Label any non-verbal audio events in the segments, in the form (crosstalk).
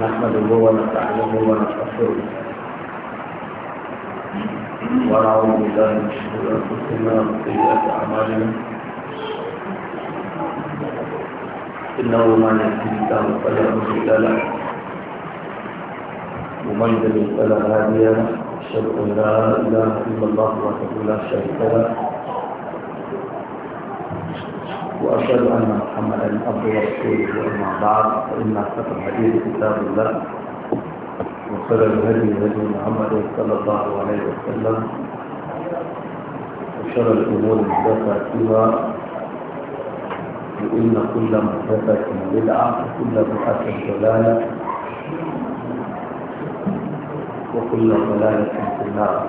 نحمده ونستعينه ونستغفره ونعوذ بالله من شرور انفسنا وسيئات اعمالنا انه من يهده الله فلا مضل له ومن يضلل فلا هادي له اشهد ان لا اله الا الله وحده لا شريك له وأشهد أن محمدا عبده ورسوله واما بعد فإن أصدق الحديث كتاب الله وخير الهدي هدي محمد صلى الله عليه وسلم وشر الأمور محدثاتها وان كل محدثة بدعة وكل بدعة ضلالة وكل ضلالة في النار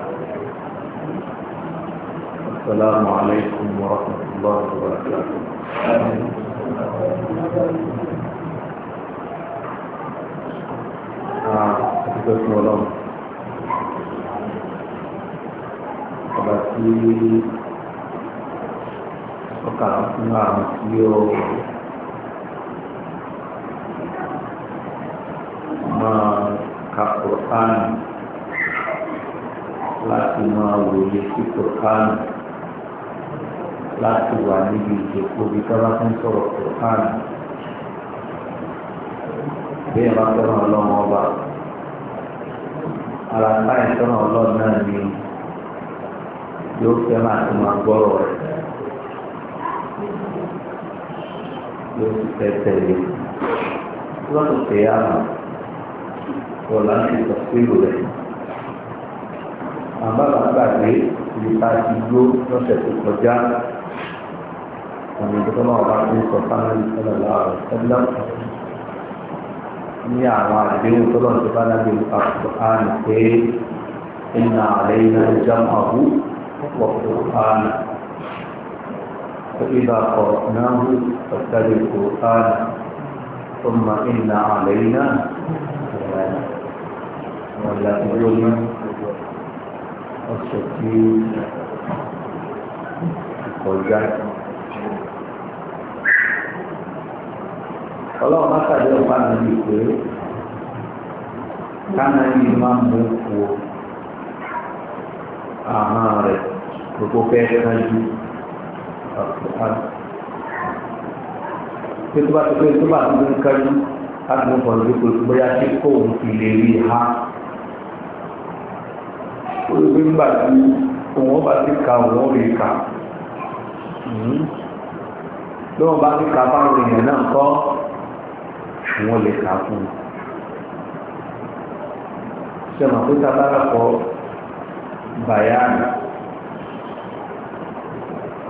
السلام عليكم ورحمة الله وبركاته àtúntò fún ọlọ́run ọba tí ọkà fún àwọn tí ó máa ka kùrọ̀kánì láti máa wòye sí kùrọ̀kánì láti wà níbi ìjókòó bí kábà tó ń sọ̀rọ̀ kùrán bí ẹ bá fẹ́ràn ọlọ́run ọba ara táyà fẹ́ràn ọlọ́run náà ni yóò fẹ́ràn àti máa gbọ́rọ̀ rẹ̀ yóò ti fẹ́ tẹ̀lé lọ́dún tẹ̀yà náà wọ́n láti sọ̀sílù rẹ̀ àbábàgbàgbé ìlú ta ti dúró lọ́sẹ̀ tó kọjá àmì ìdókòwò ọba tó ń sọ fáwọn ìṣẹ̀lẹ̀ àwọn ìṣẹ̀lẹ̀ ní àwọn àdéhùn tó lọ sí bára bí nípa kùrán pé iná àlẹ́ iná jẹun àbú pọ̀ kùrán فإذا قرأناه فاتبع القرآن ثم إن علينا ولا تقول الشتيت والجهل ọlọ́run bá tàbí ọ̀pá mi lè pé kánà yìí máa ń mú kú àmọ́ rẹ̀ gbogbo fẹ́ kájú ọ̀pọ̀ pé tó bá tó pé tó bá tó ń kájú láti mú kọ̀ọ̀lù pípé bóyá tí kò ń fi lè rí ha ó lè gbé tí òun ọba ti ka òun ò lè kà lóun hmm. bá ti ka fáwọn èèyàn náà kọ́ wọ́n lè kà á fún un. ṣé màá tó tábàrà kọ bàyáàmù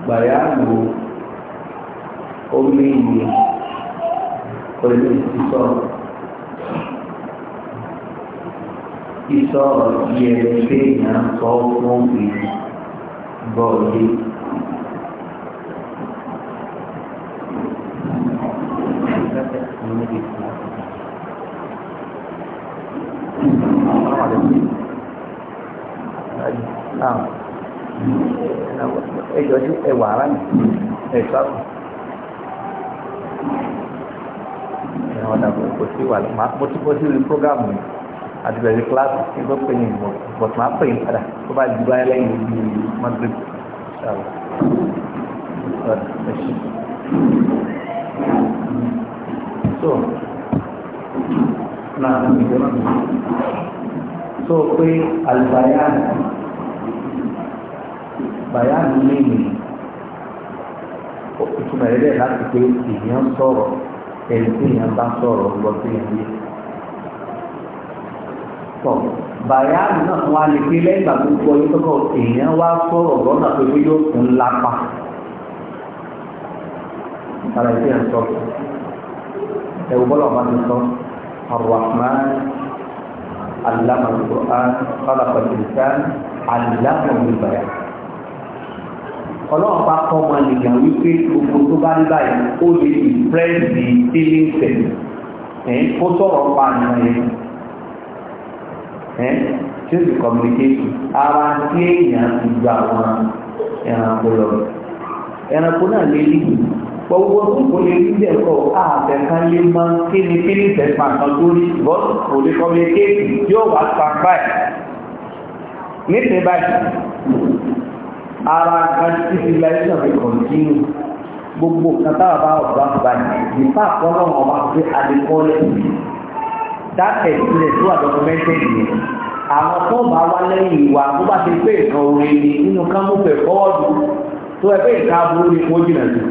bàyáàmù omi ìyè pẹ̀lú ìsọ ìsọ yẹn lè gbé ìyàn sọ fún ìgbọ̀ọ́lé. ìtọ́jú ẹwà ara mi ẹ̀ṣọ́rù ẹ̀rọ ọ̀dàbọ̀ kò sí wà lọ mo ti bọ́ sí orí prógámù yìí àtìbẹ̀rẹ̀ kíláàsì kí n tó pè yín bọ̀ bọ̀t máa pè yín padà tó bá di báyìí lẹ́yìn ibi madrid ṣàlọ́ ẹ̀ṣin. so na ìjọba so pé àlùbáyà náà bàyáàmù mímì ìtumọ̀ rẹ̀ bẹ́ẹ̀ láti pé èèyàn sọ̀rọ̀ ẹni tí èèyàn bá sọ̀rọ̀ lọ sí ẹ̀yìn tọ̀ bàyáàmù náà wọ́n á lè pé lẹ́yìn ìgbà tó gbọ́ yóò tọ́kọ̀ èèyàn wá sọ̀rọ̀ lọ́nà tó gbé yóò tún lápá ara ìdí ẹ̀ sọ ẹ̀wù bọ́lá ọba ti sọ arrahman allama al-qur'an khalaqa al-insan allama bayan ọlọ́run bá kọ́ ọmọ nìyàn wípé gbogbo tó bá ní báyìí ó lè ìfẹ́ẹ̀sì délé ìfẹ́ ẹ̀ ó sọ̀rọ̀ pa àná yẹn ẹ̀ tí ó sì communication ara tí èèyàn ti gba àwọn ẹranko lọ ẹranko náà lè rí gbogbo òkú lè rí dẹ̀kọ́ àtẹ̀kan lè mọ kí ni kí ni kan tó rí bọ́ọ̀sì kò lè communication yóò wá pa báyìí nítorí ara kan tí civilization fi kọ̀ntínú gbogbo kata bá ọba ọba yìí nípa àkọlọ ọba pé adékọlẹ dákẹ́ ìpínlẹ̀ tó wà dọkọmẹtẹ yìí àwọn tó bá wá lẹ́yìn ìwà tó bá ti pé nǹkan orin ni nínú kámúfẹ fọwọdù tó ẹgbẹ́ ìka aburú ni kò jìnnà jù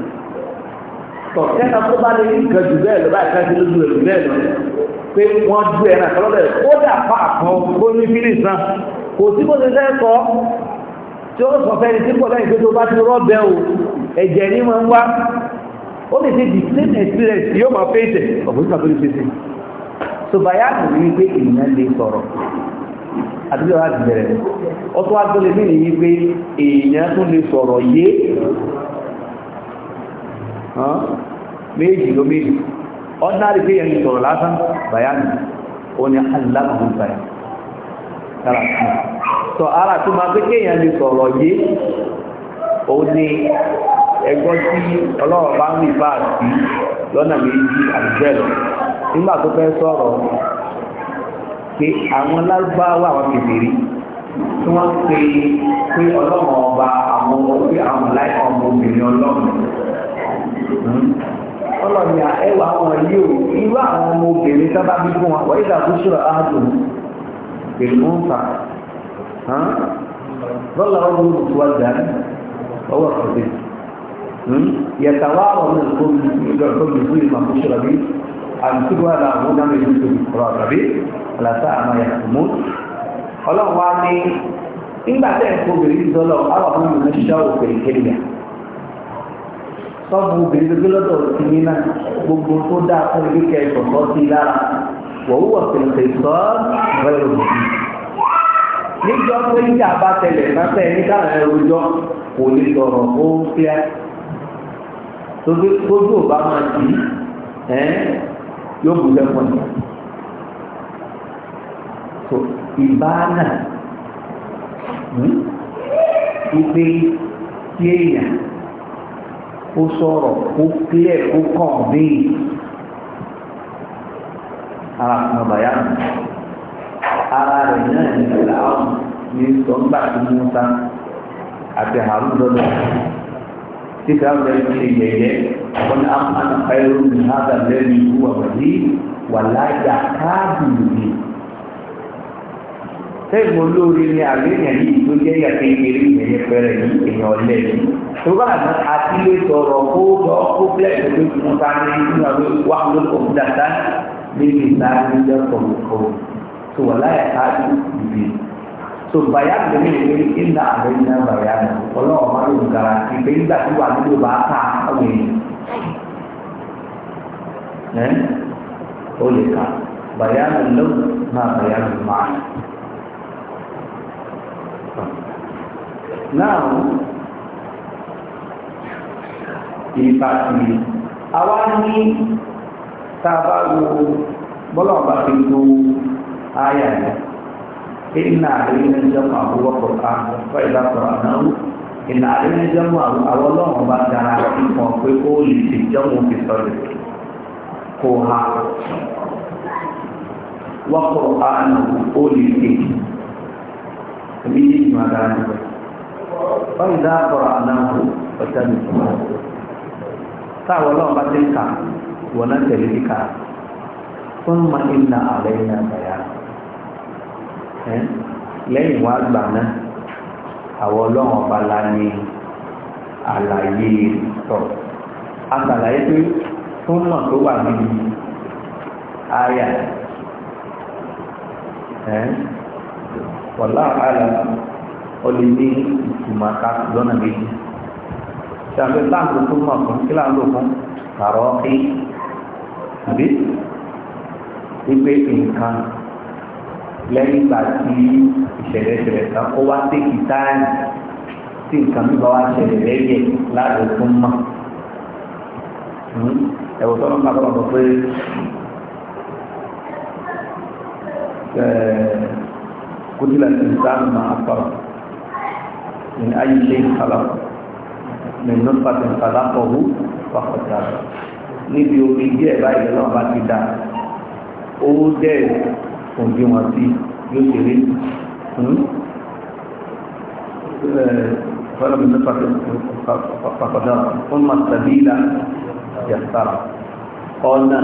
tọ kẹta tó bá lè ní nǹkan jù bẹ́ẹ̀ lọ báyìí káṣí lójú rẹ jù bẹ́ẹ̀ lọ pé wọn ju ẹ náà kọlọ tí ó sọ fẹ́ni tí pọ̀ lẹ́yìn tó bá ti rọ́bẹ̀ o ẹ̀jẹ̀ ní máa ń wá ó lè ṣe the same experience yóò máa fèsì ọ̀pọ̀lọpọ̀ tó lè fèsì so bayani ni wípé èèyàn lè sọ̀rọ̀ àdúgbò láti bẹ̀rẹ̀ ó tó wá tó lè mìíràn yìí pé èèyàn tó lè sọ̀rọ̀ yé méjì ló méjì ordinary pé èèyàn lè sọ̀rọ̀ lásán bayani ó ní aláàbò bayani tọ ara tó máa pé kéèyàn lè sọ̀rọ̀ yé òun ni ẹgbọ́n tí ọlọ́run bá ń rí bá sí lọ́nà méjì nígbà tó fẹ́ sọ̀rọ̀ pé ọba àwọn ọmọ pé àwọn láì ọmọ obìnrin ọlọ́run hmm? ọlọ́run ẹwà àwọn yìí ò irú àwọn ọmọ obìnrin sábà bí fún wọ́n yìí dàbí sọ̀rọ̀ بالأنثى ها ظل رجل مسودا وهو كذب يتوارى من الكل كل ما بشر به أن تبوى له دم يجوز بالقرار به ولا ساء ما يحكمون ọlọ́run wá ní nígbà tẹ́ ẹ̀kọ́ obìnrin zọlọ àwọn ọmọ mi ṣá òkèèrè kéèyà sọ́ọ̀bù obìnrin gbogbo lọ́dọ̀ sí ní náà gbogbo tó dáa fún ilé kẹ́ẹ̀kọ́ sí lára wọ̀wúwọ̀ pẹ̀lẹ̀ sọ́ rẹ̀rù níjọ́ pé ìjà bá tẹlẹ̀ sáfẹ́ ní káàrin ẹrùjọ́ kò lè sọ̀rọ̀ ó fíẹ́ tóbi tóbi ò bá máa jì ẹ́ so ìbáná hmm? ìpè tí èèyàn ó sọ̀rọ̀ ó kílẹ̀ ó kàn bíi ara kuma bàyà ara rẹ̀ náà ní ìlà ọ̀hún ní sọ̀ngbà tó mú ta àti àrùn lọ́dọ̀ tí ká lọ ṣe yẹyẹ wọn á máa ń pa ẹrú ní hádà lẹ́nu ìlú àwàdí wà láyà káàbùrù ni. sẹ́yìn mo lóore ní àléèyàn yìí tó jẹ́ yàtọ̀ ìkéré ìyẹyẹ pẹ̀rẹ̀ èèyàn ọ̀lẹ́ yìí. tó bá àná àti sọ̀rọ̀ kó lọ kó bílẹ̀ tó lè mú ta ní ìlú àwọn wàhálà kọ̀ọ̀dà níbi ìdánilẹ́ kọ̀ọ̀kan tó wà láyé káàdì ìbí tó bàyá gbẹmí ìwé ìlà àbẹ iná bàyá nà ọlọ́wọ́ máa ń gara ìgbẹ́ nígbà tí wàá nílò bá ká àwọn èèyàn ẹ́ ó lè kà bàyá nà máa bàyá máa. náà ìbàdí àwa ní tá a bá wo bọ́lá ọba fi lo àyà yẹn ìnà àríyìn jẹ́mọ̀ àbúrò kọ̀ọ̀ká fún ìlà kọ̀ọ̀ká náà ìnà àríyìn jẹ́mọ̀ àwọn ọlọ́run ọba dára ìmọ̀ pé ó lè ti jẹ́mọ̀ fi sọ̀rọ̀ kó ha wọ́pọ̀ àánú ó lè ti ẹ̀mí yìí ìmọ̀ àdára níbẹ̀. fún ìlà kọ̀ọ̀ká náà ọ̀tẹ́ mi. táwọn ọlọ́run bá ti ń kà á wọn náà tẹ̀lé kíkà fún ma ìlà ààrẹ ní àgbàyà lẹ́yìn wá gbà náà àwọn ọlọ́run ọba la ní àlàyé tọ̀ àgbàláyé pé fún mọ̀ tó wà níbi àyà wọ̀lá àlà ọlẹ́ ní ìtumọ̀ ká lọ́nà méjì ṣàbẹ̀ tó mọ̀ fún kí láàbò fún kàrọ́ọ̀kì àbí wípé nǹkan lẹ́yìn ìgbà tí ìṣẹ̀lẹ̀ ìṣẹ̀lẹ̀ kan ó wá sí kìtáàlì tí nǹkan bí bá wá ṣẹlẹ̀ lẹ́yìn láàrú fún mọ́ hmm? ẹ̀wọ̀ tọ́lọ́ eh, máa bọ̀ pé kutila insanu ma akbar min ayi shay'in khalaq min nutfatin khalaqahu fa qaddara níbi omi díẹ̀ báyìí lọ́wọ́ bá ti dá owó dẹ̀ òbí wọn sí yóò ṣe rí hmm? eh, fọlọ́mù ní pàpàdà fún màtàbílà yàtàrà ọ̀nà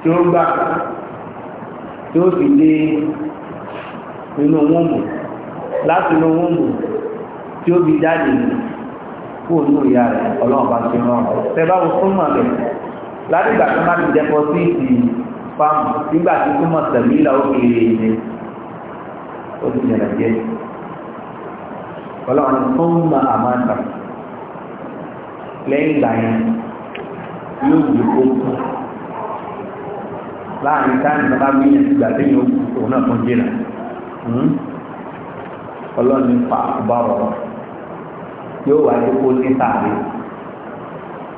tí ó gbà tí ó fi dé inú wọn mú láti inú wọn mú tí ó fi jáde kó o nù ìyá rẹ̀ ọlọ́run bá ti rán ọ̀rọ̀ tẹ bá wo súnmọ̀ rẹ̀ láti ìgbà tó má ti dẹ́pọ́sìtì fáàmù nígbà tí súnmọ̀ tẹ̀lé ìlà òkèèrè ìyẹn ó ti yẹ̀rẹ̀ díẹ̀ ọlọ́run súnmọ̀ àmàtà lẹ́yìn ìgbà yẹn yóò di kó kú láàrin táyì tó bá gbìyànjú ìgbà tó yẹn òun náà kún jìnnà hmm? ọlọ́run pa àbárọ̀ rẹ̀ yóò wá dé kó ní tàbí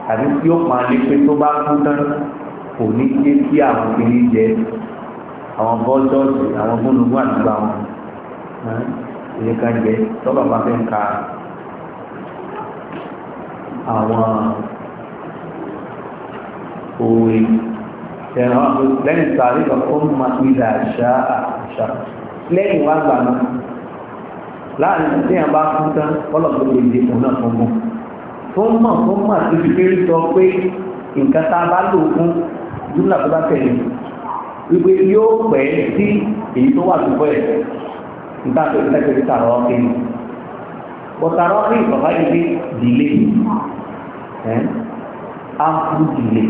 tàbí yóò máa lé pé tó bá kú tán kò ní jẹ́ kí àwọn kìíní jẹ àwọn bọ́jọ́ọ̀sì àwọn gbóngbó àdúgbò àwọn ìyẹn kan jẹ tọ́ba bá fẹ́ ka àwọn òwe ẹ̀rọ lẹ́yìn sàrí kan ó máa ń gbé àṣà àṣà lẹ́yìn wá gbà láàrin tí a bá kú tán ọlọ́pàá lè di òun náà fún un tó ń mọ̀ tó ń mọ̀ tó fi kéré sọ pé nǹkan tá a bá lò fún júmọ̀lá tó bá tẹ̀lé wípé yóò pẹ́ sí èyí tó wà lóko ẹ̀ nígbà tó ń tẹ́tẹ́ sí tààrọ̀ ọ́kẹ́ ni bọ̀tàrọ̀ ọ́kẹ́ ìbàbá yìí dé dìlé ẹ̀ á kú dìlé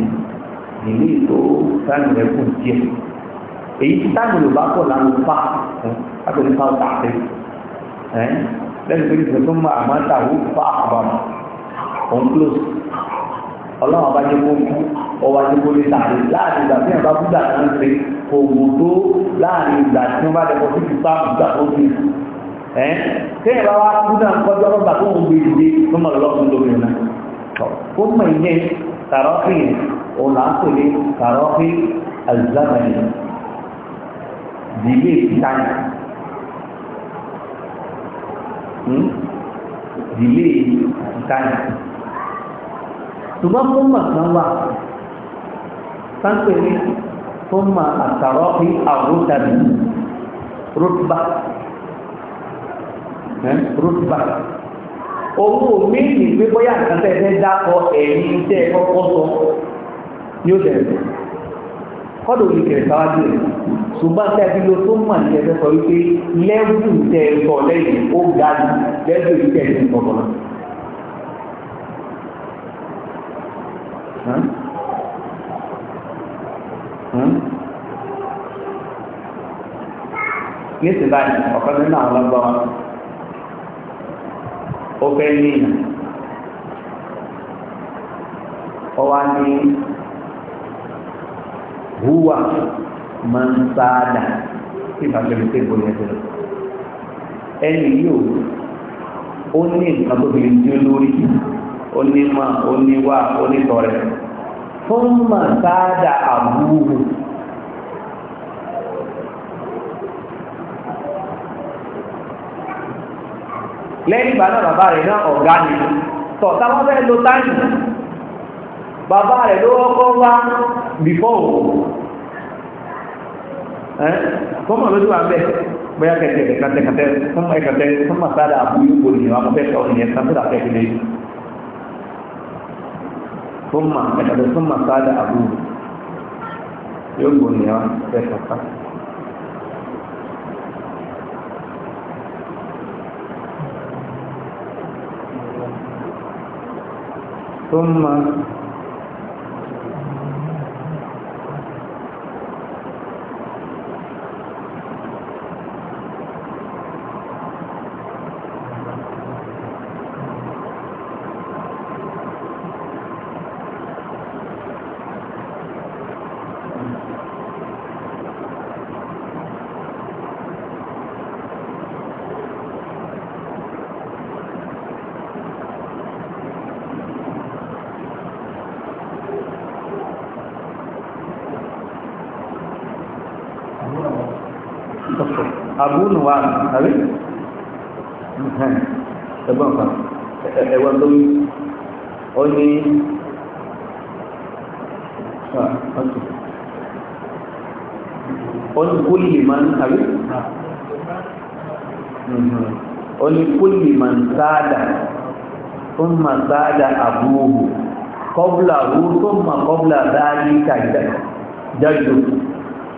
dìlé tó sáàmì rẹ̀ kù díẹ̀ èyí tí sáàmì rẹ̀ pọ̀ lánàá fà ẹ̀ á pẹ̀lú fáwọn tààrẹ́ lẹ́nu pé nípa tó máa máa tàwó fún àkàbàmù òun close ọlọ́run bá jẹ́ kó kú ọwọ́ ajé kó lè tàbí láàrin ìgbà tí wọ́n bá búdà náà ṣe òògùn tó láàrin ìgbà tí wọ́n bá lẹ́kọ̀ọ́ sí ti bá búdà tó fi ẹ́ tẹ́yìn bá wá búdà kọjú ọlọ́gbà tó ń gbé ìdílé tó mọ̀ lọ́kùn lómi náà ó mọ̀ ìyẹn tàrọ́fì òun là àlùzámẹ́ni dìlé ìtàn Hmm? dìlé ìtàní ṣùgbọ́n fúnmà kan wà sáńpẹ̀ ní fúnmà àtàrọ́ ní àwòdàbí rútbà rútbà owó méjì pé bóyá nǹkan tẹ́ fẹ́ dákọ̀ ẹ̀yìn tẹ́ kọ́kọ́ sọ ní ó bẹ̀rẹ̀ fọ́dọ̀ orí kẹrẹ sáwájú rẹ̀ ṣùgbọ́n tẹ́bí ló tó mọ̀ ní ẹgbẹ́ sọ wípé lẹ́wù tẹ ẹ̀kọ́ lẹ́yìn ó ga jù lẹ́bù orí kẹrẹ ní ọ̀pọ̀ náà. ní ìsìn báyìí ọ̀kan nínú àwọn ọlọ́gbọ́n ó fẹ́ ní ọwá ní huwa mansada, sáádà tí ìbáṣẹ́lẹ̀ tí ìbò yẹn tẹ̀lé ẹni yóò ó ní nǹkan tó fi lè lórí ó ní mà ó ní wà ó ní tọrẹ fún mà sáádà àbúrò lẹ́yìn ìgbà náà bàbá rẹ̀ náà ọ̀gá ni tọ̀tà wọ́n fẹ́ lo táyì bàbá rẹ̀ ló kọ́kọ́ wá bìfọ́ òun kọ́mọ̀ lójú wa bẹ́ẹ̀ bóyá kẹ̀kẹ́ kẹ̀kẹ́ fún ẹ̀kẹ́kẹ́ fún masada àbúyú kò ní wọn fẹ́ sọ ìyẹn sáfẹ́dà kẹ́kẹ́ fún ma ẹ̀kẹ́kẹ́ fún masada àbúyú yóò kò ní wọn fẹ́ sọ sáfẹ́dà. ثم ibn wahab tàbí ẹgbọ́n kan ẹ̀wọ́n tó yí ó ní ah, ó ní kúlì man tàbí mhm. ó ní kúlì man sáàdà ثم ساد أبوه قبله ثم قبل ذلك جده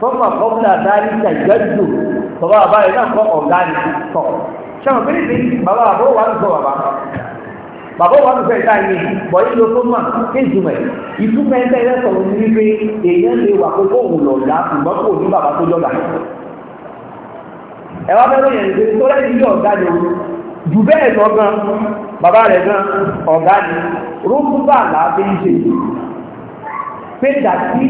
tọ́mà kọ́bùlà dání ìjàjọ́jù bàbá bàbá rẹ̀ náà kọ́ ọ̀gá ni tọ̀ ṣẹ́wọ̀n pé níbi bàbá bàbá wà ń sọ bàbá bàbá wà ń sọ ìta yìí bọ̀ yìí ló tó mà ní ìtumẹ̀ ìtumẹ̀ ẹ̀ tẹ́lẹ̀ sọ̀rọ̀ ní pé èèyàn lè wà kó kóhùn lọ̀gá ṣùgbọ́n kò ní bàbá tó jọ̀gà ẹ wá fẹ́ràn yẹn nítorí tó lẹ́yìn ilé ń peter tí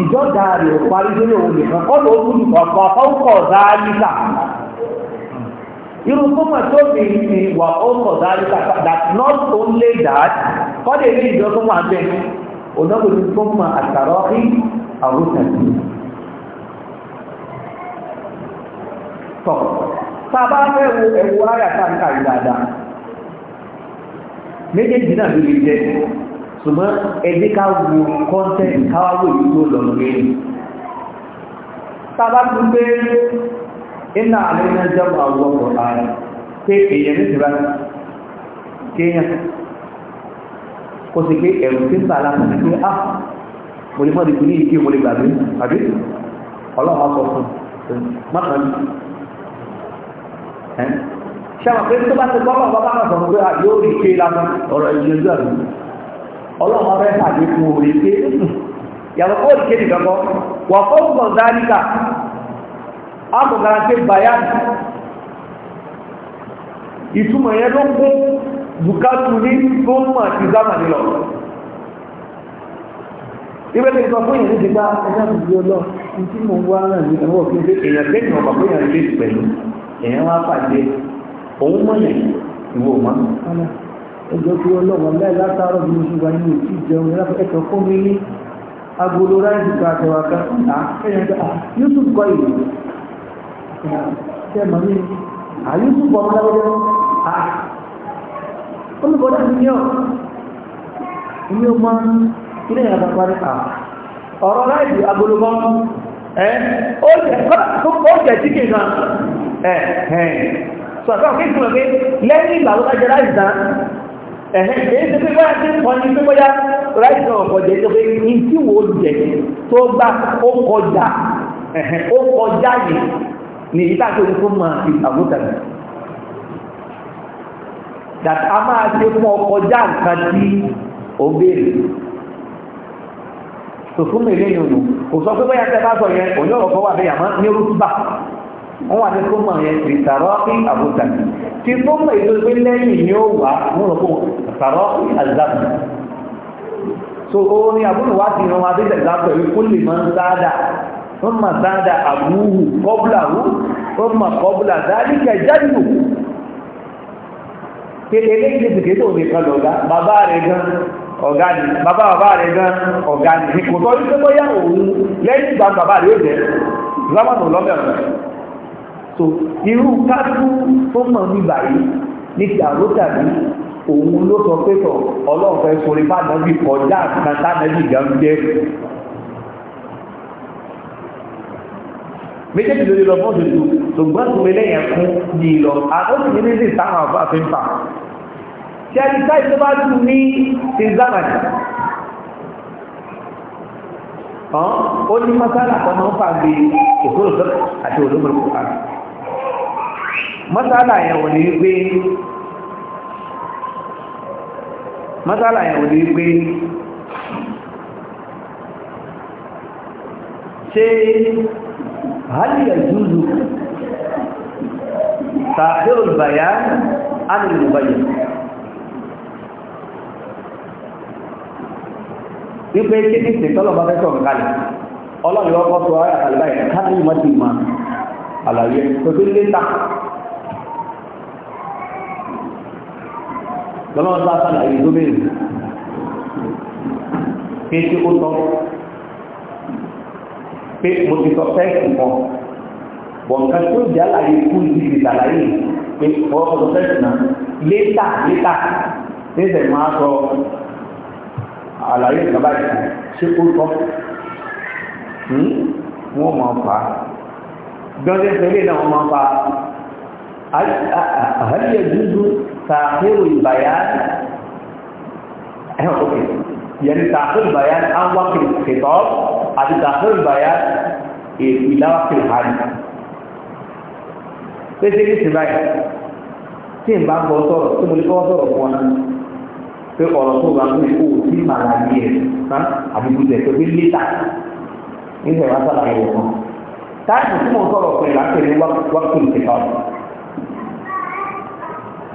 ìjọba rẹ̀ ò parí lórí òun nìkan kọ́ ló ń lù ọ̀pọ̀ ọ̀pọ̀ dáríkà irú fúnmọ̀ tó fi ti wà that not only that kọ́ lè ní ìjọ tó wà bẹ́ẹ̀ onáwòlú fúnmọ̀ àtàrọ́ rí àwòsàn tọ̀ fẹ́ wo ẹ̀wù ṣùgbọ́n ẹbí ká wo kọ́ńtẹ́ǹtì káwáwò yìí tó lọ lórí ẹni tábà tún pé iná àlẹ́nà jẹ́mọ̀ àwọn ọkọ̀ ààrẹ pé èyàn ní ti rájú kéèyàn kó sì pé ẹ̀rù tí ń bà láti pé á ah, mo lè mọ́ni kìí kí mo lè gbàgbé àbí ọlọ́run àwọn pé tó bá ti gbọ́ ọlọ́run bá bá sọ̀rọ̀ pé àbí ah, ó lásán ọ̀rọ̀ ìjìnlẹ̀ ọlọ́run ọbẹ̀ pàdé fún orí pé hmm, yàtọ̀ kó òdìké nìkankọ́ wà fọ́ọ̀mù zálíkà ápùkàrà pé bayan ìtumọ̀ yẹn ló kún bukatu ní tó mọ̀ àti zámàdì lọ ibẹ̀ tó sọ fún ìrìn ìdígbà ẹgbẹ́ àbúgbé ọlọ́ tí mo wá náà ní ẹwọ́ kí n pé èèyàn lẹ́yìn ìwò mọ́ ẹjọ́ tí ó lọ́wọ́ láì látàárọ̀ bí mo ṣe wà nínú ìtì ìjẹun ẹ̀rọ ẹ̀tọ́ fún mi ní agolo ráìsì kan àtẹwà ah, Yusuf kọ ìlú ṣe mọ̀ mí à ah, Yusuf ọmọ lábẹ́jọ́ à olùkọ́dá mi ní ọ̀ ilé ọmọ ilé ìyàtọ̀ parí ah, à ọ̀rọ̀ ráìsì agolo mọ́ ẹ̀ eh, ó jẹ́ tí kìí kan ẹ̀ ẹ̀ sọ̀tọ̀ kí n fún ọ pé lẹ́yìn ìgbà tó bá jẹ ráìsì ẹ̀hẹ́ èyí tó pé bóyá tí wọ́n ní pé bóyá ráìsì náà kọjá èyí tó pé ní tí wò ó jẹ tó gbà ó kọjá ẹ̀hẹ́ ó kọjá yìí ní ìta tó ní kó máa fi àbúkà mi. a máa ṣe fún ọ nǹkan tí ó béèrè tòfúnmi lẹ́yìn ònù kò sọ pé bóyá bá sọ yẹn òní ọ̀rọ̀ kan wà bẹ́yà máa ní orúkú bá wọ́n wà ní kó mọ̀ yẹn ti sàrọ́ọ̀kì àbúta tí kó mọ̀ ètò ìgbé lẹ́yìn ni ó wà wọ́n kó sàrọ́ọ̀kì àzáàbù so owó ni àbúrò wá ti rán wa dé tẹ̀lá pẹ̀lú kúlì mọ́ sáádà wọ́n mọ̀ sáádà àbúrò kọ́bùlà wọ́n mọ̀ kọ́bùlà dáríkà jádùú pé eléyìí ti kéde òde kan lọ́gá bàbá rẹ̀ gan ọ̀gá ni bàbá bàbá rẹ̀ gan ọ̀gá ni kò tọ́ pé bóyá òun lẹ́yìn ìgbà bàbá rẹ̀ ó jẹ́ lọ́mọ̀nù lọ́mọ̀nù so irú kájú tó mọ̀ ní báyìí ní ti àrò tàbí òun ló sọ pé tọ̀ ọlọ́run fẹ́ sori bá nàbí kọjá àtúntàn tánàbí gan jẹ́ méjèèjì lórí lọ fún òṣèlú ṣùgbọ́n tó eléyẹn fún ní lọ àwọn òṣèlú ní sì sáwọn àfa fi ń fà ṣe ẹni táì tó bá tún ní ti ó ní mọ́sálà kan máa ń fà bí òkúròsọ́ àti olómọ̀lùkọ́ mọ́sálà yẹn ò ní pé mọ́sálà yẹn ò ní pé ṣe hálìyà júlù tàbí olùbàyá alìlùbàyà wípé kí ní ìsìnkọ́lọ̀ bá fẹ́ sọ̀rọ̀ kalẹ̀ ọlọ́run ọkọ̀ tó ayà kalẹ̀ báyìí káàkiri mọ́ ti ma àlàyé tó tó lé ta lọ́wọ́ bá sàlàyé tó bèèrè pé tí ó tọ́ pé mo ti sọ fẹ́ẹ̀kì kan bọ̀ nǹkan tó jẹ́ àlàyé kú ní ti sàlàyé pé ọwọ́ sọ fẹ́ẹ̀kì náà létà létà létà máa sọ àlàyé ìjọba ìsìn ṣé ó tọ́ wọ́n máa fà á gbọ́dọ̀ tẹ́lẹ̀ náà wọ́n máa fà á àhàlẹ́ dúdú ta'khir bayan eh okey yani ta'khir bayan an waqt khitab ada ta'khir bayan ila waqt hadis pèsè ní ti báyìí tí n bá gbọ́ sọ̀rọ̀ tí mo lè kọ́ sọ̀rọ̀ fún wa pé ọ̀rọ̀ tó bá gbé kó o sí màláyé ẹ̀ ná àbíkú jẹ pé bí lítà nígbà wàá sàlàyé wọn. táàbù tí mo sọ̀rọ̀ pé láti ní wákìlì ti pa ọ̀rọ̀.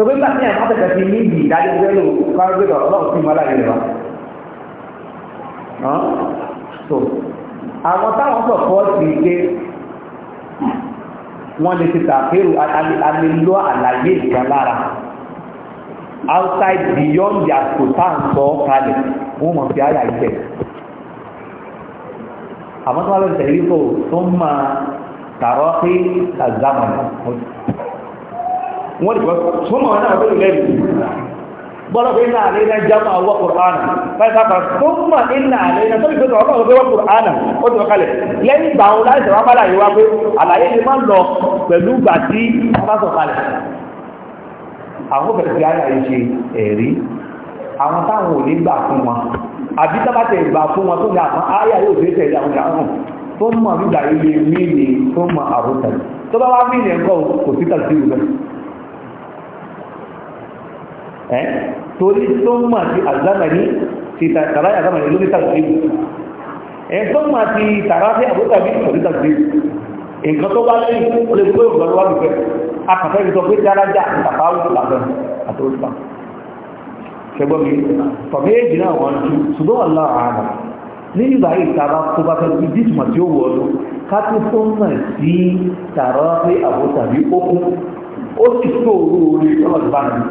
tó bí gbàtí àwọn àtẹ̀tẹ̀ fi ní ìdí ìdájọ́ ìgbẹ́lò kárọ́gbẹ́tọ̀ ọlọ́run sí ìmọ̀lá yẹn lọ. àwọn táwọn sọ fọ́ sí pé wọ́n lè ti tàfẹ́rù alélọ́ àlàyé ìgbà outside beyond the àsìkò sọ kalẹ̀ wọ́n mọ̀ sí àyà ìtẹ̀ àmọ́ tó wà lọ́sẹ̀ yìí kò tó máa tàrọ́ sí àzámọ̀ wọ́n ti fọ́mọ̀ wọn náà bẹ̀rẹ̀ lẹ́rìí bọ́lá pé iná àlẹ́ iná jámà wọ́ kùránà pàtàkì fọ́mọ̀ iná àlẹ́ iná tóbi pẹ̀lú ọlọ́run pé wọ́ kùránà ó ti wọ́kalẹ̀ lẹ́yìn ìgbà wọn láti sọ̀rọ̀ apádà yìí wá pé àlàyé ti máa ń lọ pẹ̀lú ìgbà tí wọ́n bá sọ̀kalẹ̀ àwọn bẹ̀rẹ̀ sí ayà yìí ṣe ẹ̀rí àwọn táwọn ò ní gbà fún wọn àbí tábàtẹ̀ ìgbà fún wọn tó ní àwọn ayà yóò fi tẹ̀lé àwọn ìdáhùn tó mọ̀ nígbà ilé mí ni tó mọ̀ àrùtà tó bá wá mí ni ẹ̀kọ́ kò sí tàbí ìrù bẹ́ẹ̀ Eh? torí tó mà ti àzámẹ́ni ti tàrá àzámẹ́ni lórí tàbí ẹ̀ eh, tó mà ti tàrá sí àbúkàbí lórí tàbí nǹkan tó bá lẹ́yìn ó lè gbé ògbọ́n wá lùfẹ́ akàfẹ́ ìsọ pé dáradá bàbá òṣùpàdé àtòrúṣùpà ṣẹgbọ́n mi tọ̀bí èjì náà wọ́n ju ṣùgbọ́n wà láàá àmà ní ìgbà ìtara tó bá fẹ́ ìdí ìtumọ̀ tí ó wọ̀ ọ́ ká tó fún mọ̀ sí tàrọ́ pé àbò tàbí ó kú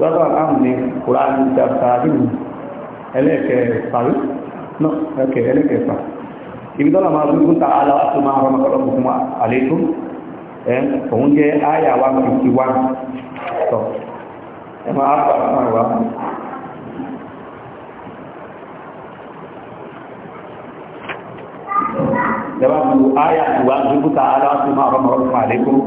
lọ́dọ̀ aláàmù ní kùránì jàbàtàrínù ẹlẹ́ẹ̀kẹfà no, tọ́lọ̀ máa gbogbo ta aláwọ̀tún máa rọmọ kọlọ̀kù fún àlékún òun jẹ́ àyà wa kìkì wá tọ̀ ẹ máa fà fún àwà Jọba bu aya ìwà gbogbo ta aláwọ̀tún máa rọmọ kọlọ̀kù fún àlékún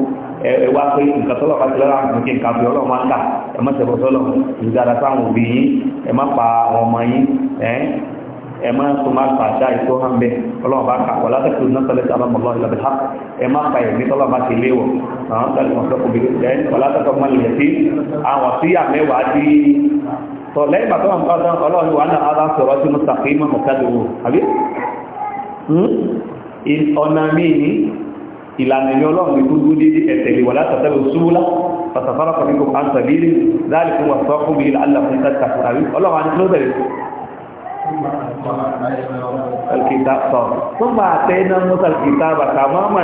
ẹwà pé nǹkan tọ́lọ̀ bá ti lọ́la nǹkan nǹkan fi ọlọ́run máa ń kà ẹ má ṣẹ̀bọ̀ sọ́lọ̀ ìdára sáwọn òbí yín ẹ má pa àwọn ọmọ yín ẹ má tó má pa àṣà ìtó hàn bẹ́ ọlọ́run bá kà wọ́n látẹ̀kù náà sọ́lẹ̀ sí àbámọ̀ lọ́wọ́ ìlàbẹ̀ ha ẹ má pa ẹ̀mí tọ́lọ̀ bá ti léwọ̀ àwọn sọ́lẹ̀ wọn fẹ́ kò bí ọ̀nà míì ní ìlànà ìyọ́ ọlọ́run ní gbogbo dédé ẹ̀tẹ̀lẹ̀ wà látàtàlẹ̀ òṣùwúlá pàtàkàrà kan nígbò kan sàbílì láàrín fún wàsọ́ fún mi Allah fún tàkà àrí ọlọ́run àti lóbẹ̀rẹ̀ الكتاب صار ثم أعطينا موسى الكتاب تماما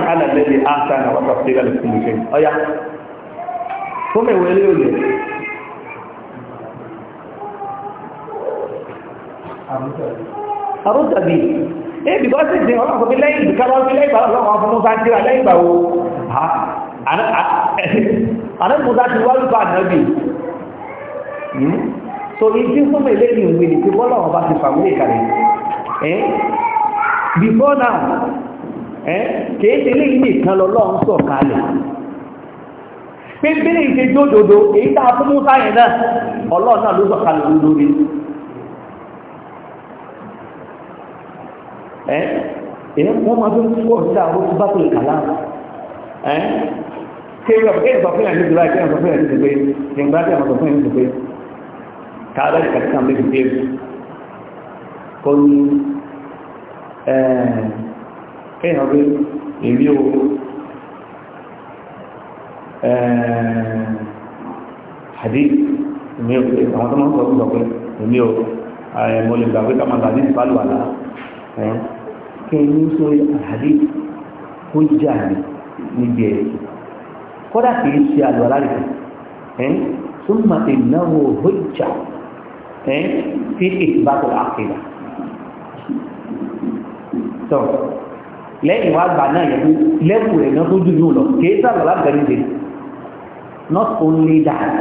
ee eh, because ṣe ìsìn ọlọ́pàá fi lẹ́yìn ìdíkàlọ́ fi lẹ́yìn ìbára ọlọ́pàá fún musa jíra lẹ́yìn ìgbà wo (laughs) àná musa ti wá lùkọ́ ànábì hmm? so ìdí fún mi lẹ́yìn ìwé ni pé bọ́lá wọn bá ti fà wílé kalẹ̀ ẹ́ eh? before now ẹ́ eh, kìí ṣe lẹ́yìn nìkan lọ lọ́n sọ̀ kalẹ̀ pé bí lè ṣe jódodo èyí tá a fún musa yẹn náà ọlọ́ọ̀ náà ló sọ̀ kalẹ̀ lórí ẹ́ wọ́n máa fi ń kọ́ sí àwọn tó bá tó lè kàlá ẹ́ kéwì ọ̀pọ̀ kéwì ọ̀pọ̀ yẹn nígbà kéwì ọ̀pọ̀ yẹn nígbà nígbà kéwì ọ̀pọ̀ yẹn nígbà káàdà ìka tí kàmé ti déwì kó ní kéwì ọ̀pọ̀ èmi ò hadith èmi ò àwọn tó máa ń sọ fún ọ̀pọ̀ èmi ò mo lè gbà pé ká máa gbà ní ìbálò kẹni sórí àhàdé kó jà ní níbi ẹ̀sùn kọ́dà kìí ṣe àlọ́ aláìsàn ẹ̀ tó máa ti náwó hujja ẹ̀ tí ìtìbá tó àkìlà tọ́ lẹ́yìn wá gbà náà yẹn lẹ́kù rẹ̀ náà tó jù yóò lọ kìí sàlọ́ lábẹ́rẹ́ dé not only that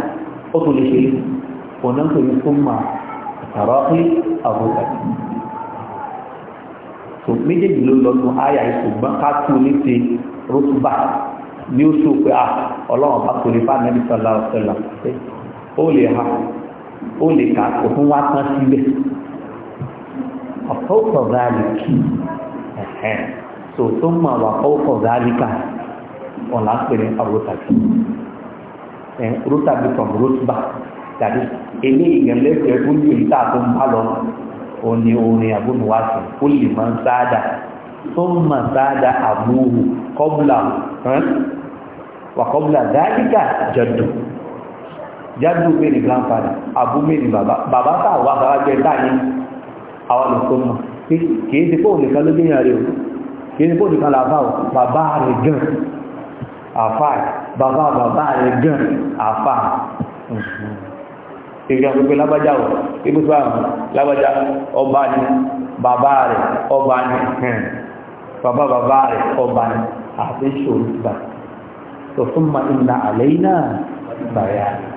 ó tún lè ṣe ọ̀nà tó yẹ fún ma tàrọ́ pé àbúrò so méjèèjì ló lọ tún àyà ìṣùgbọ́n ká tún ní ti rótúbà ní ó sọ pé ah, ọlọ́run bá kò lè bá nẹ́bí sọ́lá ọ̀sẹ̀lá pé ó lè ha ó lè kà kò wá tán síbẹ̀ ọ̀pọ̀pọ̀ gáàlìkì so tó mọ̀ wà ọ̀pọ̀pọ̀ gáàlìkà ọ̀là ń pè ní àwòtàkì rótàbí from rótúbà tàbí eléyìí gẹ̀lẹ́sẹ̀ ó lè ta tó ń bá lọ òní orin àbúnuwàsì ó lè máa ń sáádà tó ń mà sáádà àbúrò kọ́bùlà wà kọ́bùlà dáríkà jẹ̀dù jádù mẹ́rin grandfather àbú mẹ́rin bàbá bàbá táà wà bàbá jẹ́ táàní àwọn olùkọ́ mọ̀ kìí sí pé òun nìkan ló gbéyàn rẹ̀ o kìí sí pé òun nìkan làbá o bàbá rẹ̀ gan àfáà bàbá bàbá rẹ̀ gan àfáà ìrìn àgbègbè lábájá ọ̀ ibùsùn àrùn lábájá ọba ni bàbá rẹ̀ ọba ni bàbá bàbá rẹ̀ ọba ni àti ìṣòro ìgbà tó fún ma ìlà àlẹ́ iná bàrẹ̀ àná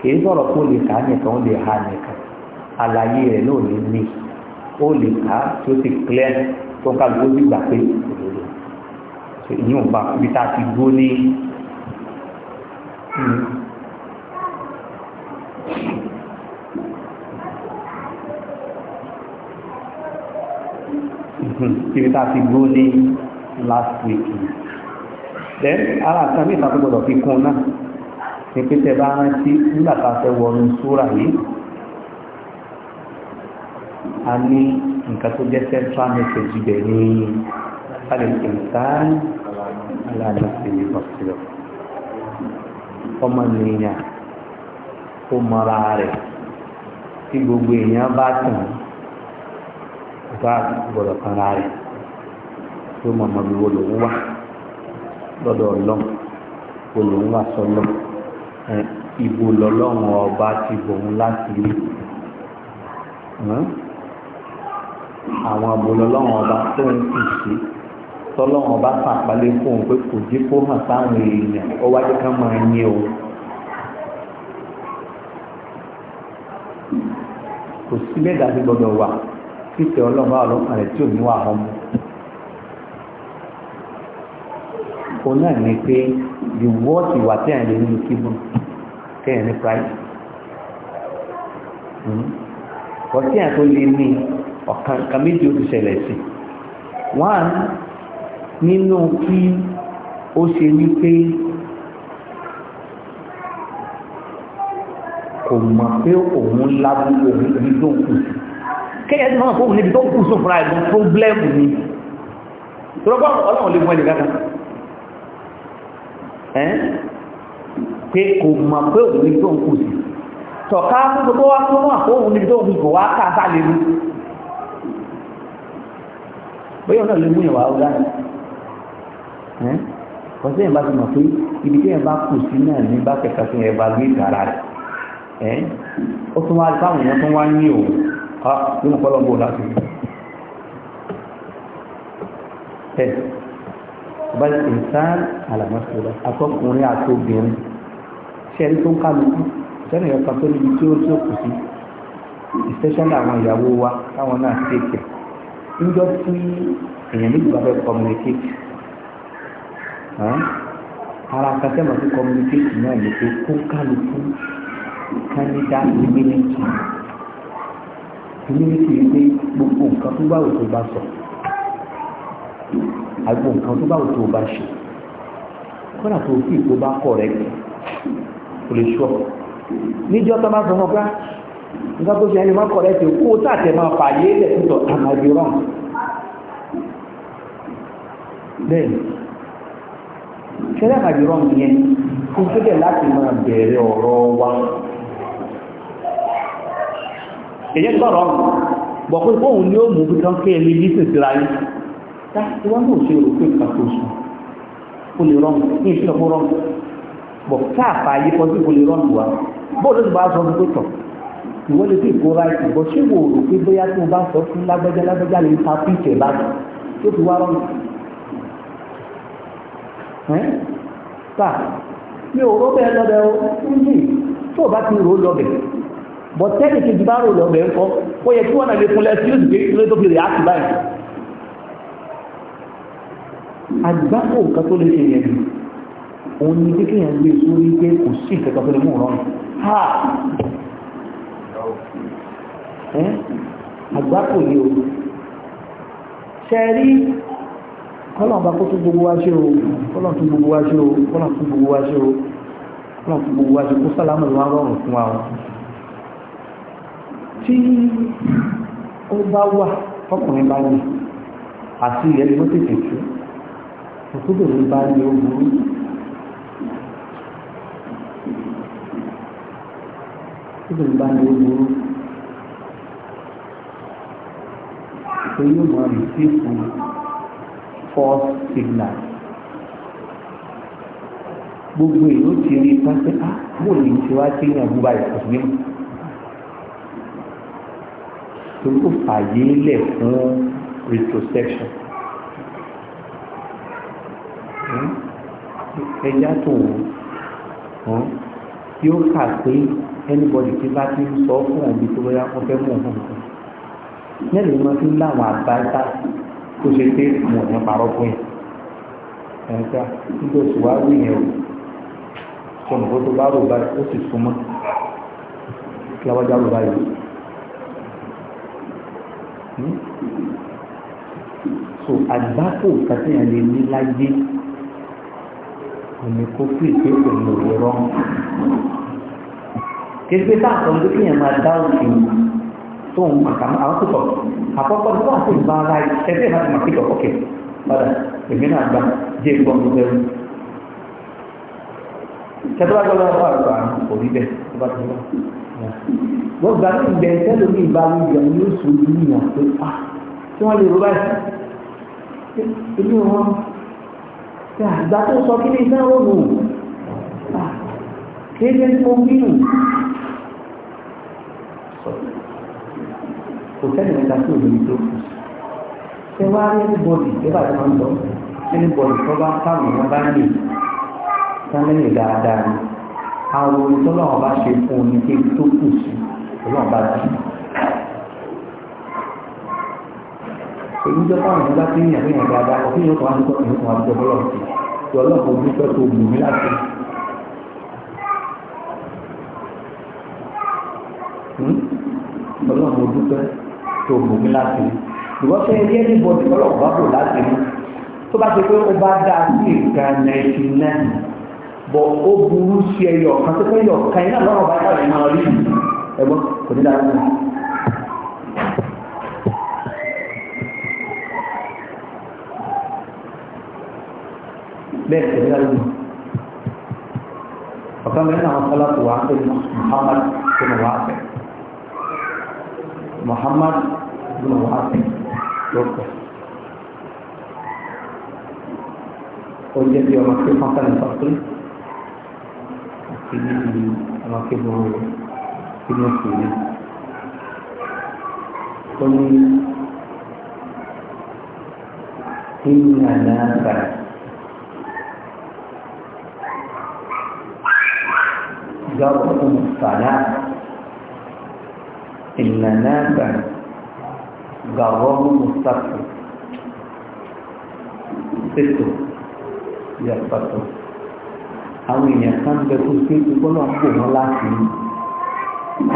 kìí sọ̀rọ̀ kó lè kà nìkan ó lè ha nìkan àlàyé rẹ̀ náà lè ní ó lè kà tó ti clear tó ká ló ti gbà pé òdodo ìyóò bá ibi tá ti gbó ní. Hmm. Hmm, ibi tá a ti gbó ní last week then ara kan ní ìta tó gbọdọ̀ fi kún náà ní pé tẹ bá rántí nígbà tá a fẹ́ wọnú súra yìí a ní nǹkan tó jẹ́ central message ibẹ̀ ní alẹ́kẹ̀ẹ́sán aláàdásílẹ̀ ọ̀sẹ̀ ọmọ nìyàn kó mọra rẹ̀ tí gbogbo èèyàn bá tàn bá gbọ́dọ̀ kanra rẹ̀ tó mọ̀mọ́ bí wo lòún wà lọ́dọ̀ ọlọ́run wo lòún wà ọba ti bòun láti rí àwọn ìbò ọba tó ń kù ọba pàpálẹ́ fóun pé kò jí kó hàn sáwọn èèyàn o. kò sí mẹ́ta tí gbọ́dọ̀ wà títẹ̀ ọlọ́mọ rẹ̀ tí ò ní wà hàn mú. náà ní pé the world ìwà tí à lè nínú kíbọn kẹ́yìn ní pride. ọtí àtó lè ní ọ̀kan kan méjì ó ti ṣẹlẹ̀ sí. one nínú kò mọ̀ pé òun lábú òun ibi tó kù sí kéyẹ tí wọ́n fóun níbi tó kù sùn fúnra ìlú pọ́blẹ́mù ni tọ́lọ́gbọ́n ọlọ́run lè mú ẹni kankan ẹ́ pé kò mọ̀ pé òun níbi tó kù sí tọ̀ká fún gbogbo wa tó mọ̀ pé òun níbi tó kù kò wá ká sálẹ̀ lu bóyá ọ̀nà lè mú ìwà ọ̀gá ẹ́ ọ̀sẹ̀ yẹn bá ti mọ̀ pé ibi tí yẹn bá kù sí náà ní bá kẹ̀kẹ́ fún yẹn ẹ́ ó tún wá táwọn èèyàn tún wá ń ní òun á nínú pọ́lọ́gbò láti ẹ̀ bá ìsán àlàmọ́sílẹ̀ akọkùnrin àti obìnrin ṣẹ́rí tó ń ká lókù tó níbi tí ó tí ó kù sí àwọn ìyàwó wa náà ṣe kẹ̀ níjọ́ tí èèyàn méjì bá fẹ́ communicate ara kan tẹ́mọ̀ sí communicate náà lè kó candidate humility humility yìí pé gbogbo nǹkan tó bá wò bá sọ àgbo nǹkan tó bá wò bá ṣe kọ́nà tó fi tó bá kọ̀ rẹ̀ kò lè ṣọ́ níjọ́ tó bá sọ gbá nígbà tó ṣe ẹni máa kọ̀ rẹ̀ tó kó tàtẹ̀ máa fààyè lẹ̀ tó àmàbí rán bẹ́ẹ̀ ṣẹlẹ̀ àmàbí rán yẹn kó tó dẹ̀ láti máa bẹ̀rẹ̀ ọ̀rọ̀ wa èyẹ gbọ́rọ̀ ọ̀rùn bọ̀ pé fóun ni ó mú bí kan kí ẹni ní sèsìra yìí dákì wọn náà ṣe rò pé nǹkan tó sùn kò lè rọrùn ní ìṣúná fún rọrùn bọ̀ káàpá yìí kọ́ sí kò lè rọrùn wá bóòlù tó bá sọ fún pé tọ̀ ìwọ lè fi ìkóra ìtàn bọ̀ ṣé wò rò pé bóyá tó bá sọ fún lágbájá lágbájá lè ta fún ìtẹ̀ báyìí tó fi wá rọrùn gbà mi ò rọ́ bẹ́ẹ̀ lọ́bẹ̀ o tó bá ti rò lọ́bẹ̀ bọ̀ tẹ́lẹ̀ kejì bá rò lọ́bẹ̀ ń kọ́ ó yẹ kí wọ́n náà lè fún lẹ́sí lóṣù pé ló tó fi rè áàtì báyìí àgbákò nǹkan tó lè ṣe yẹn ni òun ni pé kéèyàn gbé e sórí pé kò sí ìkẹta tó lè mú ọ̀rọ̀ ha àgbákò yìí o ṣẹ́rí kọ́lọ̀ bá kó tún gbogbo wá ṣe o kọ́lọ̀ tún gbogbo wá ṣe o kọ́lọ̀ tún gbogbo wá ṣe o kọ́lọ̀ tún gbogbo wá ṣe kó sálámù lọ́wọ́ rọrùn fún wa o tí ó bá wà tọkùnrin bá ní àti ìyẹn ló tètè tú òkúdòrin bá ní ó burú òkúdòrin bá ní ó burú pé yóò mọ àbísí fún false signal gbogbo èyí ti rí pásítà ah, bóòlù ìṣèwádìí ní àbúrò àìsàn nímọ̀ torí ó fàyè lẹ̀ fún retroception hmm? ẹja tó wọn hmm? yóò kà pé anybody tí bá ti ń sọ fún ẹbí tó bóyá wọn fẹ́ mú ọ̀hún nǹkan lẹ́nu ni wọ́n ti ń láwọn àgbáyá tó ṣe pé mo ní parọ́ fún yẹn ẹ̀ka nígbà tó wá wí yẹn o sọ̀nù kó tó bá rò bá ó sì súnmọ́ kí wọ́n já lọ báyìí. so àgbákò kàtẹ́yàn lè ní láyé òní kó fi ìpè pẹ̀lú ìrọ́ kéde táà sọ pé kéèyàn máa dá òfin tó ń kà àwọn tó sọ àkọ́kọ́ tó wà sí ìgbà ara ẹgbẹ́ ìbátan máa kéjọ ọkẹ́ padà èmi náà gbà jẹ́ ìgbọ́n tó bẹ̀rù kẹtọ́lá gbọ́dọ̀ wà lọ́wọ́ àrùn kò rí bẹ́ẹ̀ tó bá tó lọ. wọ́n gbà ní ìgbẹ́ tẹ́lómi ìbáwí ìjọ ni yóò sọ ojú ìyàn pé ah tí wọ́n lè rú báyìí inú wọn àgbà tó sọ kí ní ìdáwò nù kéde tó bínú kò sẹ́ni mẹ́ta tó lórí tó kù ṣé wá rí bọ́ọ̀lì ìjọba tó máa ń lọ ẹni bọ́ọ̀lù tó bá fáwọn èèyàn bá lè sámẹ́lì dáadáa ni àwọn olùtọ́lọ́wọ́n bá ṣe fún omi tó kù sí ọlọ́ọ̀bá jù èyí jẹ́ fáwọn ìgbà tí yìnyín àti ìyàn dáadáa ọ̀fìn yóò kàn wá nípa ìyẹn kàn wá nípa bọ́lọ̀ sí i tó ọlọ́pàá ojú pẹ́ tó gbù mí láti. ọlọ́pàá ojú pẹ́ tó gbù mí láti. ìwọ́n fẹ́ yẹ́ níbo tí ọlọ́pàá bò láti mú tó bá ti pé ó bá dáa sí ìgbà náírà náà bọ̀ ó burú sí ẹyọ kan tó fẹ́ yọ kan iná lọ́rọ̀ bá yàrá ìmọ̀ bẹ́ẹ̀ tẹ̀lé lálẹ́ ọ̀kan mẹ́rin àwọn sọ́lá tó wà ń tẹ̀lé Muhammad tó mọ̀ wá fẹ́ Muhammad tó mọ̀ wá fẹ́ lọ́pọ̀ ó jẹ́ bí ọmọ tó fọ́n sálẹ̀ sọ́kúrú àti bí ọmọ tó bọ̀ kí ló sì ní. قل إن نافع جرهم الصلاة إن ناسا جرهم الصفر ست يسقطوا àwọn èèyàn kan bẹ tó ṣe tó gbọ́dọ̀ pò wọ́n láti ní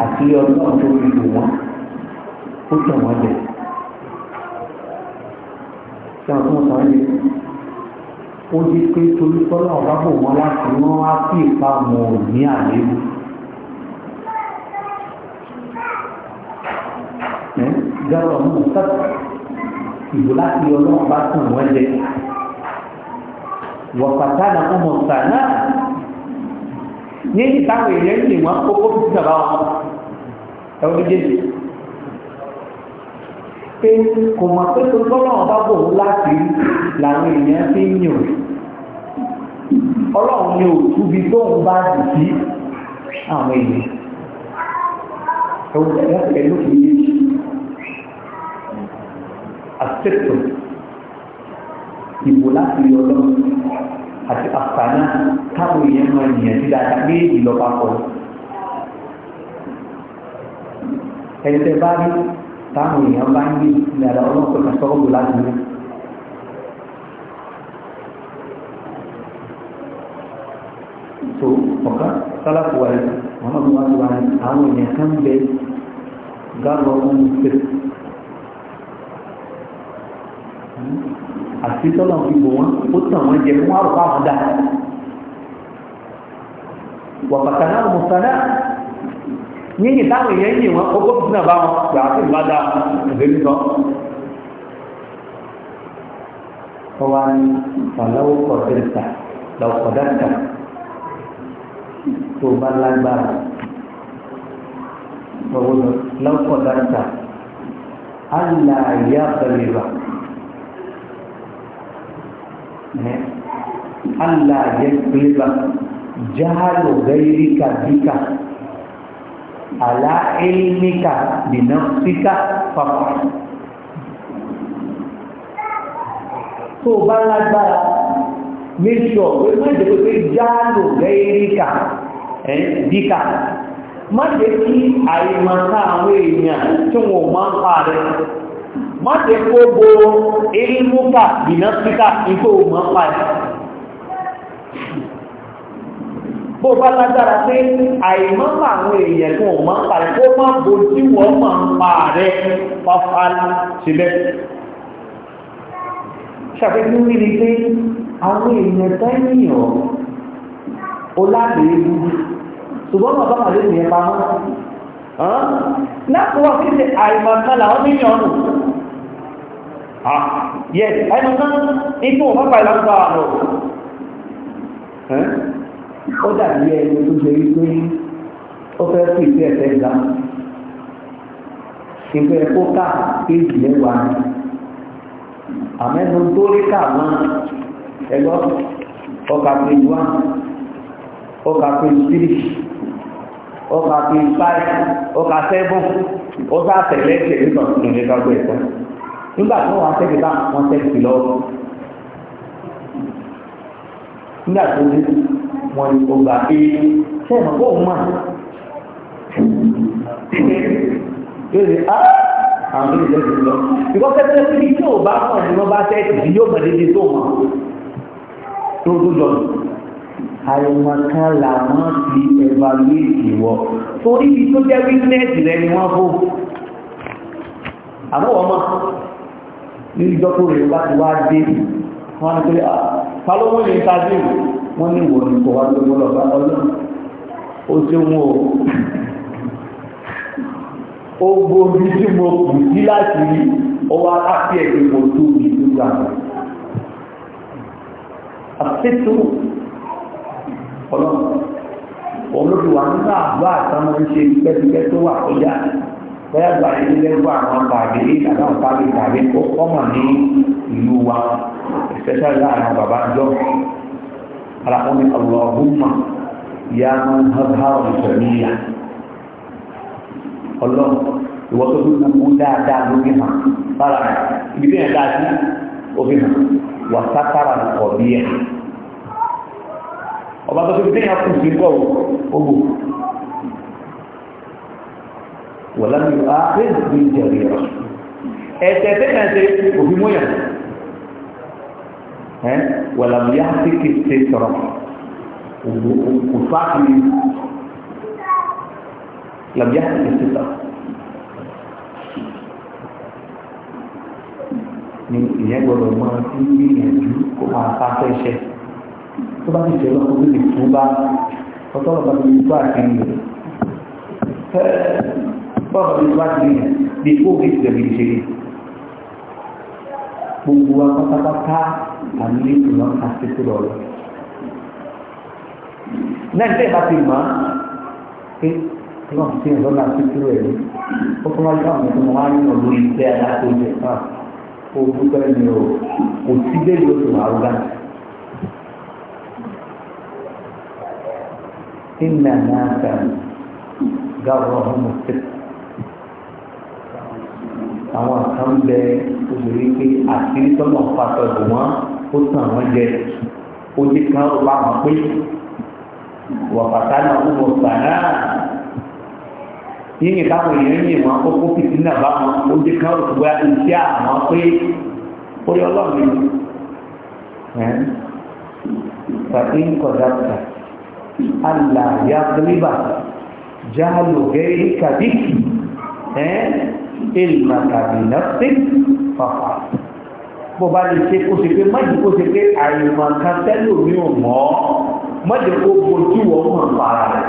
àti ọlọ́run ó di pé torí tọ́lá ọ̀gá bò wọ́n láti wọ́n á sí ipa wọn ò ní àléwu. gbọ́dọ̀ mú sọ́tọ̀ ìbò láti ọlọ́run bá tún wọ́n jẹ. wọ̀pàtà náà ó mọ̀ sàn náà ní ìtàwé yẹn ni wọ́n kókó fi sábà wọn. ẹ̀wọ́n méjèèjì pé kò mọ̀ pé tó tọ́lọ́ ọba bò ń láti rí làwọn èèyàn fi ń yàn ọlọ́run ni òtúbi tó ń bá dì sí àwọn èèyàn ẹ̀wọ̀n ẹ̀yà pẹ̀lú ìyẹ́jì àtẹ́tọ̀ ìbò láti rí ọlọ́run àti àfààní káwọn èèyàn máa yàn sí dáadáa ní ìlọ́pàá pọ̀ ẹ̀ńtẹ̀ bá tamu ni yang bangi ni ada Allah pun nak suruh bulan ni so maka salah kuat mana buat tuan tamu ni yang sambil garo orang mikir Asli tu lah ibu mah, putus mah jemuar kau dah. Wapakana mustana yíyìn táwọn èèyàn yìn wọn kókó tó náà bá wọn gbà sí ìbádá ìbẹ́lú sọ. ó wá ní ìfàlọ́wọ́ kọ̀dẹ́ta lọ́kọ̀dẹ́ta tó bá lágbára lọ́kọ̀dẹ́ta aláàyè àbẹ̀lẹ̀wà aláàyè àbẹ̀lẹ̀wà jáàlù gẹ́ríkà bíkà ala ilmika dìnà síkà papọ̀ tó bá lágbára make sure pé má jẹ́ pé jáàlò lẹ́ẹ̀ríkà díkà má jẹ́ kí àìmọ̀ká àwọn èèyàn tí wọ́n máa ń pa rẹ̀ má jẹ́ kó bo ẹ̀lẹ́míkà dìnà síkà nítorí máa ń pa rẹ̀ bó bá lágbára pé àìmọ́ àwọn èèyàn kan ò máa ń parẹ́ kó má bojú wọ́n máa ń pa rẹ̀ pápá sílẹ̀ ṣàfihàn ní ni pé àwọn èèyàn tẹ́yìn ọ̀ ó láàbẹ̀ẹ́ gbúdú ṣùgbọ́n bàbá màlẹ́ ìyẹn pamọ́ láti wá kéde àìmọ̀kan làwọn mílíọ̀n nù yes àìmọ̀kan ikú ò má pa ìlànà ó dàbí ẹni tó ṣe wípé ó fẹ́ fi ìfẹ́ ẹ̀fẹ́ ga ìfẹ́ kó ká kéèjì mẹ́wàá ni àmẹ́nu tó rí ká máa ẹgbọ́ ọkà péjì wá ọkà péjì tírì ọkà péjì fáì ọkà sẹ́fún ọkà tẹ̀lé tẹ̀lé kan nìyẹn ká gbé ẹ̀kọ́ nígbà tí wọ́n wá bá wọ́n tẹ́kì lọ nígbà tó dé wọ́n ní ó gbà pé sẹ́ẹ̀mọ̀ bó mọ̀ yóò ṣe á ah! àwọn ilé ìjọba lọ ìkọ́ kẹ́kẹ́ sí tí ò bá mọ̀ ní wọ́n bá tẹ́ẹ̀tì tí yóò mọ̀ dédé tó mọ̀ tó tó jọ àìmọ̀kan làwọn ti evaluate wọ torí ibi tó jẹ́ witness rẹ ni wọ́n fò àmọ́wọ́ mọ̀ ní ìjọ tó rẹ̀ wá ti wá dé wọ́n á ní pé ah, ta ló mú ní ìtajú wọ́n ní ìwò ní kò wá ló gbọ́dọ̀ bá ọlọ́run ó ṣe ń wò ó gbóbi tí mo kù sí láti rí ó wá láti ẹ̀kẹ́ mo tó bí tó gbà mọ́ àfẹ́tò ọlọ́run òun ló fi wà nínú àbá àtàwọn ṣe pẹ́tipẹ́ tó wà kọjá bẹ́ẹ̀ gba ilé lẹ́gbọ́ àwọn bàbí ìdàgbà òpáàbí tàbí ọmọ ní ìlú wa ìfẹ́sẹ̀ láàrin bàbá jọ́ alákọ̀ọ́ni Allahumma ya man hazhar ìṣẹ̀líyà ọlọ́run ìwọ tó fi gbogbo dáadáa lókè hàn bára rẹ̀ ibi tí yẹn dáa sí òfin hàn wà sátara ọ̀bí ẹ̀ ọba tó fi tẹ́yà kù sí kọ́ ogbò wọ̀lá mi á fẹ́ ìjẹ̀rẹ̀ ẹ̀ṣẹ̀ tẹ́yà ṣe òfin mọ́yàn ولم يحتك الستر وفعل لم يحتك الستر ni ìyẹn gbọ́dọ̀ máa ti ń gbìyànjú kó máa ta fẹsẹ̀ tó bá ti jẹ lọkọ tó lè tó bá ọtọlọ bá ti tó àkìrí rẹ bọ́ọ̀lù bá ti rìn bí kó o fi tẹ̀lé ìṣeré gbogbo wa pátápátá àmì ìmọ̀ àtìkú lọ rẹ̀. náà tẹ́ ẹ bá ti mọ̀ á pé kí wọ́n ti ń lọ́nà àtìkú rẹ̀ ní ó fún wa yọ àwọn ọmọ wa nínú lórí iṣẹ́ alákòóso náà ó dúpẹ́ ní o kò sí débi oṣù àrùgá. إن ناسا قرهم السبت àwọn kan bẹ obìnrin pé àti tọ́lọ̀ pàtó bò wọ́n ó tàn wọ́n jẹ ó ti kán ó bá wọn pé wọ̀pàtà náà ó mọ̀ gbà náà yíyìn káwọn èèyàn yìn wọn ó kó fìtínà bá wọn ó ti kán ó gbé iṣẹ́ àwọn pé ó yọ ọlọ́run fàtí ń kọ̀ dáadáa alàyà gíríbà jáàlù gẹ́rí kàbíkì ẹ́ ìlmà tàbí nọ́ọ̀sì fàfà bó bá lè ṣe kó ṣe pé mọ́jì kó ṣe pé àyùmọ̀ kan tẹ́lò mi ò mọ́ mọ́jì kó bojú wọ́n mọ̀ fara rẹ̀.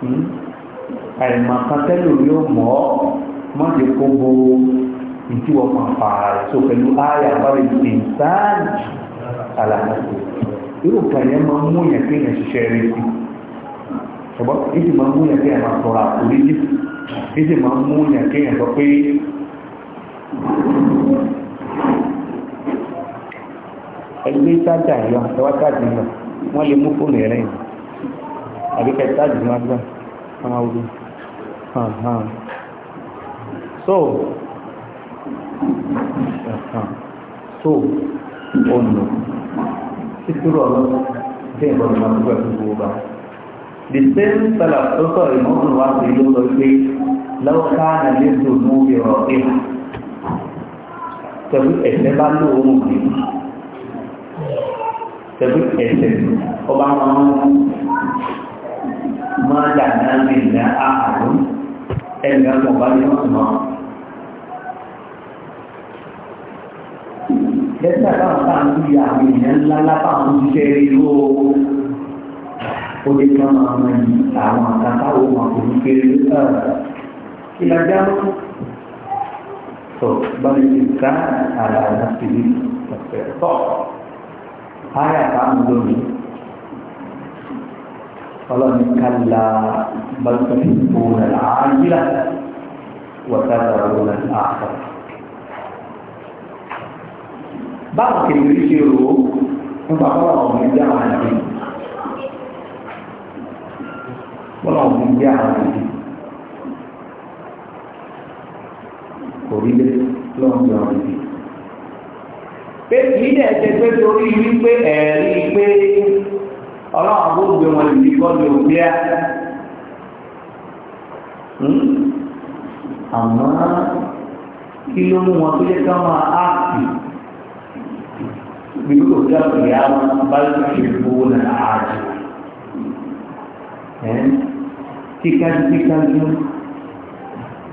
Hmm? àyùmọ̀ kan tẹ́lò mi ò mọ́jì kó bo ìtí wọ́n fara rẹ̀ so pẹ̀lú àyà báwo ni sáàjì alàmọ́sí irú kan yẹn máa ń mú yẹn ṣiṣẹ́ rẹ̀ sí i ṣùgbọ́n ìsì máa mú yàn kéèyàn máa sọ̀rọ̀ àforíjì ìsì máa mú yàn kéèyàn sọ pé ẹgbẹ́ sájà ìyọ ẹwà sáàjì náà wọ́n lè mú fóònù ẹ̀rẹ́ yìí àbíkẹ́ sáàjì náà gbà máa so so ọ̀nà títúrọ̀ ọlọ́pàá bẹ́ẹ̀ bọ́ọ̀lù máa gbogbo ẹ̀kú the same salaf tó sọ̀rọ̀ ìmọ̀ọ́nù wa sí ló sọ pé lọ́ọ̀ká nà lè dò mú ìrọ̀ ìhà tẹ̀wé ẹ̀sẹ̀ bá lò ó mú mi tẹ̀wé ẹ̀sẹ̀ ọba máa ń máa dà náà lè ní àhàrùn ẹ̀gbẹ́ ọba ní wọ́n mọ̀ lẹ́sẹ̀ àbáwọn táwọn ń yà àwọn èèyàn ńlá lápá àwọn oṣiṣẹ́ ìlú ooo ó lè ká máa mọ àwọn àtàkàwò máa kò ní kéré kí la já mọ́ tó báyìí ti ká àlà láti rí ọ̀fẹ́ tọ́ ayé àtàwọn lónìí ọlọ́ni kálá balùwẹ̀ ìfowópamọ́ àájírà wàtàkàwò àkàrà. báwo kìí ṣe rò ó nípa báwọn ọmọ ẹgbẹ́ àwọn àti bọ́lá òfin jẹ́ àwọn ẹ̀mí kò rí lé lọ́wọ́ jẹ́ àwọn ẹ̀mí. pé kìí dẹ̀ ṣe pé torí wípé ẹ̀rí pé ọlọ́run tó gbé wọn lè kọ́ ní òbí á àmọ́ kí ló mú wọn tó yẹ ká máa áàpì bí kò dá wọn bá ṣe gbó náà àjò kíkájúkíkájú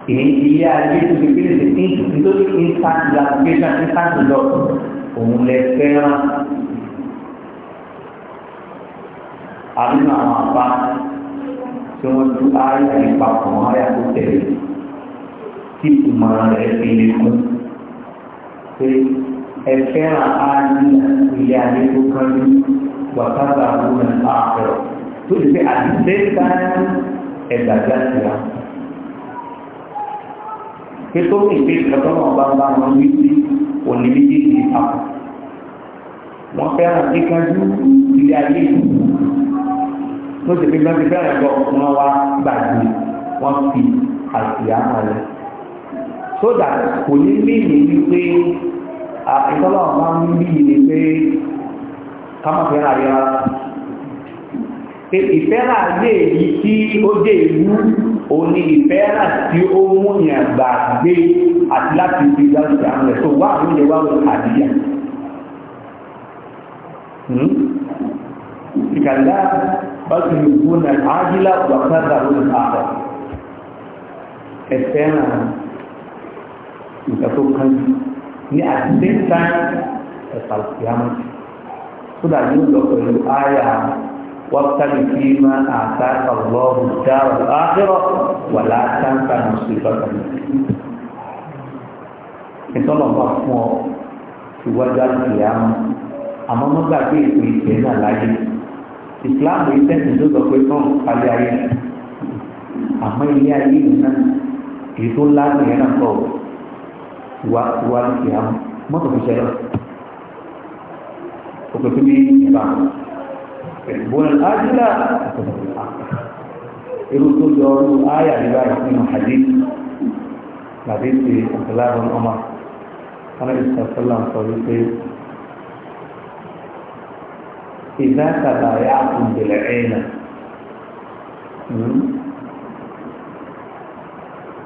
èyí ilé ayé tó ti pílẹ̀ sí ní nítorí instant application instant log òun lè fẹ́ràn àdúgbò àwọn àpá tí wọ́n tú ayé nípa kan ayé tó tẹ̀lé tí ìmọ̀ rẹ̀ fi lè kún pé ẹ fẹ́ràn ayé ilé ayé tó kánjú wàtá gbàgbó náà àpẹẹrẹ tó lè fẹ́ àtìsẹ́ta ẹ̀dà gíláàsì wa pé tó ní pé ìtọ́nà ọba bá wọn wí sí òní méjèèjì àpò wọn fẹ́ràn kíkanjú ilé ayé tó sì fi gbọ́n ti fẹ́ràn gbọ́ wọn wá gbàgbé wọn fi àṣìyá wọn sódà kò ní mímì wípé ìtọ́nà ọba ń bí ilé pé ká má fẹ́ràn ayé wa pé ìfẹ́ láàyè èyí tí ó dé ìlú òun ni ìfẹ́ náà tí ó mú yàn gbà gbé àti láti fi láti àwọn ẹ̀ tó wá àwọn oúnjẹ wá wọn àdíyà hmm? ìkàlá bá ti lè gún náà ágílá wàkàtà lórí ààrẹ ẹ̀fẹ́ náà nǹkan tó kánjú ní àti same time ẹ̀fà tó dà ní ọ̀dọ̀ pẹ̀lú وابتغ فيما آتاك الله الدار الآخرة ولا تنس نصيبك ìtọ́lọ̀ bá fún ọ ìwájú àtìyá wọn àmọ́ wọ́n gbà pé ìpè ìpè náà láyé ìsìláàmù ìtẹ́sì tó sọ pé tán kálí ayé àmọ́ ilé ayé yìí náà èyí tó láàmù yẹn náà kọ̀ ìwà ìwà àtìyá wọn mọ́tò fi ṣẹlẹ̀ òpèpè bí ìbámu. يحبون الآجلة يردون يقولوا آية عبارة من حديث حديث عبد الله بن عمر قال النبي صلى الله عليه وسلم إذا تبايعتم بالعين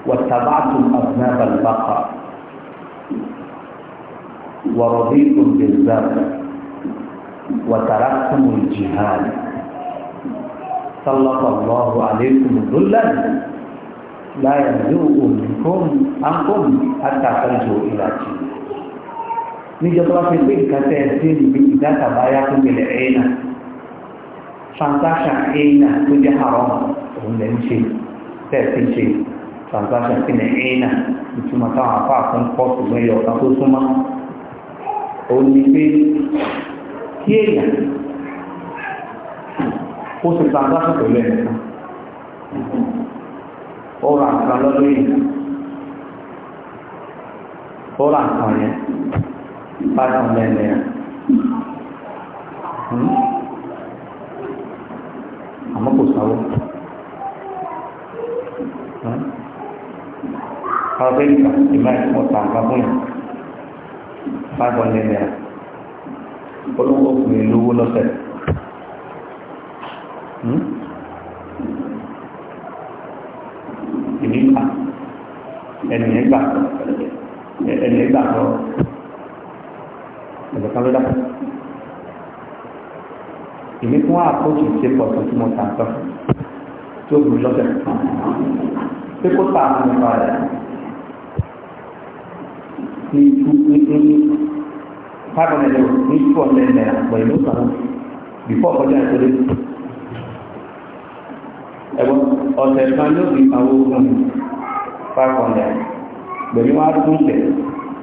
واتبعتم أذناب البقر ورضيتم بالذبح وتركتم الجهاد سلط الله عليكم ذلا لا يبدو منكم أنكم حتى ترجعوا إلى دينكم níjọ tó bá fi pé nǹkan tẹ́ ẹ sí níbi ìdáta báyá tó gbẹlẹ̀ ẹ̀yìnà transaction ẹ̀yìnà tó jẹ́ haram òun lẹ́ ń ṣe tẹ́ ẹ ti ṣe transaction sí ní ìtumọ̀ táwọn afáàfún pọ̀ ṣùgbọ́n ẹ̀yọ̀ ọ̀kan tó súnmọ́ òun ni pé sí èèyàn ó sì transaction pẹ̀lú ẹ̀ ọ̀rọ̀ àkàrà lọ́dún yìí ọ̀rọ̀ àkàrà yẹn five hundred naira hmm? àmọ́ kò sáwó hmm? àwọn bẹ́ẹ̀ ìgbà ìmáà ìfọ̀ta àgbà fún yìí five hundred naira olówó fún mi lówó lọ́sẹ̀ ìní hmm? gbà ẹni ẹgbà ẹni ẹgbà lọ ẹ̀bẹ̀ kan ló dá ìní fún àkóso ìṣepọ̀ tó túmọ̀ tàǹtàn tí ó burú lọ́sẹ̀ pé kó tà á fún ìfà rẹ̀ ní five hundred naira ní two hundred naira but you no sabi before ọjọ́ ìṣẹ̀lẹ̀ ẹ̀wọ̀n ọ̀sẹ̀ kan ló fi àwọn ogun five hundred pẹ̀lú wọn á tún tẹ̀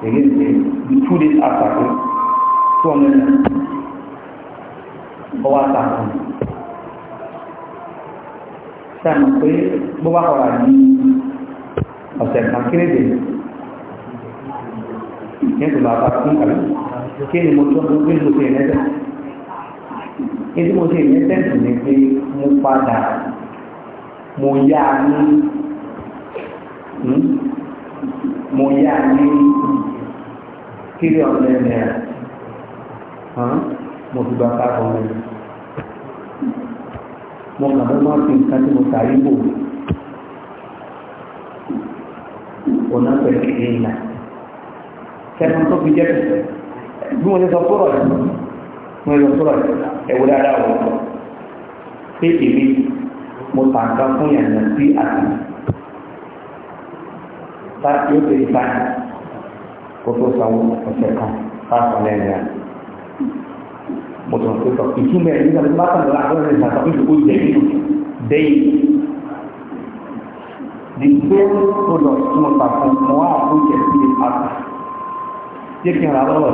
èyí ṣe the two days after pé two hundred naira ọwọ́ àtàkùn sáàmù pé bó bá kọ̀ọ̀rọ̀ ní ọ̀sẹ̀ kan kéré dè ní fún àlùfáà kí ni mo tó mo gbé mo ṣe ìrẹsẹ̀ mo ṣe ìrẹsẹ̀ sì ni pé mo padà mo yá ní hmm? mo yá ní three hundred naira mo fi gba five hundred mo kàn fẹ́ máa fi nǹkan tí mo ta yí bò pẹ̀lú ìlà kẹ́kọ̀ọ́ tó fi jẹ́ pẹ̀lú bí wọ́n ti sọ sọ́rọ̀ yìí wọ́n ti sọ sọ́rọ̀ yìí ẹ̀wù dáadáa wọ̀ pé èmi mo tàǹkà fún yàrá sí àná tá yóò ṣe ìta kó tó sanwó ọ̀sẹ̀ kan fáfọ̀ lẹ́yìn rẹ̀ mo tọ̀ pé sọ ìtumọ̀ ẹ̀ nígbà tí bá kàn lọ́la àwọn ẹ̀rọ ìṣàkóso ìṣòkò ìdẹ́yìn dẹ́yìn the same product mo tà fún mo wá àpò ìṣẹ̀sí jẹ́ kí n ra lọ́wọ́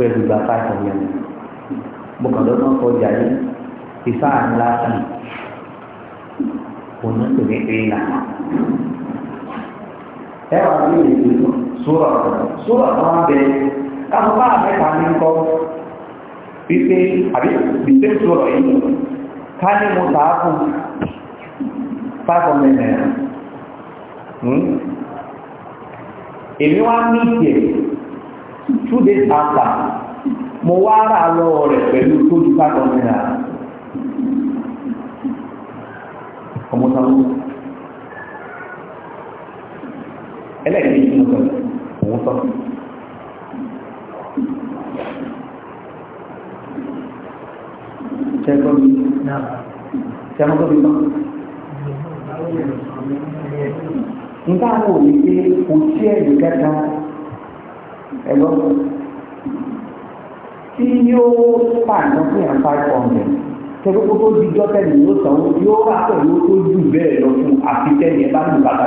fẹ́ lu gba five hundred mo kàn lọ́gbọ́n kọjá yìí ìfá ńlá kan òun náà tó ní ìlà ẹ wà ní ìlú sùúrọ̀ sùúrọ̀ kan bẹ káwọn bá mẹ́ta ní kọ́ wípé àbí gbèsè sùúrọ̀ yìí ká ní mo tàá fún five hundred naira hmm? èmi wá ní ìjẹ́ two days after mo wá rà lọ́wọ́ rẹ̀ pẹ̀lú tó ju five hundred naira ọmọ sáwọn ẹlẹ́ẹ̀kejì tí mo sọ òun sọ ṣẹ́gbọ́n mi ṣẹ́gbọ́n mi sọ nígbà wo ni pé kò sí ẹ̀yìn kẹta ẹ̀gbọ́n tí yóò pààyàn fún yàn five hundred tẹ́lẹ̀ kó tó di jọ́tẹ́lì yóò sàn ó yóò rà pẹ̀lú tó jù bẹ́ẹ̀ lọ fún àfitẹ́ni ẹ̀ bá lù bàtà.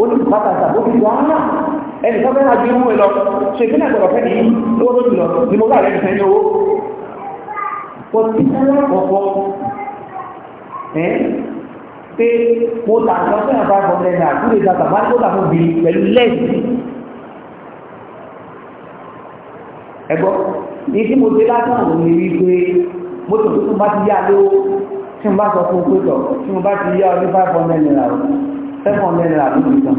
ó ní bàtà tàbí ó fi wá náà ẹnì kan fẹ́ràn ju owó lọ ṣe ìpínlẹ̀ ọ̀dọ̀ fẹ́ nìyí lówó tó jùlọ ni mo bá rẹ̀ fẹ́ ní owó. kò sí sẹ́lẹ̀ àkọ́kọ́ pé mo tà nǹkan fún yàrá five hundred naira two days after máa ń kó tà fún bìrì pẹ̀lú lẹ́ẹ̀sì. ẹ gbọ́ ní tí mo dé lásán òun ni wípé mọ́tò tó tún bá ti yá lówó tí mo bá sọ fún pé tọ̀ tí mo bá ti yá ọdún five hundred naira seven hundred naira tó ti tàn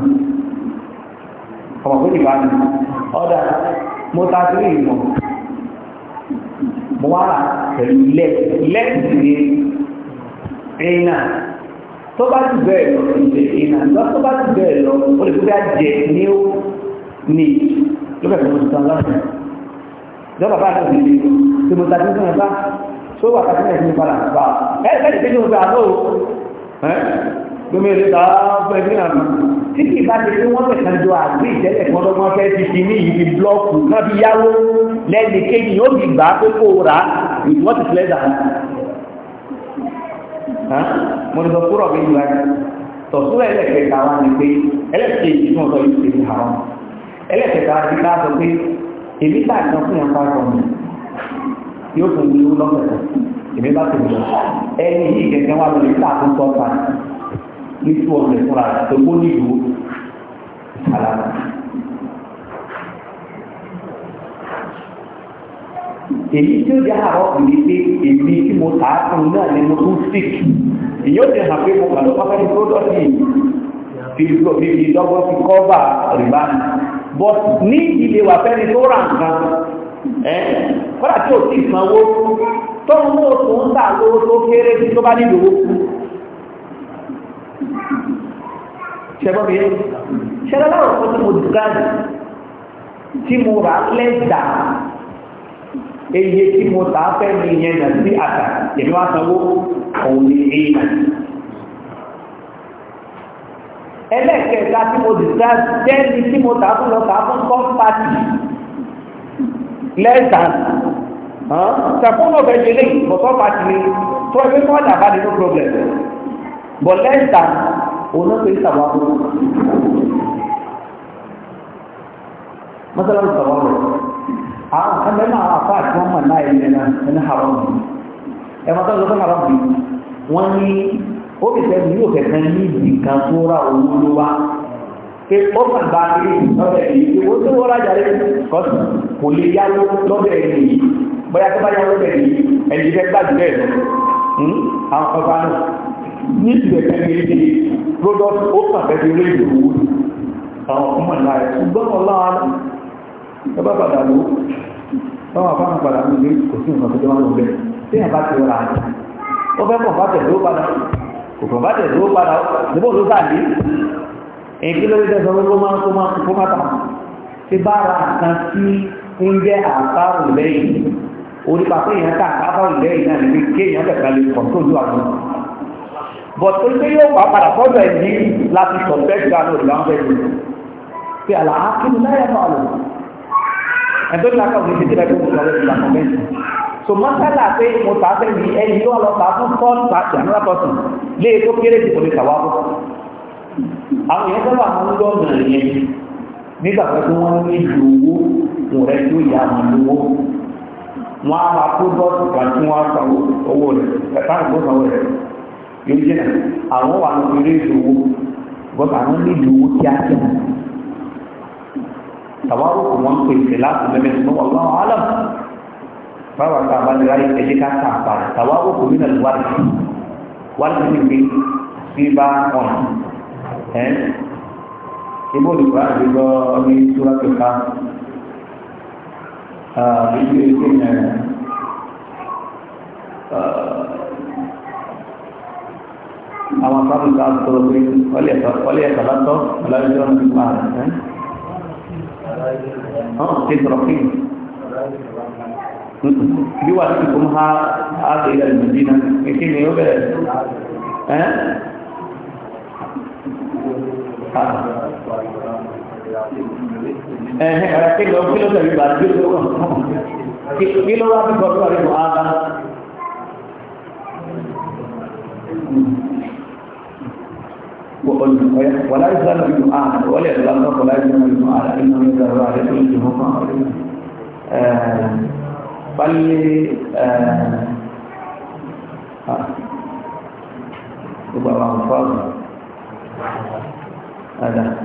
ọmọ pé ìbá mi ọ̀dà mo ta sí ìmọ̀ mo wá rà pẹ̀lú lẹ́ẹ̀sì lẹ́ẹ̀sì sí ẹ̀yìn náà tó bá ti bẹ́ẹ̀ lọ ìṣe ìnà ìgbà tó bá ti bẹ́ẹ̀ lọ ó lè fúdá jẹ ní ó ní lókè tó ti tán lọ́rùn ìjọba bá ti di tí mo ta tuntun ẹ̀fá tó wà kàtí ẹ̀sìn padà bá ẹ̀ẹ́dẹ́gbẹ̀rẹ̀ tí mo ta tó gbẹmí ẹ̀rẹ́ ta fún ẹgbẹ́ àná tí kì í bá ti pé wọ́n tẹ̀sán jọ àgbé ìtẹ́lẹ̀ kan lọ́gbọ́n fẹ́ ti fi ní ìdí blọ́ọ̀kù náà fi yáwó lẹ́ni kéjì yóò fi gbà pé kó rà with what is less than mo ní sọ kúrọ̀ méjì wá ní tọ̀súrọ̀ ẹlẹ́kẹta wá ní pé ẹlẹ́kẹta yìí fún ọ̀sọ̀ yìí ti àwọn ẹlẹ́kẹta wá ti ká sọ pé èmi tá àjọ fún yàn pàtó mi yóò fún mi lọ́sẹ̀kọ̀ èmi bá tẹ̀lé lọ ẹni yìí kẹ̀kẹ́ wá lórí tá a tún ní tí wọ́n fúnra tó gbó nílùú àlàkà èyí tí ó jẹ́ àárọ̀ kò ní pé èmi tí mo tà á fún un náà ni mo tún stick èyí ó ti hàn pé mo kà ló pápá ní pródọ́tì fífò fífi lọ́gbọ́n fi kọ́bà rìbá but ní ìdílé wà fẹ́ni tó rà nǹkan ẹ́ kọ́dà tí ò sí ìsanwó tọ́run mọ́ tó ń tà lówó tó kéré jù tó bá nílò owó kú ṣẹgbọ́n mi ṣẹlẹ́ láwọn kan tí mo dùn gáàdì tí mo rà lẹ́dàá eye tí mo tà á fẹ́ ní ìyẹn nà sí àtà èmi wá sanwó òun ní ìyẹn ẹlẹ́ẹ̀kẹta tí mo dìtà jẹ́ni tí mo tà fún lọ tà fún kọ́mpátì lẹ́ẹ̀tà ṣàkóso ọ̀fẹ́ ṣe lè ni tó ẹgbẹ́ kọ́ dàbá ni no problem bọ̀ lẹ́ẹ̀tà òun náà pèsè àwọn akókò mọ́sálásí sọ̀rọ̀ rẹ̀. àwọn wọ́n mọ̀ ó fi sẹ́ni yóò kẹ̀kẹ́ ní ìdì kan tó ló wá pé ó bá tó kò lè yá tó bá yá ẹni ẹgbẹ́ padà lò báwọn afáàmù padà ní ìlú kò sí nǹkan tó jẹ́ wọn lò bẹ́ẹ̀ tí yẹn bá ti rà á ó fẹ́ kọ̀ bá tẹ̀ ló padà kò kọ̀ bá tẹ̀ ló padà níbo ló sà dé èyí ló dé sọ pé kó máa kó máa kó máa tà ti bá ra nǹkan tí ń jẹ́ àkárò lẹ́yìn onípa pé èèyàn tà àkárò lẹ́yìn náà ní kéèyàn kẹ̀kẹ́ lè pọ̀ tó lù àwọn bọ̀tún tí yóò wà padà fọ́dọ̀ ẹ̀yìn láti sọ̀tẹ́ẹ̀tì ẹ̀tọ́ ìlà kan òfin títí rẹ̀ fún ìlànà ìlànà convention so mọ́sálà pé mo tà fẹ́ mi ẹni yóò lọ tà fún fọ́ọ̀n pàṣẹ another person lé tó kéré ti kò lè tàwa fún àwọn èèyàn sábà máa ń lọ ọ̀nà yẹn nígbà pé kí wọ́n ní ju owó mo rẹ̀ tó yà wọn lówó wọn á máa kó bọ́ọ̀sì kan tí wọ́n á san owó rẹ̀ ẹ̀ka àgbò sanwó rẹ̀ yóò jẹ́ àwọn wà lórí ìṣòwò bọ́ọ̀sì àwọn ní ju owó kíákíá tàwárò kò wọ́n ń pè sí láti mẹ́mẹ́ tó wọ́n lọ́wọ́ alam báwa ká bá nira yìí ẹ̀jẹ̀ ká kà pa tàwárò kò nínú ìwádìí wádìí ti fi sí bá wọn ẹ̀ ibo olùkọ́ àti gbọ́ ní túrọ́ kẹta ìdí èké ní àwọn sábà sábà tó lọ pé ọlẹ́ẹ̀tọ́ ọlẹ́ẹ̀tọ́ látọ́ ọlọ́dún tó ń bí máa rẹ̀ كيف رقيق بواسطكم عاد إلى المدينة يمكن يوبر ها हाँ kilo kilo सभी बात kilo kilo आप घर वाले को आधा ولا يزال ابن آدم ولا يزال ولا يزال ابن آدم إنه يزال راحة الجمهور بل ربما ألفاظ هذا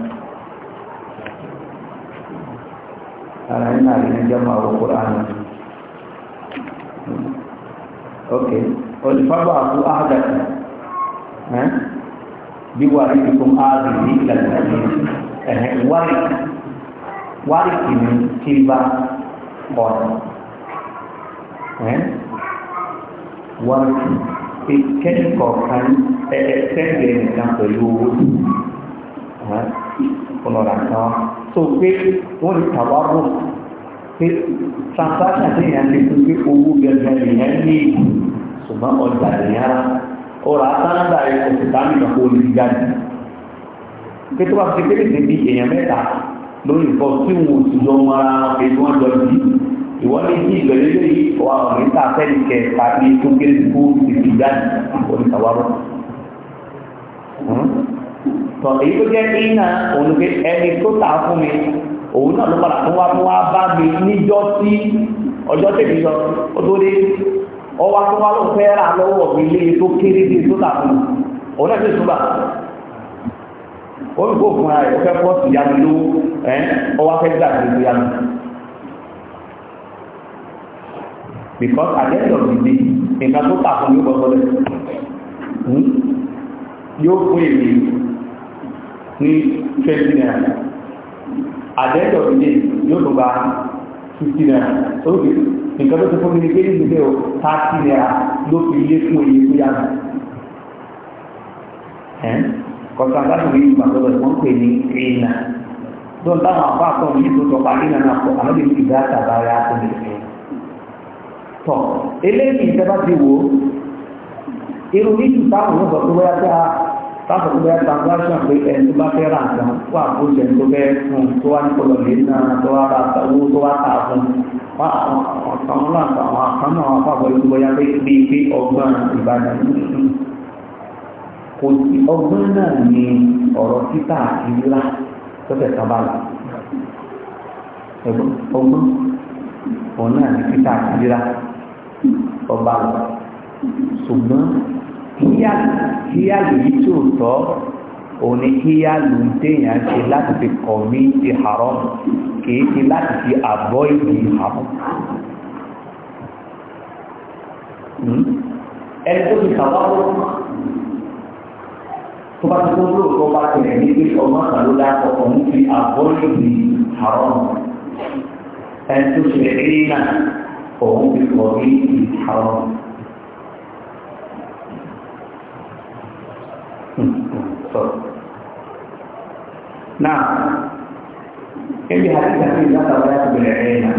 على هنا لنجمع القرآن أوكي قل فبعثوا أحدكم ها biwarisikum hadhihi ila al-hadith eh waris waris ini tiba on eh waris ikan korban eh dengan kan perlu ha orang kau so ke pun tawarruf ke transaksi yang disebut ubu dan hal ini semua on dari ọ̀rọ̀ àtàndà rẹ̀ kò sì sáàmì kan kó lè jáde pé tó bá fi kékeré sí bí èèyàn mẹ́ta lórí ìfọ́ tí wọn ò sì jọ wọn ara wọn pé wọ́n jọ jí ìwọ́n ní kí ìgbẹ́lẹ́ lórí ọ̀wà ọ̀rẹ́ ta fẹ́ẹ̀lì kẹta ní tó kéré kó sì fi jáde oníkàwárọ̀ tọ̀ èyí tó jẹ́ iná òun ẹni tó tà fún mi òun náà ló padà fún wa fún wa bá mi níjọ́ sí ọjọ́ tèmi lọ ó tó dé ọwọ́ akọ́wá ló fẹ́ rà lọ́wọ́ mi lé tó kéré bí tó tàbí òun náà ti súbà ó ń kó fún ara rẹ̀ ó fẹ́ ló ẹ́ ọwọ́ akẹ́ gbà tó ìyanu because at the end of the day nǹkan tó tà fún mi gbọ́dọ̀ lẹ̀ hmm? yóò fún èmi ní twenty naira at the end of the day yóò tó gba fifty naira ok nǹkan tó ti fún mi ní kéde ìdílé o thirty naira ló fi lé fún oye tó yàgò kọ̀tà láti rí ìgbà tó lọ́dọ̀ wọ́n pè ní ìrìnà tó ń táwọn àbá àtọ̀ ní ètò tọ̀pá nínú àwọn àpò àlọ́dẹ̀ ìgbà àtàbà rẹ̀ àtọ̀ lè fẹ́ tọ̀ eléyìí ìjọba ti wò irun ní ìtàwọn ọ̀dọ̀ tó wáyà tí a táwọn ọmọ ẹgbẹ́ transaction pé ẹni tó bá fẹ́ rà nǹkan wà kó jẹ tó fẹ́ fún tó wá ní kọlọ̀ lé náà tó wá bá ibadah ini. Kunci tà ini orang kita láǹkà àwọn àkànnà àwọn àpapọ̀ ìlú kita pé bí pé kíyàlù kíyàlù yìí tó tọ́ òun ni kíyàlù déèyàn ṣe láti fi kọ̀ mí ti haram kìí ṣe láti fi àbọ̀ ìdí haram hmm? ẹni tó fi kàwá tó bá tó lò tó bá tẹ̀lé ní pé ọmọ kan dákọ̀ òun fi àbọ̀ ìdí haram ẹni tó ṣe rí náà òun fi kọ̀ mí ti haram. Nah, ini hadis yang kita tahu ya sebenarnya.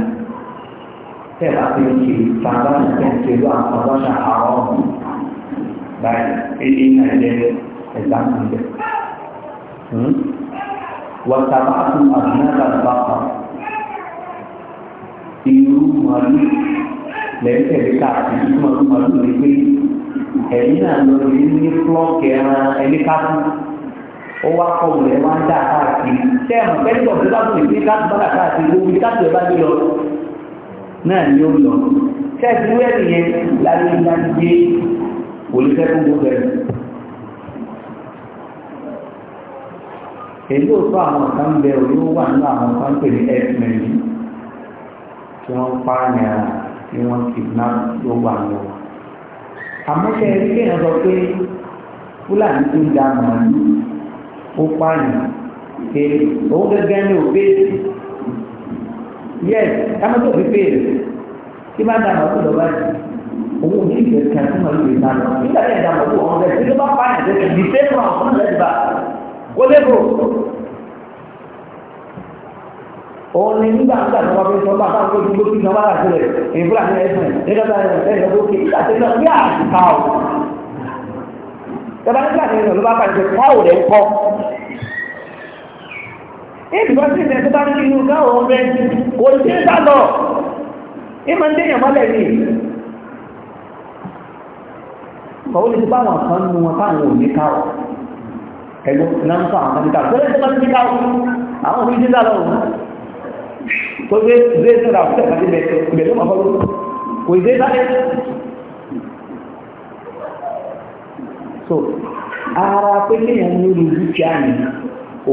Saya pasti mesti sabar dan juga sabar yang haram. Baik, ini ada tentang ini. Hmm? Wasabatum abnata bakar. Ibu malu, lain saya dekat, ibu malu malu lebih ẹ̀yìn náà lọ ní flọ́ọ̀kì ẹran ẹni kákú ó wá kọ́ ọ̀rọ̀ ẹ̀ wá ń dà káàkiri sẹ́ẹ̀mù kẹ́tọ̀ tó dábò ní káàkiri bá káàkiri gbogbo ibi káàkiri bá gbé lọ náà ni ó lọ sẹ́ẹ̀tì wẹ́ẹ̀lì yẹn láyé láti gbé olùfẹ́ fún gbogbo ẹ̀ èyí ò tó àwọn kan bẹ orí ó wà nínú àwọn kan pè ní x tí wọ́n pààyàn tí wọ́n kidnap gbogbo àwọn àmọ́ ṣe rí kéèyàn sọ pé fúlàní tó da màálù ó pààyàn pé òun gẹ́gẹ́ ní òbéèrè yẹ́s kámẹ́tò fi béèrè tí bá da màálù lọ báyìí owó ní ìgbẹ́ kan tí màálù lè sáré nígbà tí ẹ̀dá màálù ọ̀hún rẹ̀ tí ló bá pààyàn tó ti di ọ̀hún rẹ̀ ti bá wọlé bò òun ni nígbà nígbà tí wọ́n fi sọ bá káwọn ojú lókè náà wà láti rẹ̀ èyí fúlà ní ẹ̀sìn nígbàtà ẹ̀sìn lókè láti náà bí àtìká o. Tẹ̀bá nígbà tí ìrìnà ló bá bá ìṣe káwò rẹ̀ kọ́. Èyí bá sì ní ẹ̀sìn bá ní inú káwò rẹ̀ kò sí ìta lọ. Ìmọ̀ ń déyàn mọ́lẹ̀ ni. Bàbá olè ti bá àwọn kan nu wọn táwọn ò ní káwò. Ẹ̀gbọ́n náà ń fọ àwọn kan ní káwò. तो वे वे से रास्ते खाली बैठे बैठो माहौल कोई दे था so ara pé kéèyàn ní lójú tí a ní